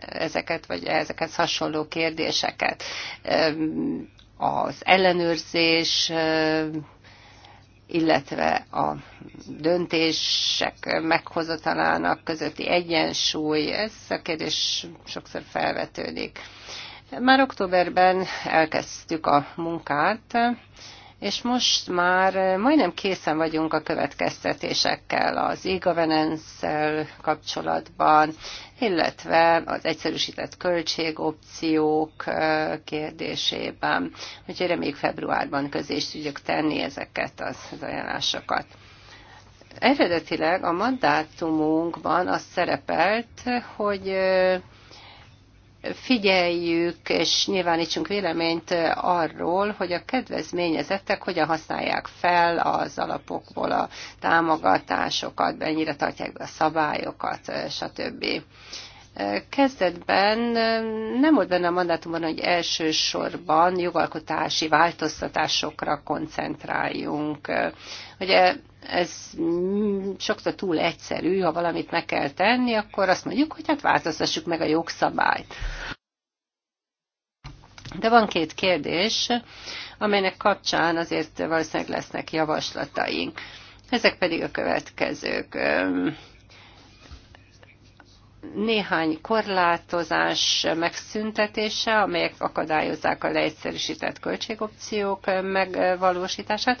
ezeket, vagy ezeket hasonló kérdéseket. Az ellenőrzés illetve a döntések meghozatalának közötti egyensúly, ez a kérdés sokszor felvetődik. Már októberben elkezdtük a munkát, és most már majdnem készen vagyunk a következtetésekkel az e kapcsolatban, illetve az egyszerűsített költségopciók kérdésében. Úgyhogy reméljük februárban közé is tudjuk tenni ezeket az ajánlásokat. Eredetileg a mandátumunkban az szerepelt, hogy figyeljük és nyilvánítsunk véleményt arról, hogy a kedvezményezettek hogyan használják fel az alapokból a támogatásokat, mennyire tartják be a szabályokat, stb. Kezdetben nem volt benne a mandátumban, hogy elsősorban jogalkotási változtatásokra koncentráljunk. Ugye ez sokszor túl egyszerű, ha valamit meg kell tenni, akkor azt mondjuk, hogy hát változtassuk meg a jogszabályt. De van két kérdés, amelynek kapcsán azért valószínűleg lesznek javaslataink. Ezek pedig a következők néhány korlátozás megszüntetése, amelyek akadályozzák a leegyszerűsített költségopciók megvalósítását.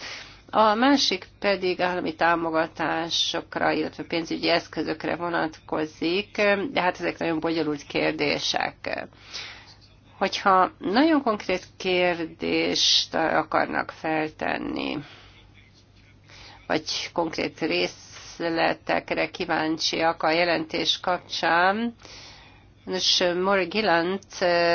A másik pedig állami támogatásokra, illetve pénzügyi eszközökre vonatkozik, de hát ezek nagyon bonyolult kérdések. Hogyha nagyon konkrét kérdést akarnak feltenni, vagy konkrét rész részletekre kíváncsiak a jelentés kapcsán, Nos, Mori Gillant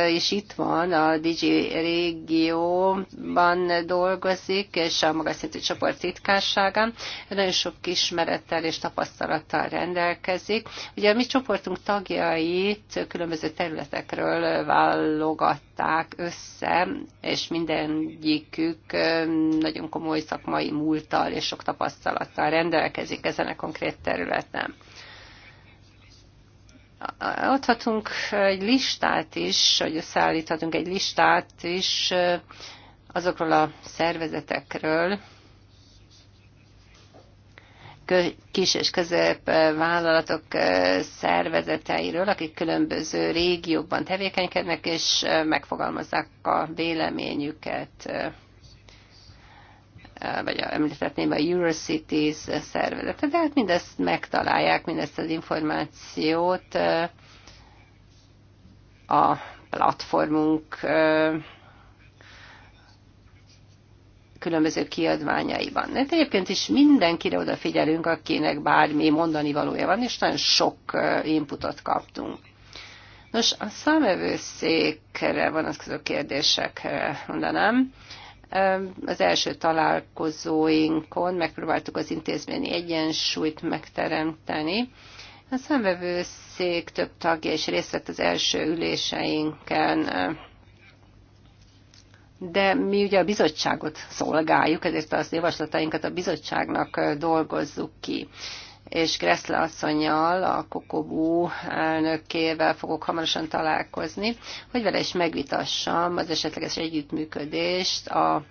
is itt van, a DG régióban dolgozik, és a magas szintű csoport titkárságán. Nagyon sok ismerettel és tapasztalattal rendelkezik. Ugye a mi csoportunk tagjait különböző területekről válogatták össze, és mindegyikük nagyon komoly szakmai múlttal és sok tapasztalattal rendelkezik ezen a konkrét területen adhatunk egy listát is, vagy összeállíthatunk egy listát is azokról a szervezetekről, kis és közép vállalatok szervezeteiről, akik különböző régiókban tevékenykednek, és megfogalmazzák a véleményüket vagy említetném a Eurocities szervezetet, de hát mindezt megtalálják, mindezt az információt a platformunk különböző kiadványaiban. De hát egyébként is mindenkire odafigyelünk, akinek bármi mondani valója van, és nagyon sok inputot kaptunk. Nos, a számövőszékre vonatkozó kérdésekre, mondanám. Az első találkozóinkon megpróbáltuk az intézményi egyensúlyt megteremteni. A szemvevőszék több tagja is részt vett az első üléseinken, de mi ugye a bizottságot szolgáljuk, ezért az javaslatainkat a bizottságnak dolgozzuk ki és Gressle asszonyjal, a Kokobú elnökével fogok hamarosan találkozni, hogy vele is megvitassam az esetleges együttműködést a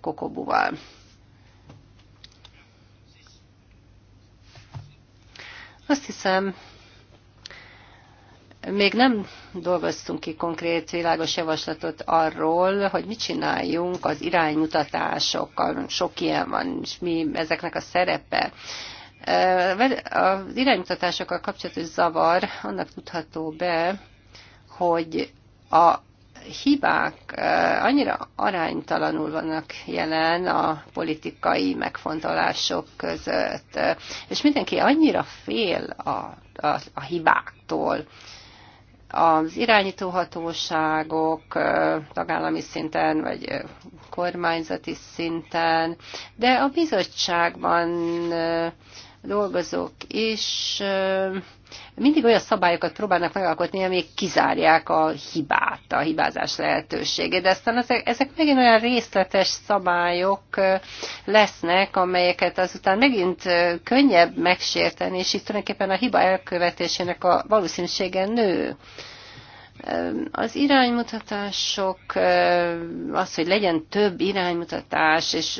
Kokobúval. Azt hiszem, még nem dolgoztunk ki konkrét világos javaslatot arról, hogy mit csináljunk az iránymutatásokkal. Sok ilyen van, és mi ezeknek a szerepe. Az iránymutatásokkal kapcsolatos zavar annak tudható be, hogy a hibák annyira aránytalanul vannak jelen a politikai megfontolások között, és mindenki annyira fél a, a, a hibáktól. Az irányítóhatóságok tagállami szinten, vagy kormányzati szinten, de a bizottságban dolgozók is mindig olyan szabályokat próbálnak megalkotni, amik kizárják a hibát, a hibázás lehetőségét. De aztán ezek, ezek megint olyan részletes szabályok lesznek, amelyeket azután megint könnyebb megsérteni, és itt tulajdonképpen a hiba elkövetésének a valószínűsége nő. Az iránymutatások, az, hogy legyen több iránymutatás, és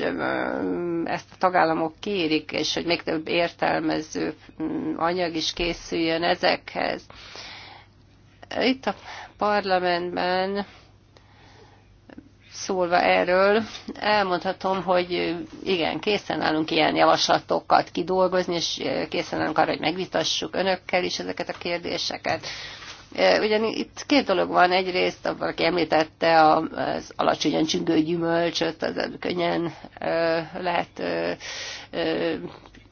ezt a tagállamok kérik, és hogy még több értelmező mm, anyag is készüljön ezekhez. Itt a parlamentben szólva erről, elmondhatom, hogy igen, készen állunk ilyen javaslatokat kidolgozni, és készen állunk arra, hogy megvitassuk önökkel is ezeket a kérdéseket. Ugyan itt két dolog van, egyrészt, aki említette az alacsonyan csüngő gyümölcsöt, az könnyen lehet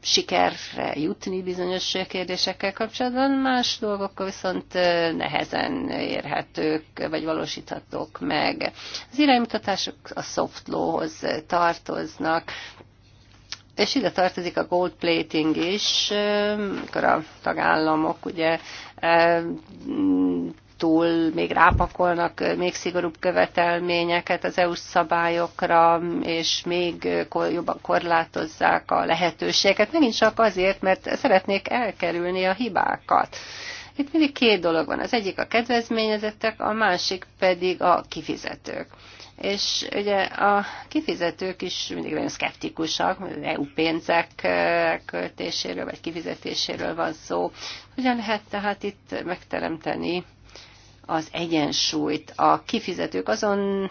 sikerre jutni bizonyos kérdésekkel kapcsolatban, más dolgok viszont nehezen érhetők, vagy valósíthatók meg. Az iránymutatások a soft lawhoz tartoznak, és ide tartozik a gold plating is, mikor a tagállamok ugye túl még rápakolnak még szigorúbb követelményeket az EU szabályokra, és még jobban korlátozzák a lehetőségeket, megint csak azért, mert szeretnék elkerülni a hibákat. Itt mindig két dolog van, az egyik a kedvezményezettek, a másik pedig a kifizetők és ugye a kifizetők is mindig nagyon szkeptikusak, EU pénzek eh, költéséről vagy kifizetéséről van szó. Hogyan lehet tehát itt megteremteni az egyensúlyt a kifizetők azon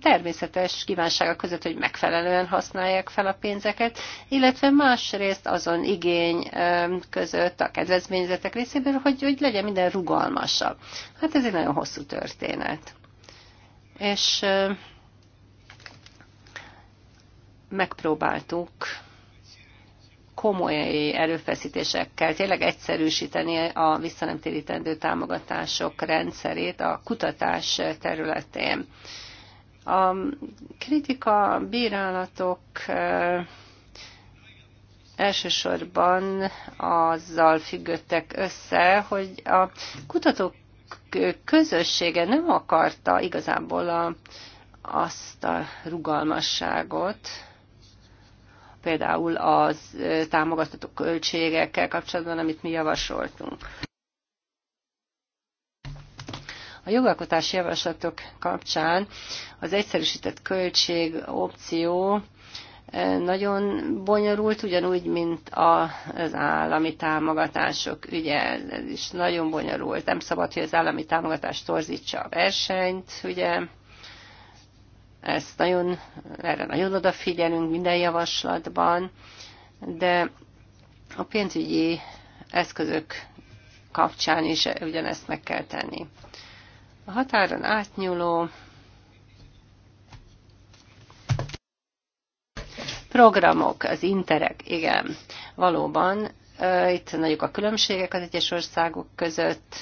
természetes kívánsága között, hogy megfelelően használják fel a pénzeket, illetve másrészt azon igény eh, között a kedvezményzetek részéből, hogy, hogy legyen minden rugalmasabb. Hát ez egy nagyon hosszú történet és megpróbáltuk komoly erőfeszítésekkel tényleg egyszerűsíteni a visszanemtérítendő támogatások rendszerét a kutatás területén. A kritika, bírálatok elsősorban azzal függöttek össze, hogy a kutatók közössége nem akarta igazából a, azt a rugalmasságot, például az támogatható költségekkel kapcsolatban, amit mi javasoltunk. A jogalkotási javaslatok kapcsán az egyszerűsített költség opció nagyon bonyolult, ugyanúgy, mint az állami támogatások ügye, ez is nagyon bonyolult. Nem szabad, hogy az állami támogatás torzítsa a versenyt, ugye, ezt nagyon, erre nagyon odafigyelünk minden javaslatban, de a pénzügyi eszközök kapcsán is ugyanezt meg kell tenni. A határon átnyúló Programok, az interek, igen, valóban. Itt nagyok a különbségek az egyes országok között.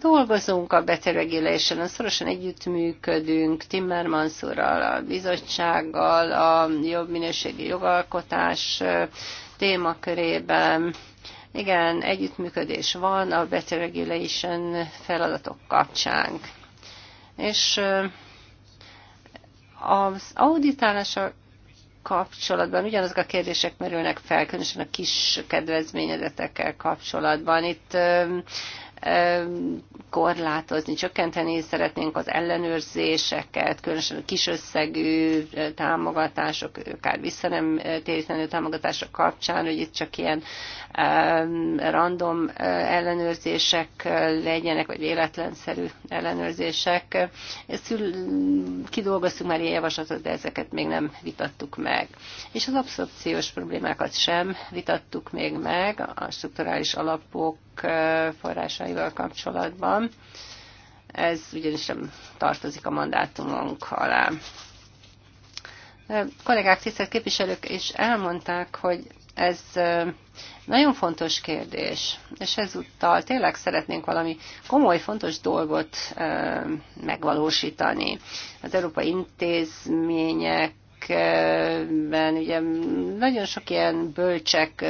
Dolgozunk a Better regulation szorosan együttműködünk Timmermans úrral, a bizottsággal, a jobb minőségi jogalkotás témakörében. Igen, együttműködés van a Better Regulation feladatok kapcsán. És az auditálása kapcsolatban ugyanazok a kérdések merülnek fel, különösen a kis kedvezményezetekkel kapcsolatban. Itt korlátozni, csökkenteni szeretnénk az ellenőrzéseket, különösen a kis összegű támogatások, akár vissza nem térítendő támogatások kapcsán, hogy itt csak ilyen random ellenőrzések legyenek, vagy véletlenszerű ellenőrzések. Ezt kidolgoztuk már ilyen javaslatot, de ezeket még nem vitattuk meg. És az abszorpciós problémákat sem vitattuk még meg, a strukturális alapok forrásai ügynökségvel kapcsolatban. Ez ugyanis nem tartozik a mandátumunk alá. A kollégák, tisztelt képviselők is elmondták, hogy ez nagyon fontos kérdés, és ezúttal tényleg szeretnénk valami komoly, fontos dolgot megvalósítani. Az európai intézmények években ugye nagyon sok ilyen bölcsek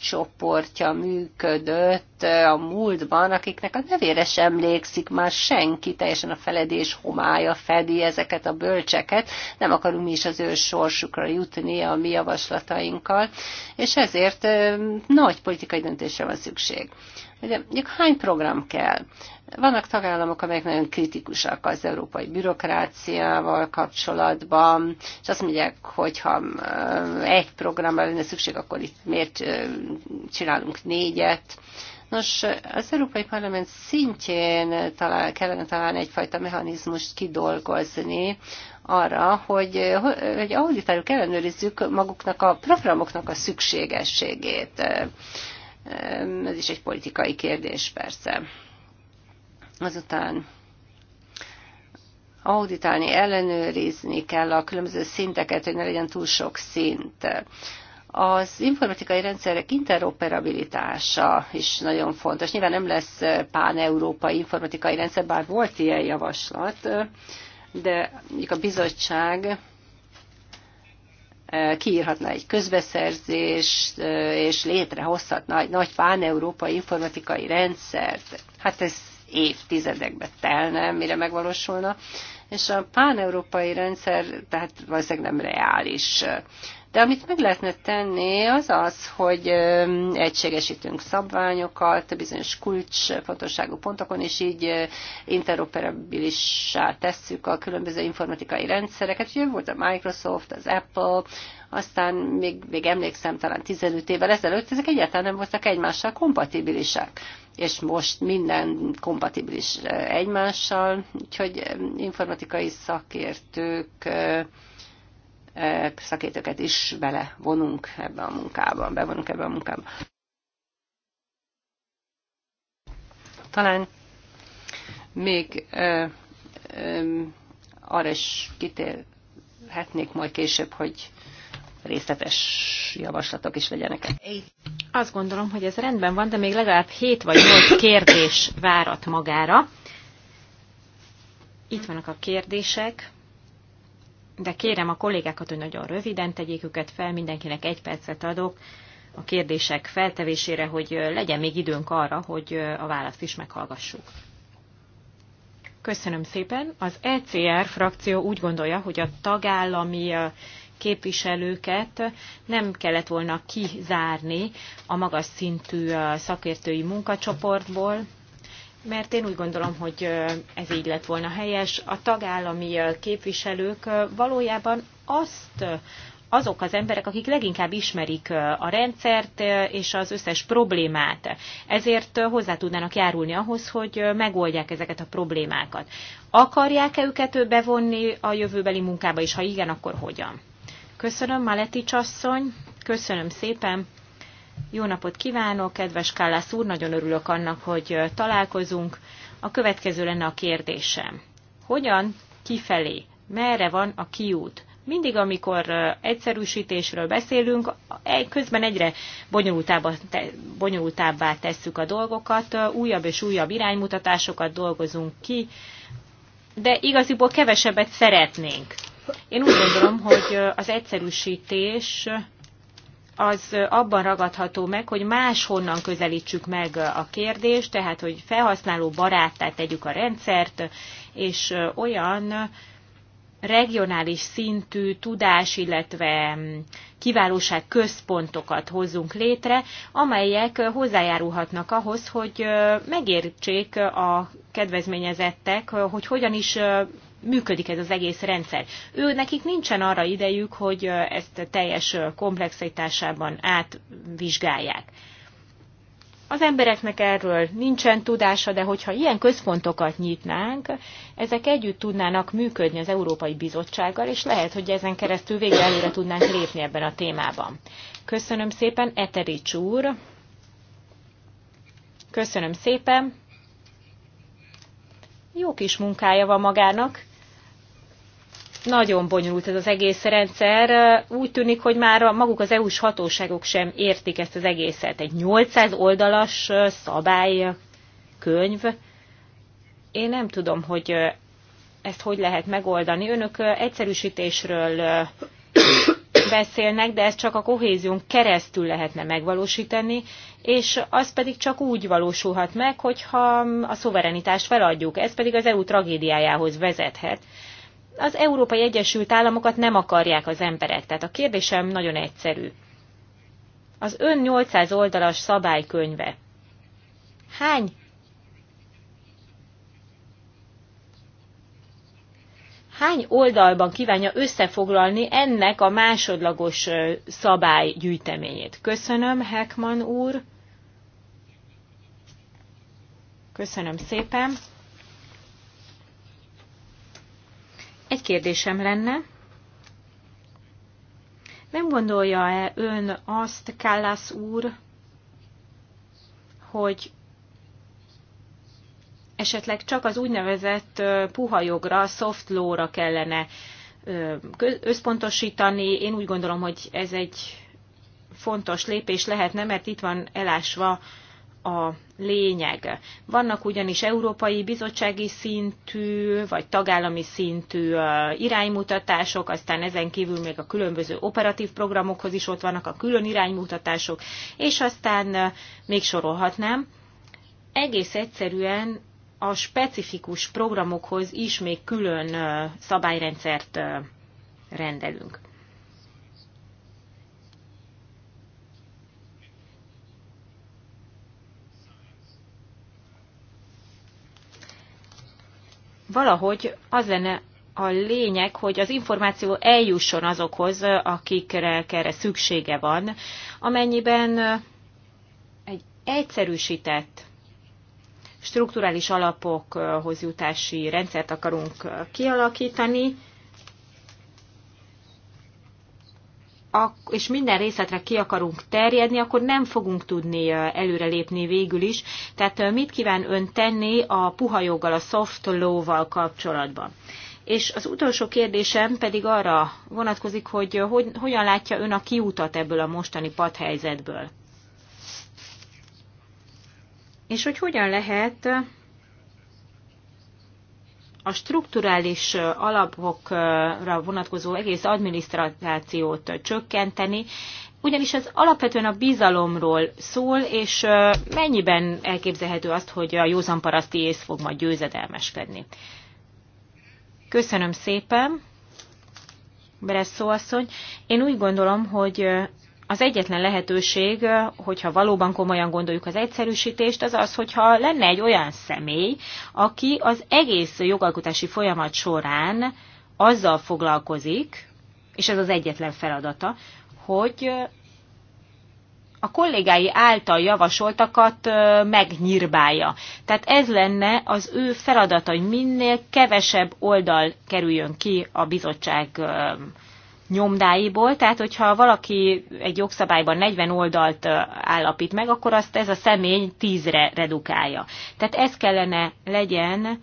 csoportja működött a múltban, akiknek a nevére sem emlékszik már senki, teljesen a feledés homája fedi ezeket a bölcseket, nem akarunk mi is az ő sorsukra jutni a mi javaslatainkkal, és ezért nagy politikai döntésre van szükség. Ugye, mondjuk hány program kell? Vannak tagállamok, amelyek nagyon kritikusak az európai bürokráciával kapcsolatban, és azt mondják, hogy ha egy programra lenne szükség, akkor itt miért csinálunk négyet. Nos, az Európai Parlament szintjén talál, kellene talán egyfajta mechanizmust kidolgozni arra, hogy, hogy auditáljuk, ellenőrizzük maguknak a programoknak a szükségességét ez is egy politikai kérdés persze. Azután auditálni, ellenőrizni kell a különböző szinteket, hogy ne legyen túl sok szint. Az informatikai rendszerek interoperabilitása is nagyon fontos. Nyilván nem lesz pán-európai informatikai rendszer, bár volt ilyen javaslat, de a bizottság kiírhatna egy közbeszerzést, és létrehozhatna egy nagy pán-európai informatikai rendszert. Hát ez évtizedekbe telne, mire megvalósulna. És a pán-európai rendszer, tehát valószínűleg nem reális. De amit meg lehetne tenni, az az, hogy egységesítünk szabványokat, bizonyos kulcsfontosságú pontokon, és így interoperabilissá tesszük a különböző informatikai rendszereket. Ugye volt a Microsoft, az Apple, aztán még, még emlékszem, talán 15 évvel ezelőtt ezek egyáltalán nem voltak egymással kompatibilisek és most minden kompatibilis egymással, úgyhogy informatikai szakértők szakértőket is bele vonunk ebbe a munkában, bevonunk ebbe a munkába. Talán még ö, ö, arra is kitérhetnék majd később, hogy részletes javaslatok is legyenek. Azt gondolom, hogy ez rendben van, de még legalább 7 vagy 8 kérdés várat magára. Itt vannak a kérdések de kérem a kollégákat, hogy nagyon röviden tegyék őket fel, mindenkinek egy percet adok a kérdések feltevésére, hogy legyen még időnk arra, hogy a választ is meghallgassuk. Köszönöm szépen. Az ECR frakció úgy gondolja, hogy a tagállami képviselőket nem kellett volna kizárni a magas szintű szakértői munkacsoportból, mert én úgy gondolom, hogy ez így lett volna helyes. A tagállami képviselők valójában azt azok az emberek, akik leginkább ismerik a rendszert és az összes problémát. Ezért hozzá tudnának járulni ahhoz, hogy megoldják ezeket a problémákat. Akarják-e őket bevonni a jövőbeli munkába, és ha igen, akkor hogyan? Köszönöm, Maletics asszony, köszönöm szépen. Jó napot kívánok, kedves Kállász úr, nagyon örülök annak, hogy találkozunk. A következő lenne a kérdésem. Hogyan kifelé? Merre van a kiút? Mindig, amikor egyszerűsítésről beszélünk, e, közben egyre bonyolultábbá tesszük a dolgokat, újabb és újabb iránymutatásokat dolgozunk ki, de igaziból kevesebbet szeretnénk. Én úgy gondolom, hogy az egyszerűsítés az abban ragadható meg, hogy máshonnan közelítsük meg a kérdést, tehát hogy felhasználó baráttá tegyük a rendszert, és olyan regionális szintű tudás, illetve kiválóság központokat hozzunk létre, amelyek hozzájárulhatnak ahhoz, hogy megértsék a kedvezményezettek, hogy hogyan is működik ez az egész rendszer. Ő nekik nincsen arra idejük, hogy ezt teljes komplexitásában átvizsgálják. Az embereknek erről nincsen tudása, de hogyha ilyen központokat nyitnánk, ezek együtt tudnának működni az Európai Bizottsággal, és lehet, hogy ezen keresztül végre előre tudnánk lépni ebben a témában. Köszönöm szépen, Eterics úr! Köszönöm szépen! Jó kis munkája van magának, nagyon bonyolult ez az egész rendszer. Úgy tűnik, hogy már maguk az EU-s hatóságok sem értik ezt az egészet. Egy 800 oldalas szabálykönyv. Én nem tudom, hogy ezt hogy lehet megoldani. Önök egyszerűsítésről beszélnek, de ezt csak a kohézión keresztül lehetne megvalósítani, és az pedig csak úgy valósulhat meg, hogyha a szuverenitást feladjuk. Ez pedig az EU tragédiájához vezethet az Európai Egyesült Államokat nem akarják az emberek. Tehát a kérdésem nagyon egyszerű. Az ön 800 oldalas szabálykönyve hány hány oldalban kívánja összefoglalni ennek a másodlagos szabálygyűjteményét? Köszönöm, Heckman úr. Köszönöm szépen. Egy kérdésem lenne. Nem gondolja-e ön azt, Kállász úr, hogy esetleg csak az úgynevezett puha jogra, soft law-ra kellene összpontosítani. Én úgy gondolom, hogy ez egy fontos lépés lehetne, mert itt van elásva a lényeg. Vannak ugyanis európai bizottsági szintű, vagy tagállami szintű iránymutatások, aztán ezen kívül még a különböző operatív programokhoz is ott vannak a külön iránymutatások, és aztán még sorolhatnám. Egész egyszerűen a specifikus programokhoz is még külön szabályrendszert rendelünk. valahogy az lenne a lényeg, hogy az információ eljusson azokhoz, akikre erre szüksége van, amennyiben egy egyszerűsített strukturális alapokhoz jutási rendszert akarunk kialakítani, és minden részletre ki akarunk terjedni, akkor nem fogunk tudni előrelépni végül is. Tehát mit kíván ön tenni a puha joggal, a soft law-val kapcsolatban? És az utolsó kérdésem pedig arra vonatkozik, hogy, hogy hogyan látja ön a kiutat ebből a mostani padhelyzetből. És hogy hogyan lehet a strukturális alapokra vonatkozó egész adminisztrációt csökkenteni, ugyanis ez alapvetően a bizalomról szól, és mennyiben elképzelhető azt, hogy a józan paraszti ész fog majd győzedelmeskedni. Köszönöm szépen, Bereszó asszony. Én úgy gondolom, hogy az egyetlen lehetőség, hogyha valóban komolyan gondoljuk az egyszerűsítést, az az, hogyha lenne egy olyan személy, aki az egész jogalkotási folyamat során azzal foglalkozik, és ez az egyetlen feladata, hogy a kollégái által javasoltakat megnyírbálja. Tehát ez lenne az ő feladata, hogy minél kevesebb oldal kerüljön ki a bizottság nyomdáiból, tehát hogyha valaki egy jogszabályban 40 oldalt állapít meg, akkor azt ez a személy 10-re redukálja. Tehát ez kellene legyen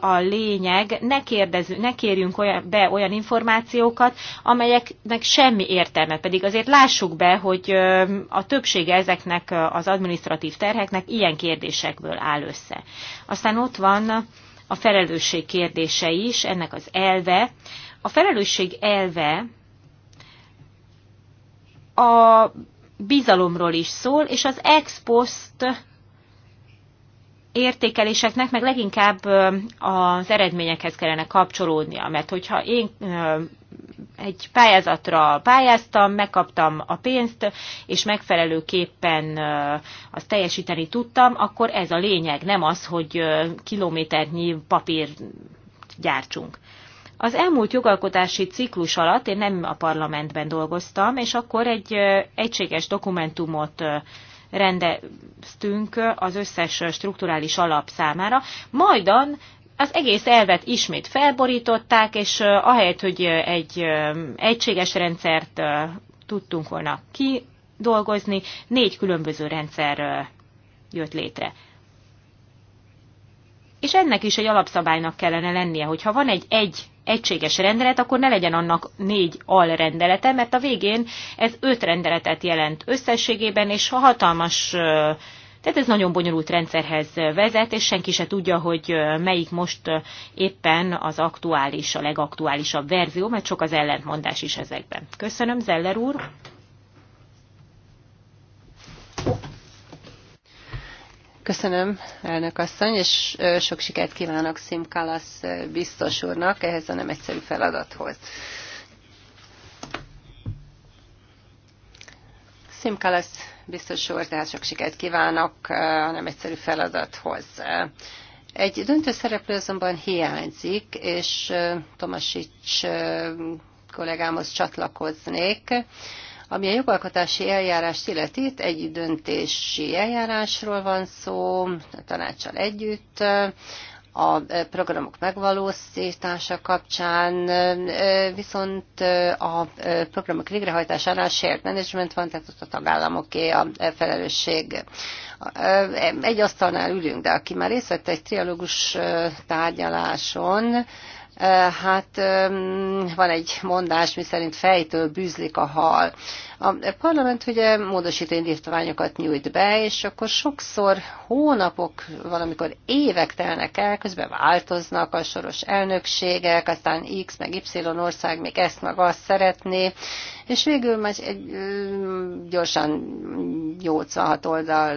a lényeg, ne, kérdez, ne kérjünk olyan, be olyan információkat, amelyeknek semmi értelme, pedig azért lássuk be, hogy a többsége ezeknek az administratív terheknek ilyen kérdésekből áll össze. Aztán ott van a felelősség kérdése is, ennek az elve, a felelősség elve a bizalomról is szól, és az ex post értékeléseknek meg leginkább az eredményekhez kellene kapcsolódnia, mert hogyha én egy pályázatra pályáztam, megkaptam a pénzt, és megfelelőképpen azt teljesíteni tudtam, akkor ez a lényeg, nem az, hogy kilométernyi papír gyártsunk. Az elmúlt jogalkotási ciklus alatt én nem a parlamentben dolgoztam, és akkor egy egységes dokumentumot rendeztünk az összes strukturális alap számára, majdan az egész elvet ismét felborították, és ahelyett, hogy egy egységes rendszert tudtunk volna kidolgozni, négy különböző rendszer jött létre. És ennek is egy alapszabálynak kellene lennie, hogyha van egy egy egységes rendelet, akkor ne legyen annak négy alrendelete, mert a végén ez öt rendeletet jelent összességében, és ha hatalmas, tehát ez nagyon bonyolult rendszerhez vezet, és senki se tudja, hogy melyik most éppen az aktuális, a legaktuálisabb verzió, mert sok az ellentmondás is ezekben. Köszönöm, Zeller úr! Köszönöm, elnök asszony, és sok sikert kívánok Szim Kalasz biztos úrnak ehhez a nem egyszerű feladathoz. Szim Kalasz biztos úr, tehát sok sikert kívánok a nem egyszerű feladathoz. Egy döntő szereplő azonban hiányzik, és Tomasics kollégámhoz csatlakoznék ami a jogalkotási eljárást illeti, itt egy döntési eljárásról van szó, a tanácssal együtt, a programok megvalósítása kapcsán, viszont a programok végrehajtásánál shared management van, tehát ott a tagállamoké a felelősség. Egy asztalnál ülünk, de aki már részt vett egy trialógus tárgyaláson, Hát van egy mondás, mi szerint fejtől bűzlik a hal. A parlament ugye módosító indítványokat nyújt be, és akkor sokszor hónapok, valamikor évek telnek el, közben változnak a soros elnökségek, aztán X meg Y ország még ezt meg azt szeretné, és végül majd egy, gyorsan 86 oldal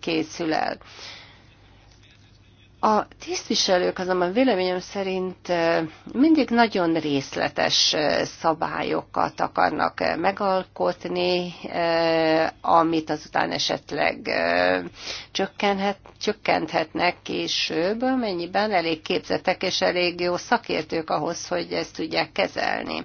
készül el. A tisztviselők azonban véleményem szerint mindig nagyon részletes szabályokat akarnak megalkotni, amit azután esetleg csökkenhet, csökkenthetnek később, mennyiben elég képzettek és elég jó szakértők ahhoz, hogy ezt tudják kezelni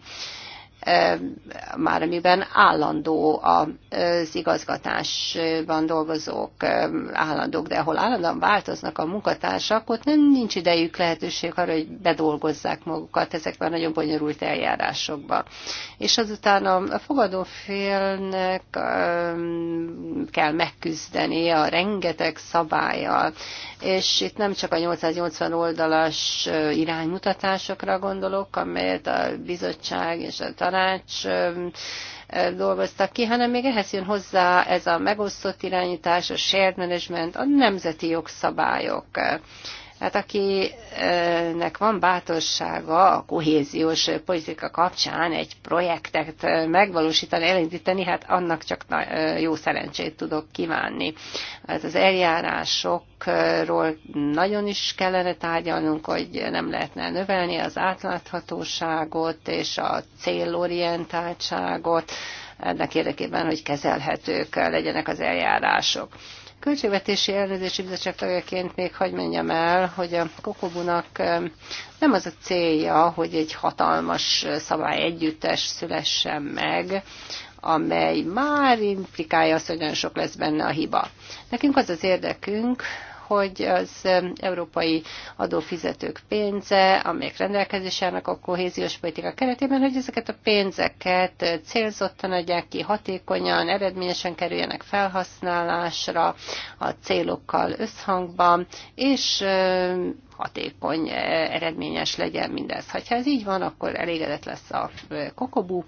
már ehm, amiben állandó az igazgatásban dolgozók ehm, állandók, de ahol állandóan változnak a munkatársak, ott nem nincs idejük lehetőség arra, hogy bedolgozzák magukat ezekben a nagyon bonyolult eljárásokban. És azután a fogadófélnek ehm, kell megküzdeni a rengeteg szabályjal, és itt nem csak a 880 oldalas iránymutatásokra gondolok, amelyet a bizottság és a tanács dolgoztak ki, hanem még ehhez jön hozzá ez a megosztott irányítás, a shared management, a nemzeti jogszabályok. Tehát akinek van bátorsága a kohéziós politika kapcsán egy projektet megvalósítani, elindítani, hát annak csak jó szerencsét tudok kívánni. Hát az eljárásokról nagyon is kellene tárgyalnunk, hogy nem lehetne növelni az átláthatóságot és a célorientáltságot, ennek érdekében, hogy kezelhetők legyenek az eljárások. Költségvetési Ellenőrzési Bizottság tagjaként még hagyd menjem el, hogy a Kokobunak um, nem az a célja, hogy egy hatalmas uh, szabály együttes szülessen meg, amely már implikálja azt, hogy nagyon sok lesz benne a hiba. Nekünk az az érdekünk, hogy az európai adófizetők pénze, amelyek rendelkezésének a kohéziós politika keretében, hogy ezeket a pénzeket célzottan adják ki, hatékonyan, eredményesen kerüljenek felhasználásra, a célokkal összhangban, és hatékony, eredményes legyen mindez. Ha ez így van, akkor elégedett lesz a kokobú,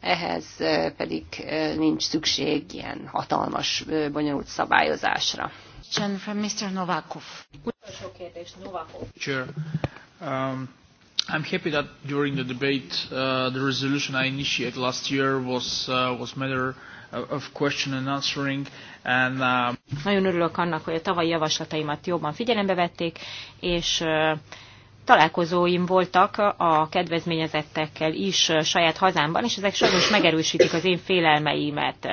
ehhez pedig nincs szükség ilyen hatalmas, bonyolult szabályozásra question from Mr. Novakov. Utolsó Um, I'm happy that during the debate, uh, the resolution I initiated last year was uh, was matter of question and answering. And, um... Nagyon örülök annak, hogy a tavalyi javaslataimat jobban figyelembe vették, és uh, találkozóim voltak a kedvezményezettekkel is uh, saját hazámban, és ezek sajnos megerősítik az én félelmeimet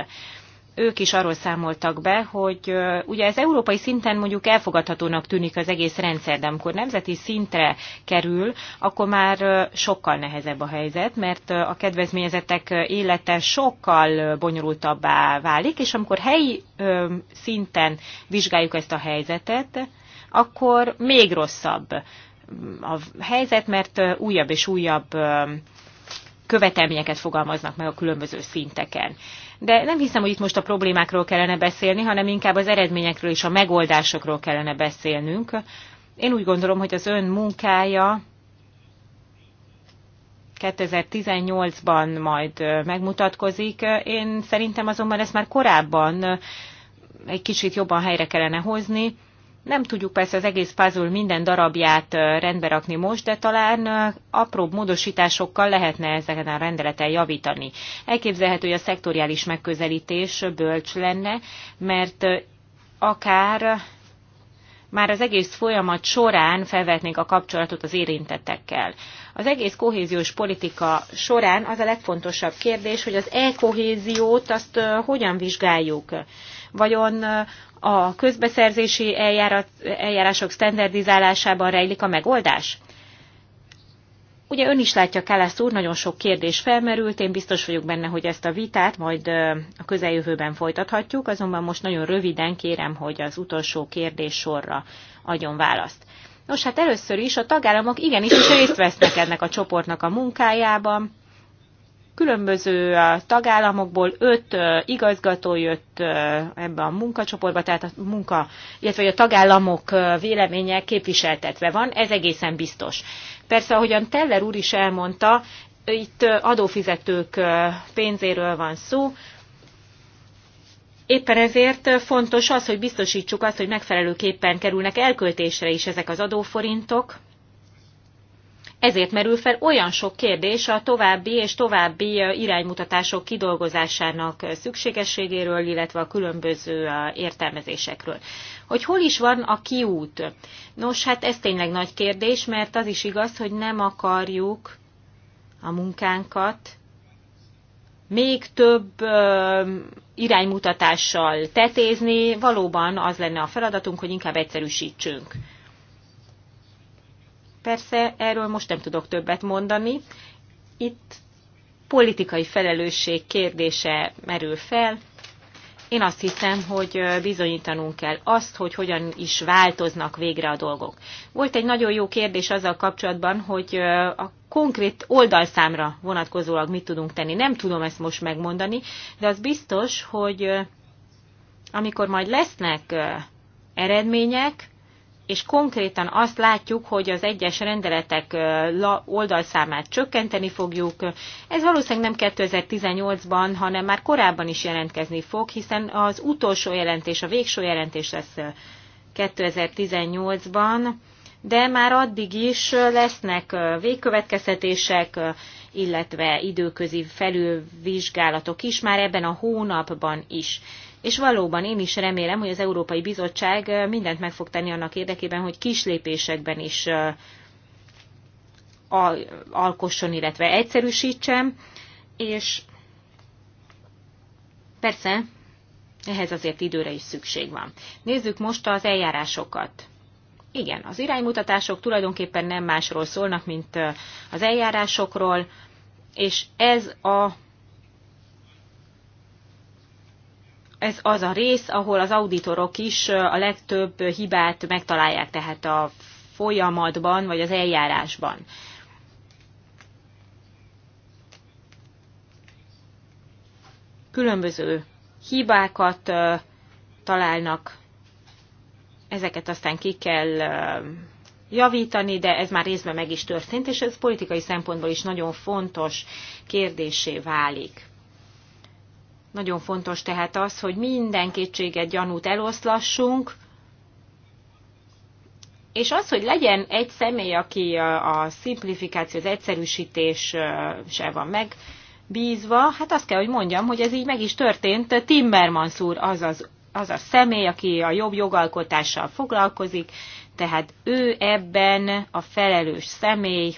ők is arról számoltak be, hogy ugye ez európai szinten mondjuk elfogadhatónak tűnik az egész rendszer, de amikor nemzeti szintre kerül, akkor már sokkal nehezebb a helyzet, mert a kedvezményezettek élete sokkal bonyolultabbá válik, és amikor helyi szinten vizsgáljuk ezt a helyzetet, akkor még rosszabb mm, a helyzet, mert újabb és újabb követelményeket fogalmaznak meg a különböző szinteken de nem hiszem, hogy itt most a problémákról kellene beszélni, hanem inkább az eredményekről és a megoldásokról kellene beszélnünk. Én úgy gondolom, hogy az ön munkája 2018-ban majd megmutatkozik. Én szerintem azonban ezt már korábban egy kicsit jobban helyre kellene hozni, nem tudjuk persze az egész puzzle minden darabját rendbe rakni most, de talán apróbb módosításokkal lehetne ezeken a rendeleten javítani. Elképzelhető, hogy a szektoriális megközelítés bölcs lenne, mert akár már az egész folyamat során felvetnénk a kapcsolatot az érintettekkel. Az egész kohéziós politika során az a legfontosabb kérdés, hogy az e-kohéziót azt hogyan vizsgáljuk. Vajon a közbeszerzési eljárat, eljárások standardizálásában rejlik a megoldás? Ugye ön is látja, Kálász úr, nagyon sok kérdés felmerült, én biztos vagyok benne, hogy ezt a vitát majd a közeljövőben folytathatjuk, azonban most nagyon röviden kérem, hogy az utolsó kérdés sorra adjon választ. Nos, hát először is a tagállamok igenis is részt vesznek ennek a csoportnak a munkájában, Különböző tagállamokból öt igazgató jött ebbe a munkacsoportba, tehát a munka, illetve a tagállamok véleménye képviseltetve van, ez egészen biztos. Persze, ahogyan Teller úr is elmondta, itt adófizetők pénzéről van szó, Éppen ezért fontos az, hogy biztosítsuk azt, hogy megfelelőképpen kerülnek elköltésre is ezek az adóforintok, ezért merül fel olyan sok kérdés a további és további iránymutatások kidolgozásának szükségességéről, illetve a különböző értelmezésekről. Hogy hol is van a kiút? Nos, hát ez tényleg nagy kérdés, mert az is igaz, hogy nem akarjuk a munkánkat még több iránymutatással tetézni, valóban az lenne a feladatunk, hogy inkább egyszerűsítsünk. Persze erről most nem tudok többet mondani. Itt politikai felelősség kérdése merül fel. Én azt hiszem, hogy bizonyítanunk kell azt, hogy hogyan is változnak végre a dolgok. Volt egy nagyon jó kérdés azzal kapcsolatban, hogy a konkrét oldalszámra vonatkozólag mit tudunk tenni. Nem tudom ezt most megmondani, de az biztos, hogy amikor majd lesznek eredmények, és konkrétan azt látjuk, hogy az egyes rendeletek oldalszámát csökkenteni fogjuk. Ez valószínűleg nem 2018-ban, hanem már korábban is jelentkezni fog, hiszen az utolsó jelentés, a végső jelentés lesz 2018-ban, de már addig is lesznek végkövetkeztetések, illetve időközi felülvizsgálatok is, már ebben a hónapban is és valóban én is remélem, hogy az Európai Bizottság mindent meg fog tenni annak érdekében, hogy kis lépésekben is alkosson, illetve egyszerűsítsem, és persze ehhez azért időre is szükség van. Nézzük most az eljárásokat. Igen, az iránymutatások tulajdonképpen nem másról szólnak, mint az eljárásokról, és ez a ez az a rész, ahol az auditorok is a legtöbb hibát megtalálják, tehát a folyamatban vagy az eljárásban. Különböző hibákat találnak, ezeket aztán ki kell javítani, de ez már részben meg is történt, és ez politikai szempontból is nagyon fontos kérdésé válik. Nagyon fontos tehát az, hogy minden kétséget, gyanút eloszlassunk, és az, hogy legyen egy személy, aki a szimplifikáció, az se van meg, bízva, hát azt kell, hogy mondjam, hogy ez így meg is történt. Timmermans úr az, az, az a személy, aki a jobb jogalkotással foglalkozik, tehát ő ebben a felelős személy,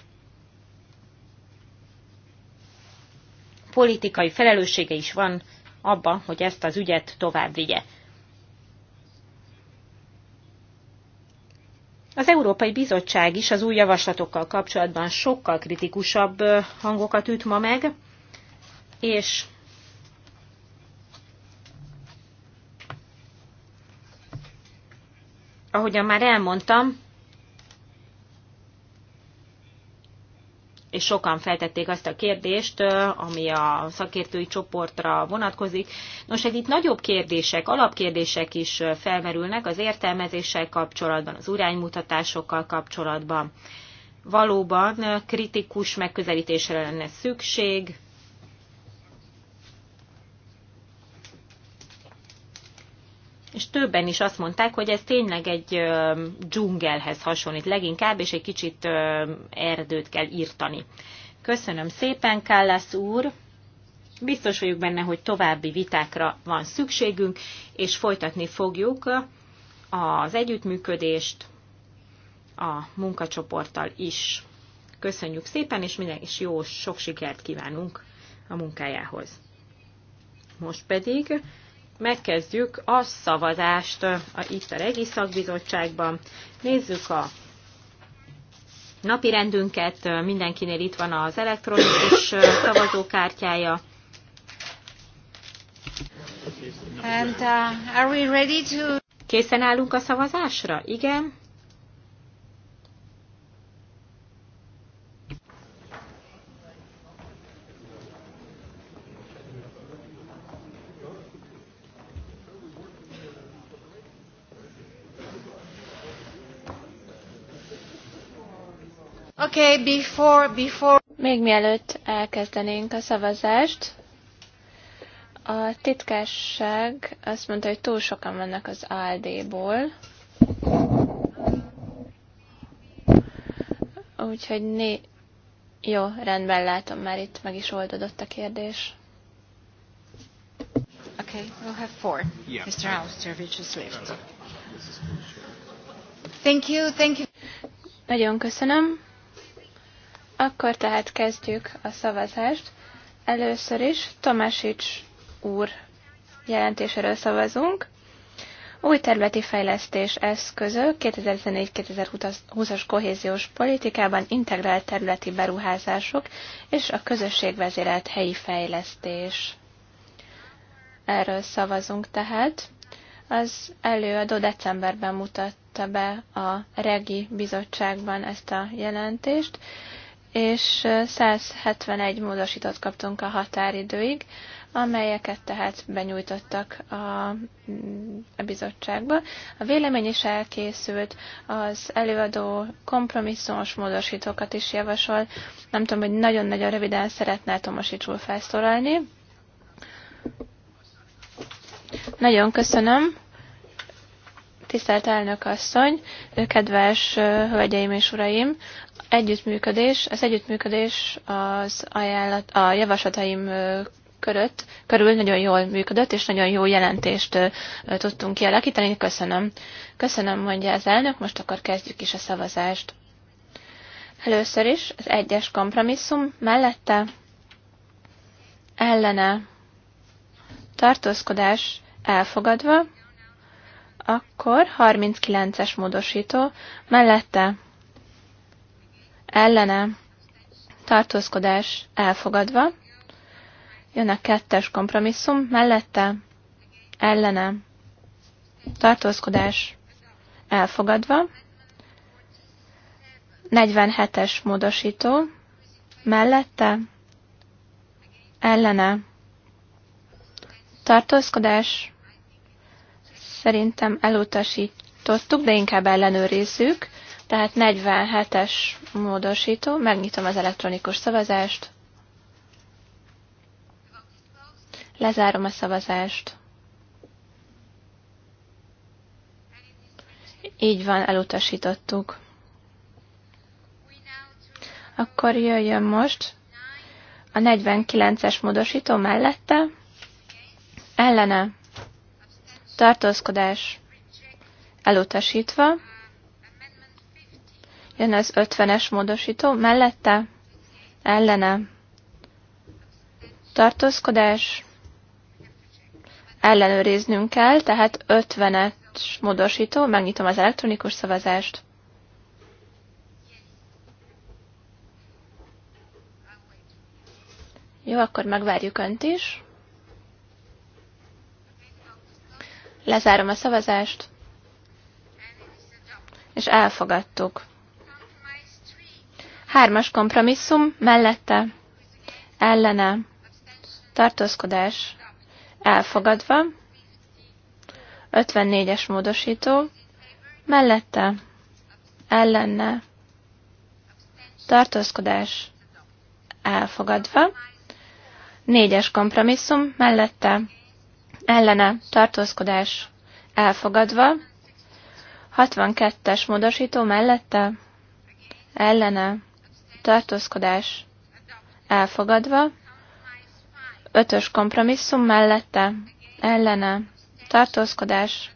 politikai felelőssége is van abban, hogy ezt az ügyet tovább vigye. Az Európai Bizottság is az új javaslatokkal kapcsolatban sokkal kritikusabb hangokat üt ma meg, és ahogyan már elmondtam, és sokan feltették azt a kérdést, ami a szakértői csoportra vonatkozik. Nos, hát itt nagyobb kérdések, alapkérdések is felmerülnek az értelmezéssel kapcsolatban, az uránymutatásokkal kapcsolatban. Valóban kritikus megközelítésre lenne szükség, és többen is azt mondták, hogy ez tényleg egy dzsungelhez hasonlít leginkább, és egy kicsit erdőt kell írtani. Köszönöm szépen, Kállász úr! Biztos vagyok benne, hogy további vitákra van szükségünk, és folytatni fogjuk az együttműködést a munkacsoporttal is. Köszönjük szépen, és minden is jó, sok sikert kívánunk a munkájához. Most pedig megkezdjük a szavazást a, itt a Regi Szakbizottságban. Nézzük a napi rendünket, mindenkinél itt van az elektronikus szavazókártyája. And, uh, are we ready to... Készen állunk a szavazásra? Igen. Okay, before, before... Még mielőtt elkezdenénk a szavazást, a titkásság azt mondta, hogy túl sokan vannak az ALD-ból. Úgyhogy né... Jó, rendben látom, már itt meg is oldódott a kérdés. Okay, we'll have four. Yeah. Mr. Austervich is left. Thank you, thank you. Nagyon köszönöm. Akkor tehát kezdjük a szavazást. Először is Tomásics úr jelentéséről szavazunk. Új területi fejlesztés eszközök 2014-2020-as kohéziós politikában integrált területi beruházások és a közösségvezérelt helyi fejlesztés. Erről szavazunk tehát. Az előadó decemberben mutatta be a Regi Bizottságban ezt a jelentést, és 171 módosítót kaptunk a határidőig, amelyeket tehát benyújtottak a, mm, a bizottságba. A vélemény is elkészült, az előadó kompromisszumos módosítókat is javasol. Nem tudom, hogy nagyon-nagyon röviden szeretne Tomasicsul felszólalni. Nagyon köszönöm. Tisztelt elnök asszony, kedves hölgyeim és uraim! együttműködés, az együttműködés az ajánlat, a javaslataim körött, körül nagyon jól működött, és nagyon jó jelentést tudtunk kialakítani. Köszönöm. Köszönöm, mondja az elnök, most akkor kezdjük is a szavazást. Először is az egyes kompromisszum mellette ellene tartózkodás elfogadva, akkor 39-es módosító mellette ellene tartózkodás elfogadva. Jön a kettes kompromisszum, mellette ellene tartózkodás elfogadva. 47-es módosító, mellette ellene tartózkodás szerintem elutasítottuk, de inkább ellenőrizzük. Tehát 47-es módosító, megnyitom az elektronikus szavazást, lezárom a szavazást. Így van, elutasítottuk. Akkor jöjjön most a 49-es módosító mellette, ellene, tartózkodás elutasítva, Jön az 50-es módosító, mellette, ellene, tartózkodás, ellenőriznünk kell, tehát 50-es módosító, megnyitom az elektronikus szavazást. Jó, akkor megvárjuk Önt is. Lezárom a szavazást, és elfogadtuk. Hármas kompromisszum mellette, ellene, tartózkodás elfogadva, 54-es módosító, mellette, ellenne, tartózkodás elfogadva, 4-es kompromisszum, mellette, ellene, tartózkodás elfogadva, 62-es módosító mellette, ellene, tartózkodás elfogadva, ötös kompromisszum mellette, ellene, tartózkodás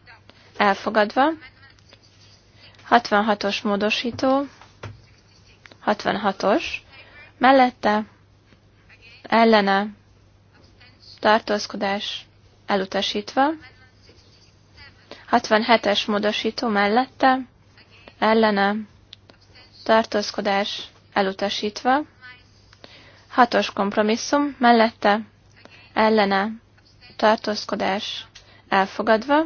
elfogadva, 66-os módosító, 66-os, mellette, ellene, tartózkodás elutasítva, 67-es módosító mellette, ellene, tartózkodás elutasítva. Hatos kompromisszum, mellette, ellene, tartózkodás, elfogadva.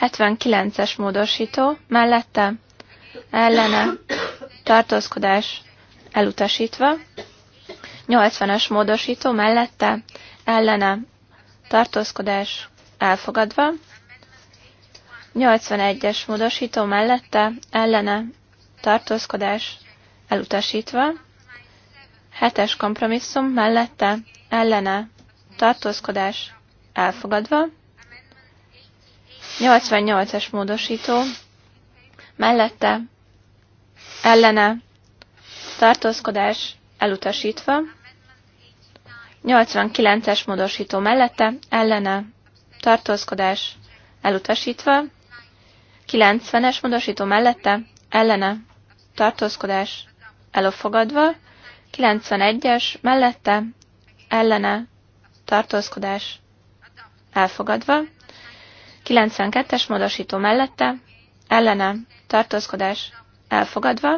79-es módosító, mellette, ellene, tartózkodás, elutasítva. 80-as módosító, mellette, ellene, tartózkodás, elfogadva. 81-es módosító mellette ellene tartózkodás elutasítva, 7-es kompromisszum mellette ellene tartózkodás elfogadva, 88-es módosító mellette ellene tartózkodás elutasítva, 89-es módosító mellette ellene tartózkodás elutasítva, 90-es módosító mellette, ellene, tartózkodás, elfogadva. 91-es mellette, ellene, tartózkodás, elfogadva. 92-es módosító mellette, ellene, tartózkodás, elfogadva.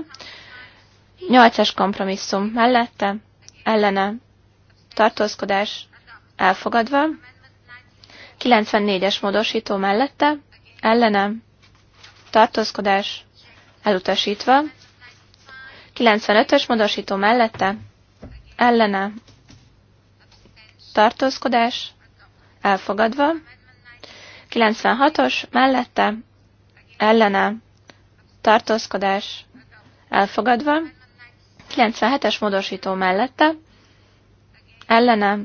8-es kompromisszum mellette, ellene, tartózkodás, elfogadva. 94-es módosító mellette, ellene, tartózkodás elutasítva, 95-ös módosító mellette, ellene, tartózkodás elfogadva, 96-os mellette, ellene, tartózkodás elfogadva, 97-es módosító mellette, ellene,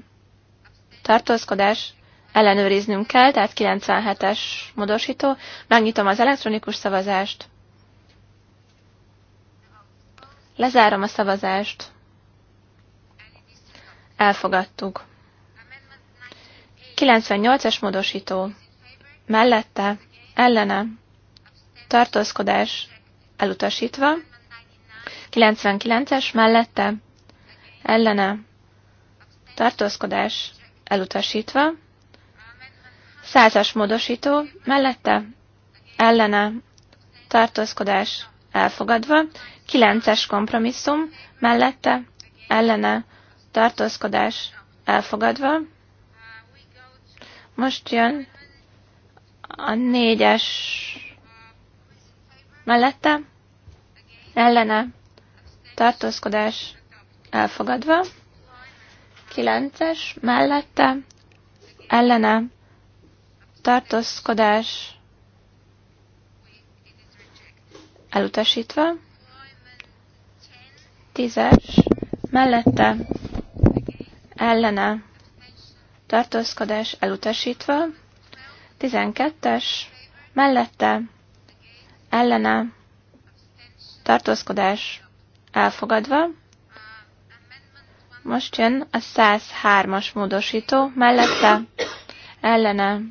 tartózkodás ellenőriznünk kell, tehát 97-es módosító. Megnyitom az elektronikus szavazást. Lezárom a szavazást. Elfogadtuk. 98-es módosító. Mellette, ellene, tartózkodás elutasítva. 99-es mellette, ellene, tartózkodás elutasítva. Százas módosító mellette ellene tartózkodás elfogadva, kilences kompromisszum mellette ellene tartózkodás elfogadva. Most jön a négyes mellette ellene tartózkodás elfogadva, kilences mellette ellene tartózkodás elutasítva, tízes mellette ellene tartózkodás elutasítva, tizenkettes mellette ellene tartózkodás elfogadva, most jön a 103-as módosító, mellette ellene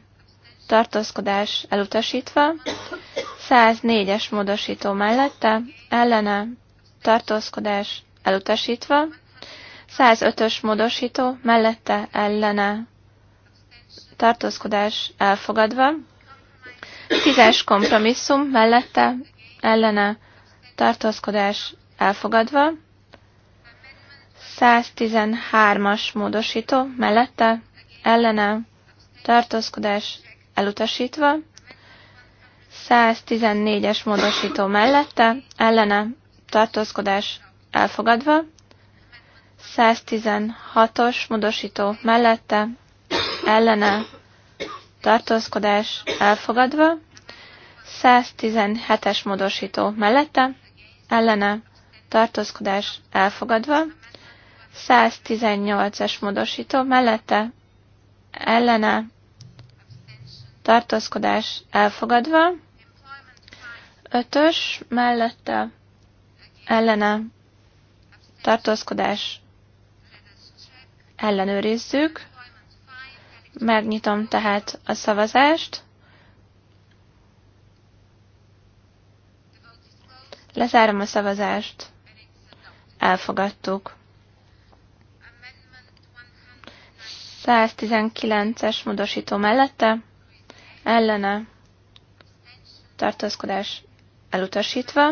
tartózkodás elutasítva, 104-es módosító mellette, ellene, tartózkodás elutasítva, 105-ös módosító mellette, ellene, tartózkodás elfogadva, 10-es kompromisszum mellette, ellene, tartózkodás elfogadva, 113-as módosító mellette, ellene, tartózkodás elutasítva, 114-es módosító mellette, ellene tartózkodás elfogadva, 116-os módosító mellette, ellene tartózkodás elfogadva, 117-es módosító mellette, ellene tartózkodás elfogadva, 118-es módosító mellette, ellene tartózkodás elfogadva, ötös mellette ellene tartózkodás ellenőrizzük. Megnyitom tehát a szavazást. Lezárom a szavazást. Elfogadtuk. 119-es módosító mellette ellene tartózkodás elutasítva,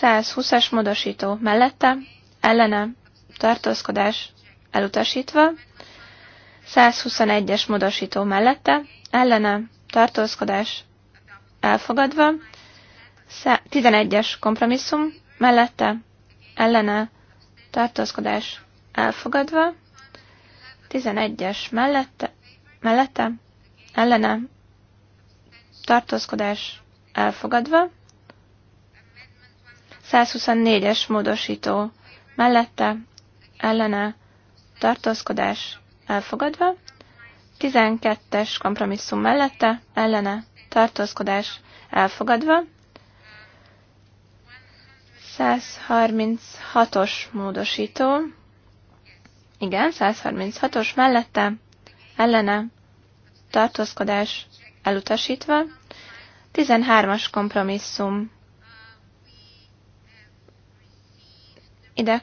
120-as módosító mellette, ellene tartózkodás elutasítva, 121-es módosító mellette, ellene tartózkodás elfogadva, 11-es kompromisszum mellette, ellene tartózkodás elfogadva, 11-es mellette, mellette, ellene tartózkodás elfogadva, 124-es módosító mellette ellene tartózkodás elfogadva, 12-es kompromisszum mellette ellene tartózkodás elfogadva, 136-os módosító, igen, 136-os mellette, ellene, tartózkodás elutasítva. 13-as kompromisszum. Ide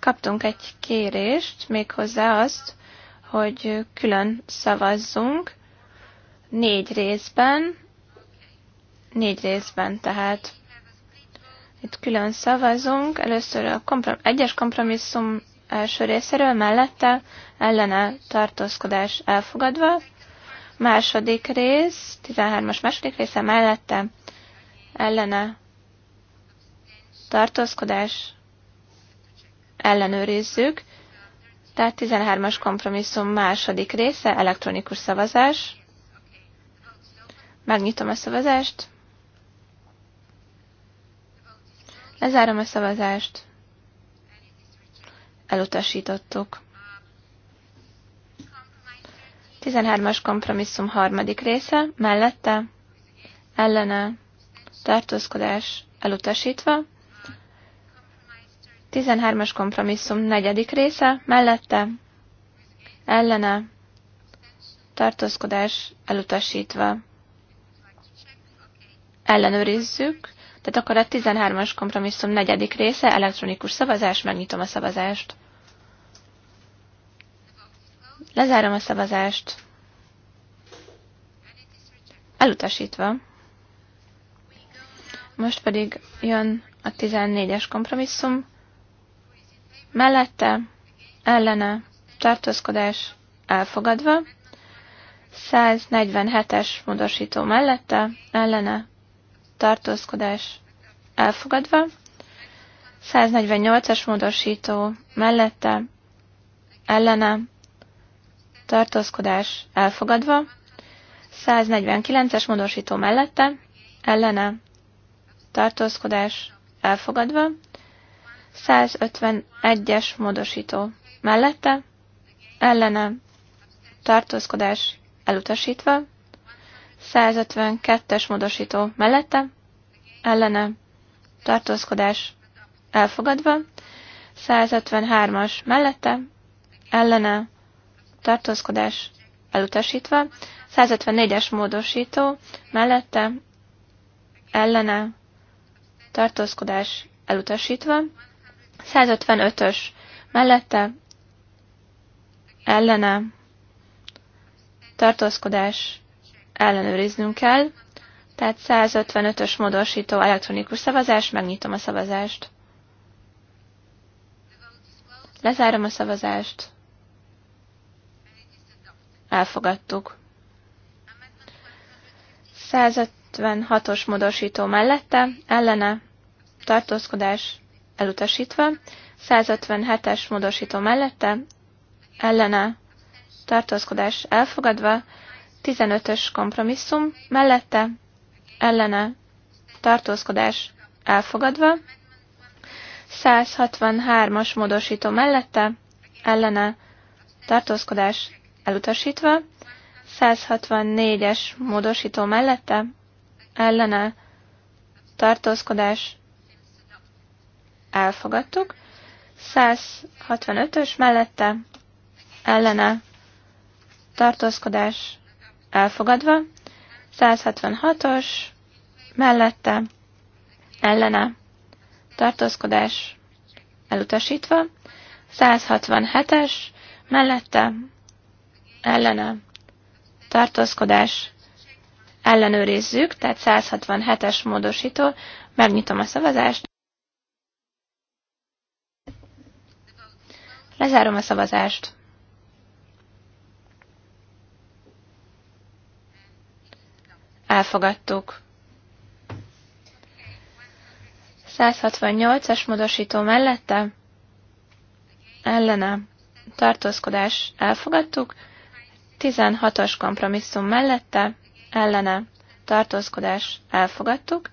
kaptunk egy kérést, méghozzá azt, hogy külön szavazzunk négy részben, négy részben tehát. Itt külön szavazunk, először a komprom egyes kompromisszum első részéről mellette ellene tartózkodás elfogadva, Második rész, 13-as második része mellette, ellene, tartózkodás, ellenőrizzük. Tehát 13-as kompromisszum második része, elektronikus szavazás. Megnyitom a szavazást. Lezárom a szavazást. Elutasítottuk. 13-as kompromisszum harmadik része, mellette, ellene, tartózkodás elutasítva. 13-as kompromisszum negyedik része, mellette, ellene, tartózkodás elutasítva. Ellenőrizzük, tehát akkor a 13-as kompromisszum negyedik része, elektronikus szavazás, megnyitom a szavazást. Lezárom a szavazást. Elutasítva. Most pedig jön a 14-es kompromisszum. Mellette, ellene, tartózkodás elfogadva. 147-es módosító mellette, ellene, tartózkodás elfogadva. 148-as módosító mellette, ellene, tartózkodás elfogadva, 149-es módosító mellette, ellene, tartózkodás elfogadva, 151-es módosító mellette, ellene, tartózkodás elutasítva, 152-es módosító mellette, ellene, tartózkodás elfogadva, 153-as mellette, ellene, tartózkodás elutasítva, 154-es módosító mellette ellene tartózkodás elutasítva, 155-ös mellette ellene tartózkodás ellenőriznünk kell, tehát 155-ös módosító elektronikus szavazás, megnyitom a szavazást. Lezárom a szavazást. Elfogadtuk. 156-os módosító mellette, ellene, tartózkodás elutasítva, 157-es módosító mellette, ellene, tartózkodás elfogadva, 15-ös kompromisszum mellette, ellene, tartózkodás elfogadva, 163-as módosító mellette, ellene, tartózkodás elutasítva, 164-es módosító mellette, ellene, tartózkodás, elfogadtuk, 165-ös mellette, ellene, tartózkodás, elfogadva, 166-os mellette, ellene, tartózkodás, elutasítva, 167-es mellette, ellene tartózkodás ellenőrizzük, tehát 167-es módosító, megnyitom a szavazást, lezárom a szavazást. Elfogadtuk. 168-as módosító mellette ellene tartózkodás elfogadtuk, 16-os kompromisszum mellette, ellene, tartózkodás elfogadtuk.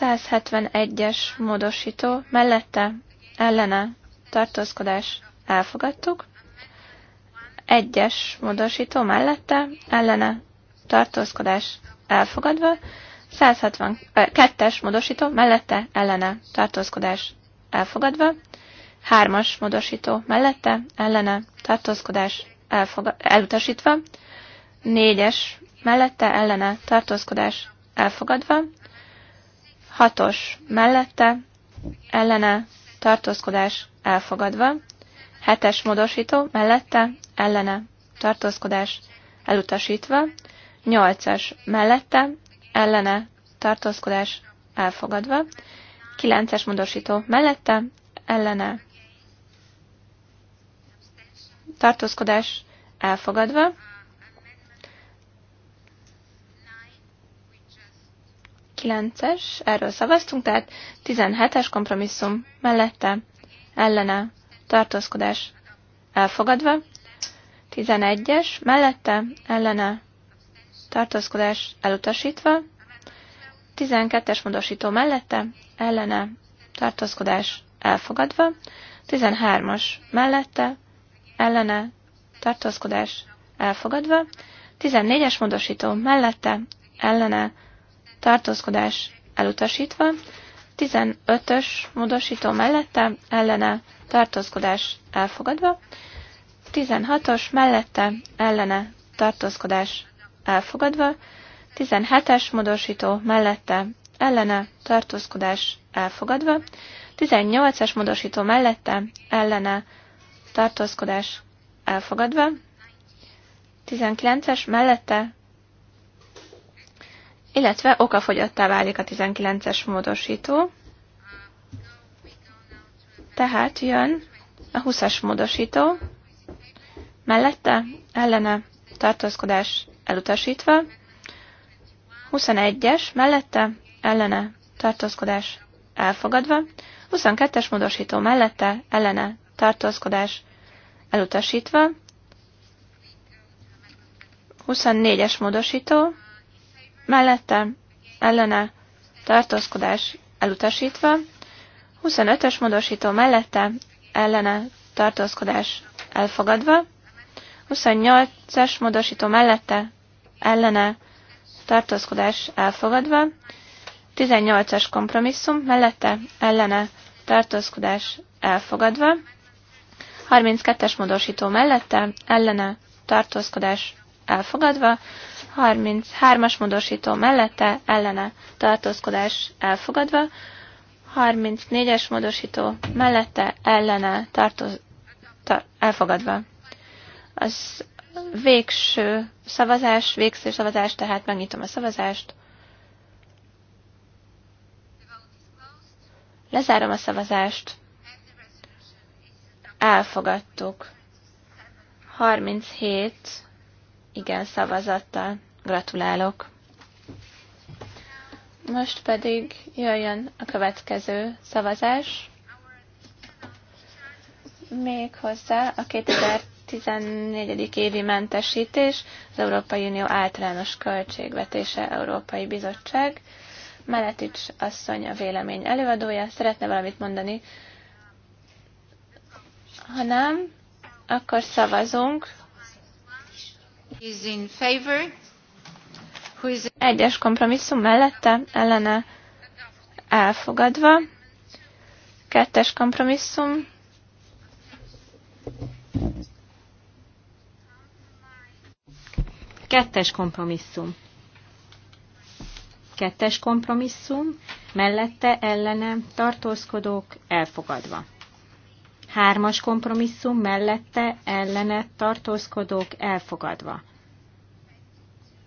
171-es módosító mellette, ellene, tartózkodás elfogadtuk. 1-es módosító mellette, ellene, tartózkodás elfogadva. 162-es módosító mellette, ellene, tartózkodás elfogadva. 3-as módosító mellette, ellene, tartózkodás elfogad, elutasítva, négyes mellette ellene tartózkodás elfogadva, hatos mellette ellene tartózkodás elfogadva, hetes módosító mellette ellene tartózkodás elutasítva, nyolcas mellette ellene tartózkodás elfogadva, kilences módosító mellette ellene tartózkodás elfogadva. Kilences, erről szavaztunk, tehát 17-es kompromisszum mellette, ellene, tartózkodás elfogadva. 11-es mellette, ellene, tartózkodás elutasítva. 12-es módosító mellette, ellene, tartózkodás elfogadva, 13-as mellette, ellene, tartózkodás elfogadva, 14-es módosító mellette, ellene, tartózkodás elutasítva, 15-ös módosító mellette, ellene, tartózkodás elfogadva, 16-os mellette, ellene, tartózkodás elfogadva, 17-es módosító mellette, ellene, tartózkodás elfogadva, 18-es módosító mellette, ellene, tartózkodás elfogadva. 19-es mellette, illetve okafogyottá válik a 19-es módosító. Tehát jön a 20-as módosító, mellette, ellene, tartózkodás elutasítva, 21-es, mellette, ellene, tartózkodás elfogadva, 22-es módosító mellette, ellene, tartózkodás elutasítva. 24-es módosító, mellette, ellene, tartózkodás elutasítva. 25-ös módosító mellette, ellene, tartózkodás elfogadva. 28-as módosító mellette, ellene, tartózkodás elfogadva. 18-as kompromisszum mellette, ellene, tartózkodás elfogadva. 32-es módosító mellette, ellene, tartózkodás elfogadva, 33-as módosító mellette, ellene, tartózkodás elfogadva, 34-es módosító mellette, ellene, tartóz, tar, elfogadva. Az végső szavazás, végső szavazás, tehát megnyitom a szavazást. Lezárom a szavazást. Elfogadtuk. 37 igen szavazattal. Gratulálok. Most pedig jöjjön a következő szavazás. Még hozzá a 2014. évi mentesítés, az Európai Unió általános költségvetése, Európai Bizottság. Meletics asszony a vélemény előadója. Szeretne valamit mondani ha nem, akkor szavazunk. Is in favor. Who is Egyes kompromisszum mellette, ellene elfogadva. Kettes kompromisszum. Kettes kompromisszum. Kettes kompromisszum, mellette ellene tartózkodók elfogadva. Hármas kompromisszum mellette ellene tartózkodók elfogadva.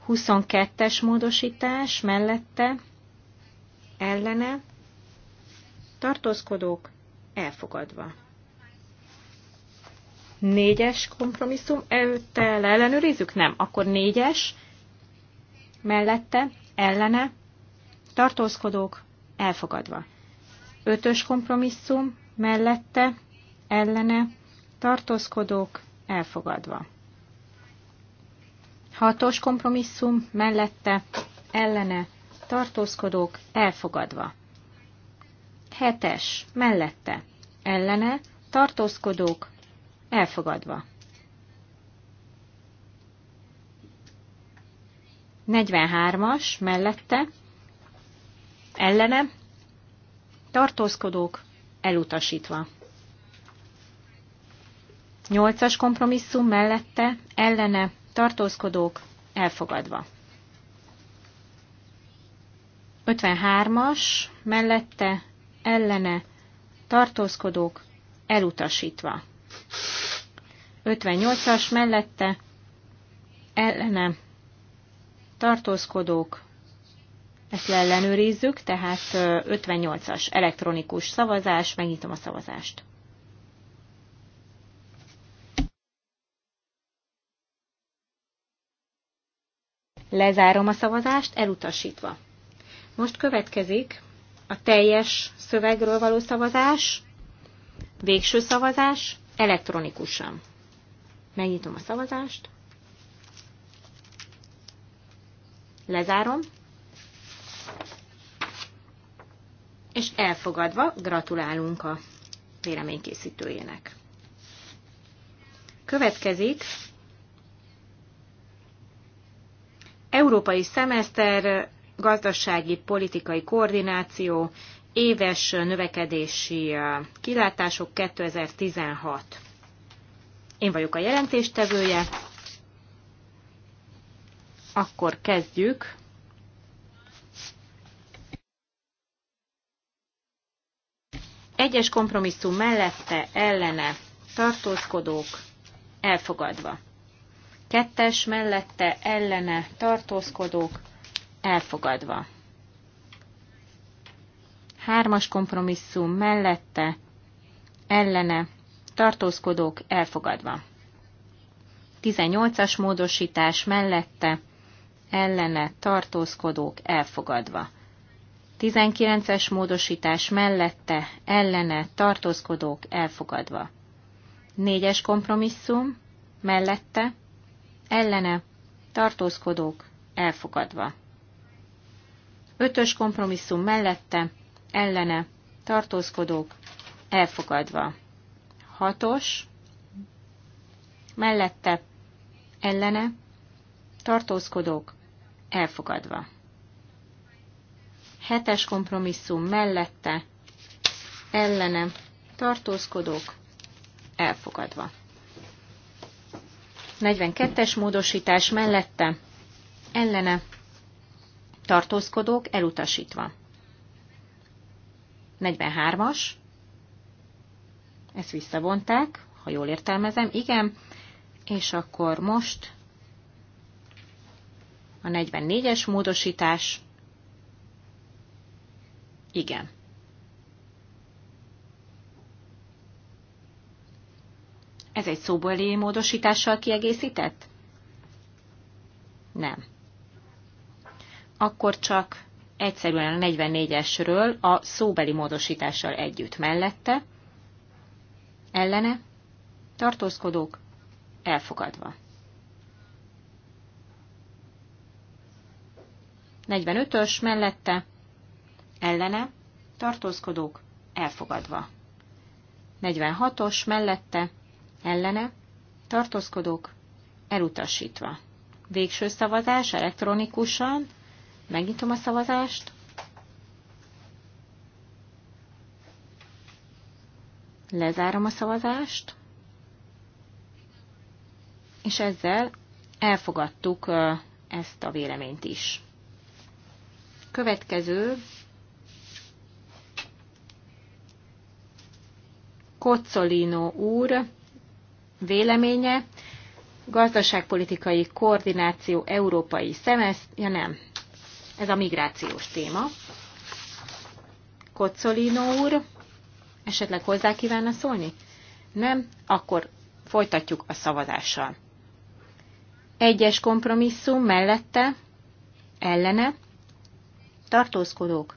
22-es módosítás mellette ellene tartózkodók elfogadva. Négyes kompromisszum előtte ellenőrizzük? Nem. Akkor négyes mellette ellene tartózkodók elfogadva. Ötös kompromisszum mellette ellene, tartózkodók elfogadva. Hatos kompromisszum mellette, ellene, tartózkodók elfogadva. Hetes mellette, ellene, tartózkodók elfogadva. 43-as mellette, ellene, tartózkodók elutasítva. Nyolcas as kompromisszum mellette ellene tartózkodók elfogadva. 53-as mellette ellene tartózkodók elutasítva. 58-as mellette ellene tartózkodók, ezt leellenőrizzük, tehát 58-as elektronikus szavazás, megnyitom a szavazást. Lezárom a szavazást, elutasítva. Most következik a teljes szövegről való szavazás, végső szavazás elektronikusan. Megnyitom a szavazást. Lezárom. És elfogadva gratulálunk a véleménykészítőjének. Következik európai szemeszter, gazdasági, politikai koordináció, éves növekedési kilátások 2016. Én vagyok a jelentéstevője. Akkor kezdjük. Egyes kompromisszum mellette ellene tartózkodók elfogadva. Kettes mellette ellene tartózkodók elfogadva. Hármas kompromisszum mellette ellene tartózkodók elfogadva. 18-as módosítás mellette ellene tartózkodók elfogadva. 19-es módosítás mellette ellene tartózkodók elfogadva. 4-es kompromisszum mellette ellene, tartózkodók, elfogadva. Ötös kompromisszum mellette, ellene, tartózkodók, elfogadva. Hatos, mellette, ellene, tartózkodók, elfogadva. Hetes kompromisszum mellette, ellene, tartózkodók, elfogadva. 42-es módosítás mellette ellene tartózkodók elutasítva. 43-as, ezt visszavonták, ha jól értelmezem, igen, és akkor most a 44-es módosítás, igen. Ez egy szóbeli módosítással kiegészített? Nem. Akkor csak egyszerűen a 44-esről a szóbeli módosítással együtt mellette, ellene, tartózkodók, elfogadva. 45-ös mellette, ellene, tartózkodók, elfogadva. 46-os mellette, ellene, tartózkodók, elutasítva. Végső szavazás elektronikusan, megnyitom a szavazást, lezárom a szavazást, és ezzel elfogadtuk ezt a véleményt is. Következő Kocolino úr véleménye, gazdaságpolitikai koordináció európai szemeszt, ja nem, ez a migrációs téma. Kocolino úr, esetleg hozzá kívánna szólni? Nem? Akkor folytatjuk a szavazással. Egyes kompromisszum mellette, ellene, tartózkodók,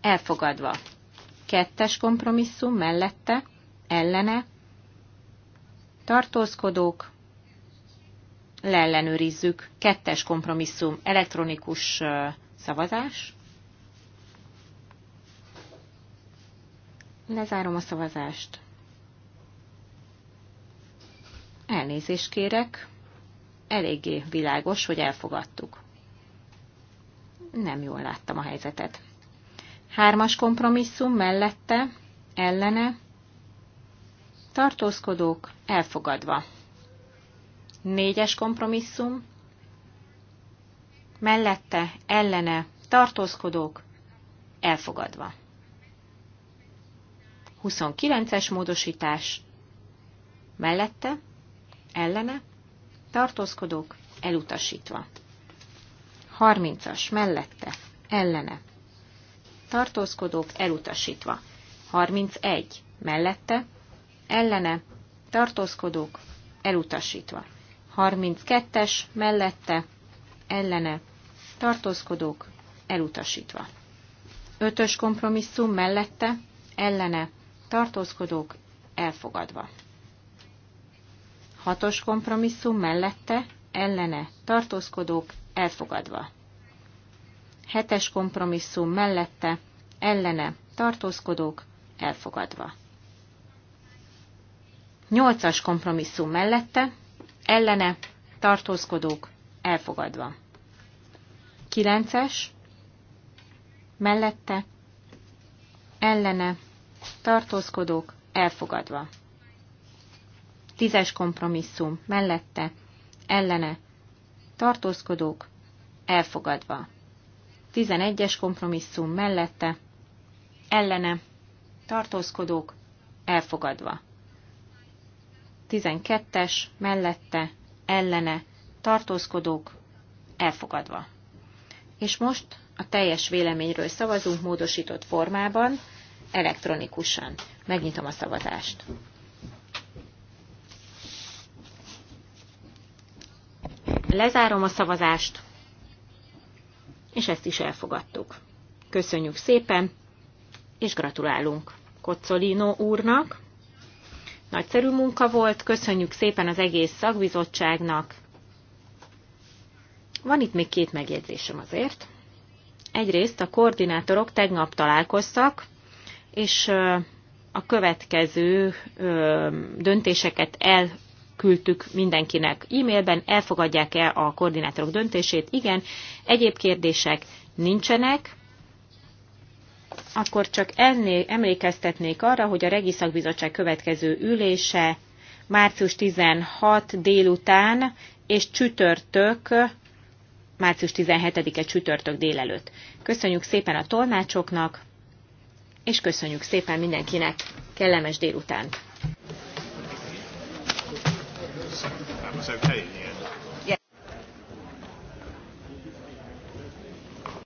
elfogadva. Kettes kompromisszum mellette, ellene, tartózkodók, leellenőrizzük. Kettes kompromisszum, elektronikus szavazás. Lezárom a szavazást. Elnézést kérek. Eléggé világos, hogy elfogadtuk. Nem jól láttam a helyzetet. Hármas kompromisszum mellette, ellene, tartózkodók elfogadva. Négyes kompromisszum, mellette, ellene, tartózkodók elfogadva. 29-es módosítás, mellette, ellene, tartózkodók elutasítva. 30-as, mellette, ellene, tartózkodók elutasítva. 31, mellette, ellene, tartózkodók, elutasítva. 32-es, mellette, ellene, tartózkodók, elutasítva. 5-ös kompromisszum mellette, ellene, tartózkodók, elfogadva. 6-os kompromisszum mellette, ellene, tartózkodók, elfogadva. 7-es kompromisszum mellette, ellene, tartózkodók, elfogadva. Nyolcas kompromisszum mellette, ellene tartózkodók elfogadva. Kilences mellette, ellene tartózkodók elfogadva. Tízes kompromisszum mellette, ellene tartózkodók elfogadva. Tizenegyes kompromisszum mellette, ellene tartózkodók elfogadva. 12-es mellette ellene tartózkodók elfogadva. És most a teljes véleményről szavazunk módosított formában, elektronikusan. Megnyitom a szavazást. Lezárom a szavazást, és ezt is elfogadtuk. Köszönjük szépen, és gratulálunk Kocolino úrnak. Nagyszerű munka volt, köszönjük szépen az egész szakbizottságnak. Van itt még két megjegyzésem azért. Egyrészt a koordinátorok tegnap találkoztak, és a következő döntéseket elküldtük mindenkinek e-mailben, elfogadják-e a koordinátorok döntését? Igen, egyéb kérdések nincsenek, akkor csak ennél emlékeztetnék arra, hogy a Regi Szakbizottság következő ülése március 16 délután és csütörtök, március 17-e csütörtök délelőtt. Köszönjük szépen a tolmácsoknak, és köszönjük szépen mindenkinek kellemes délután. okay.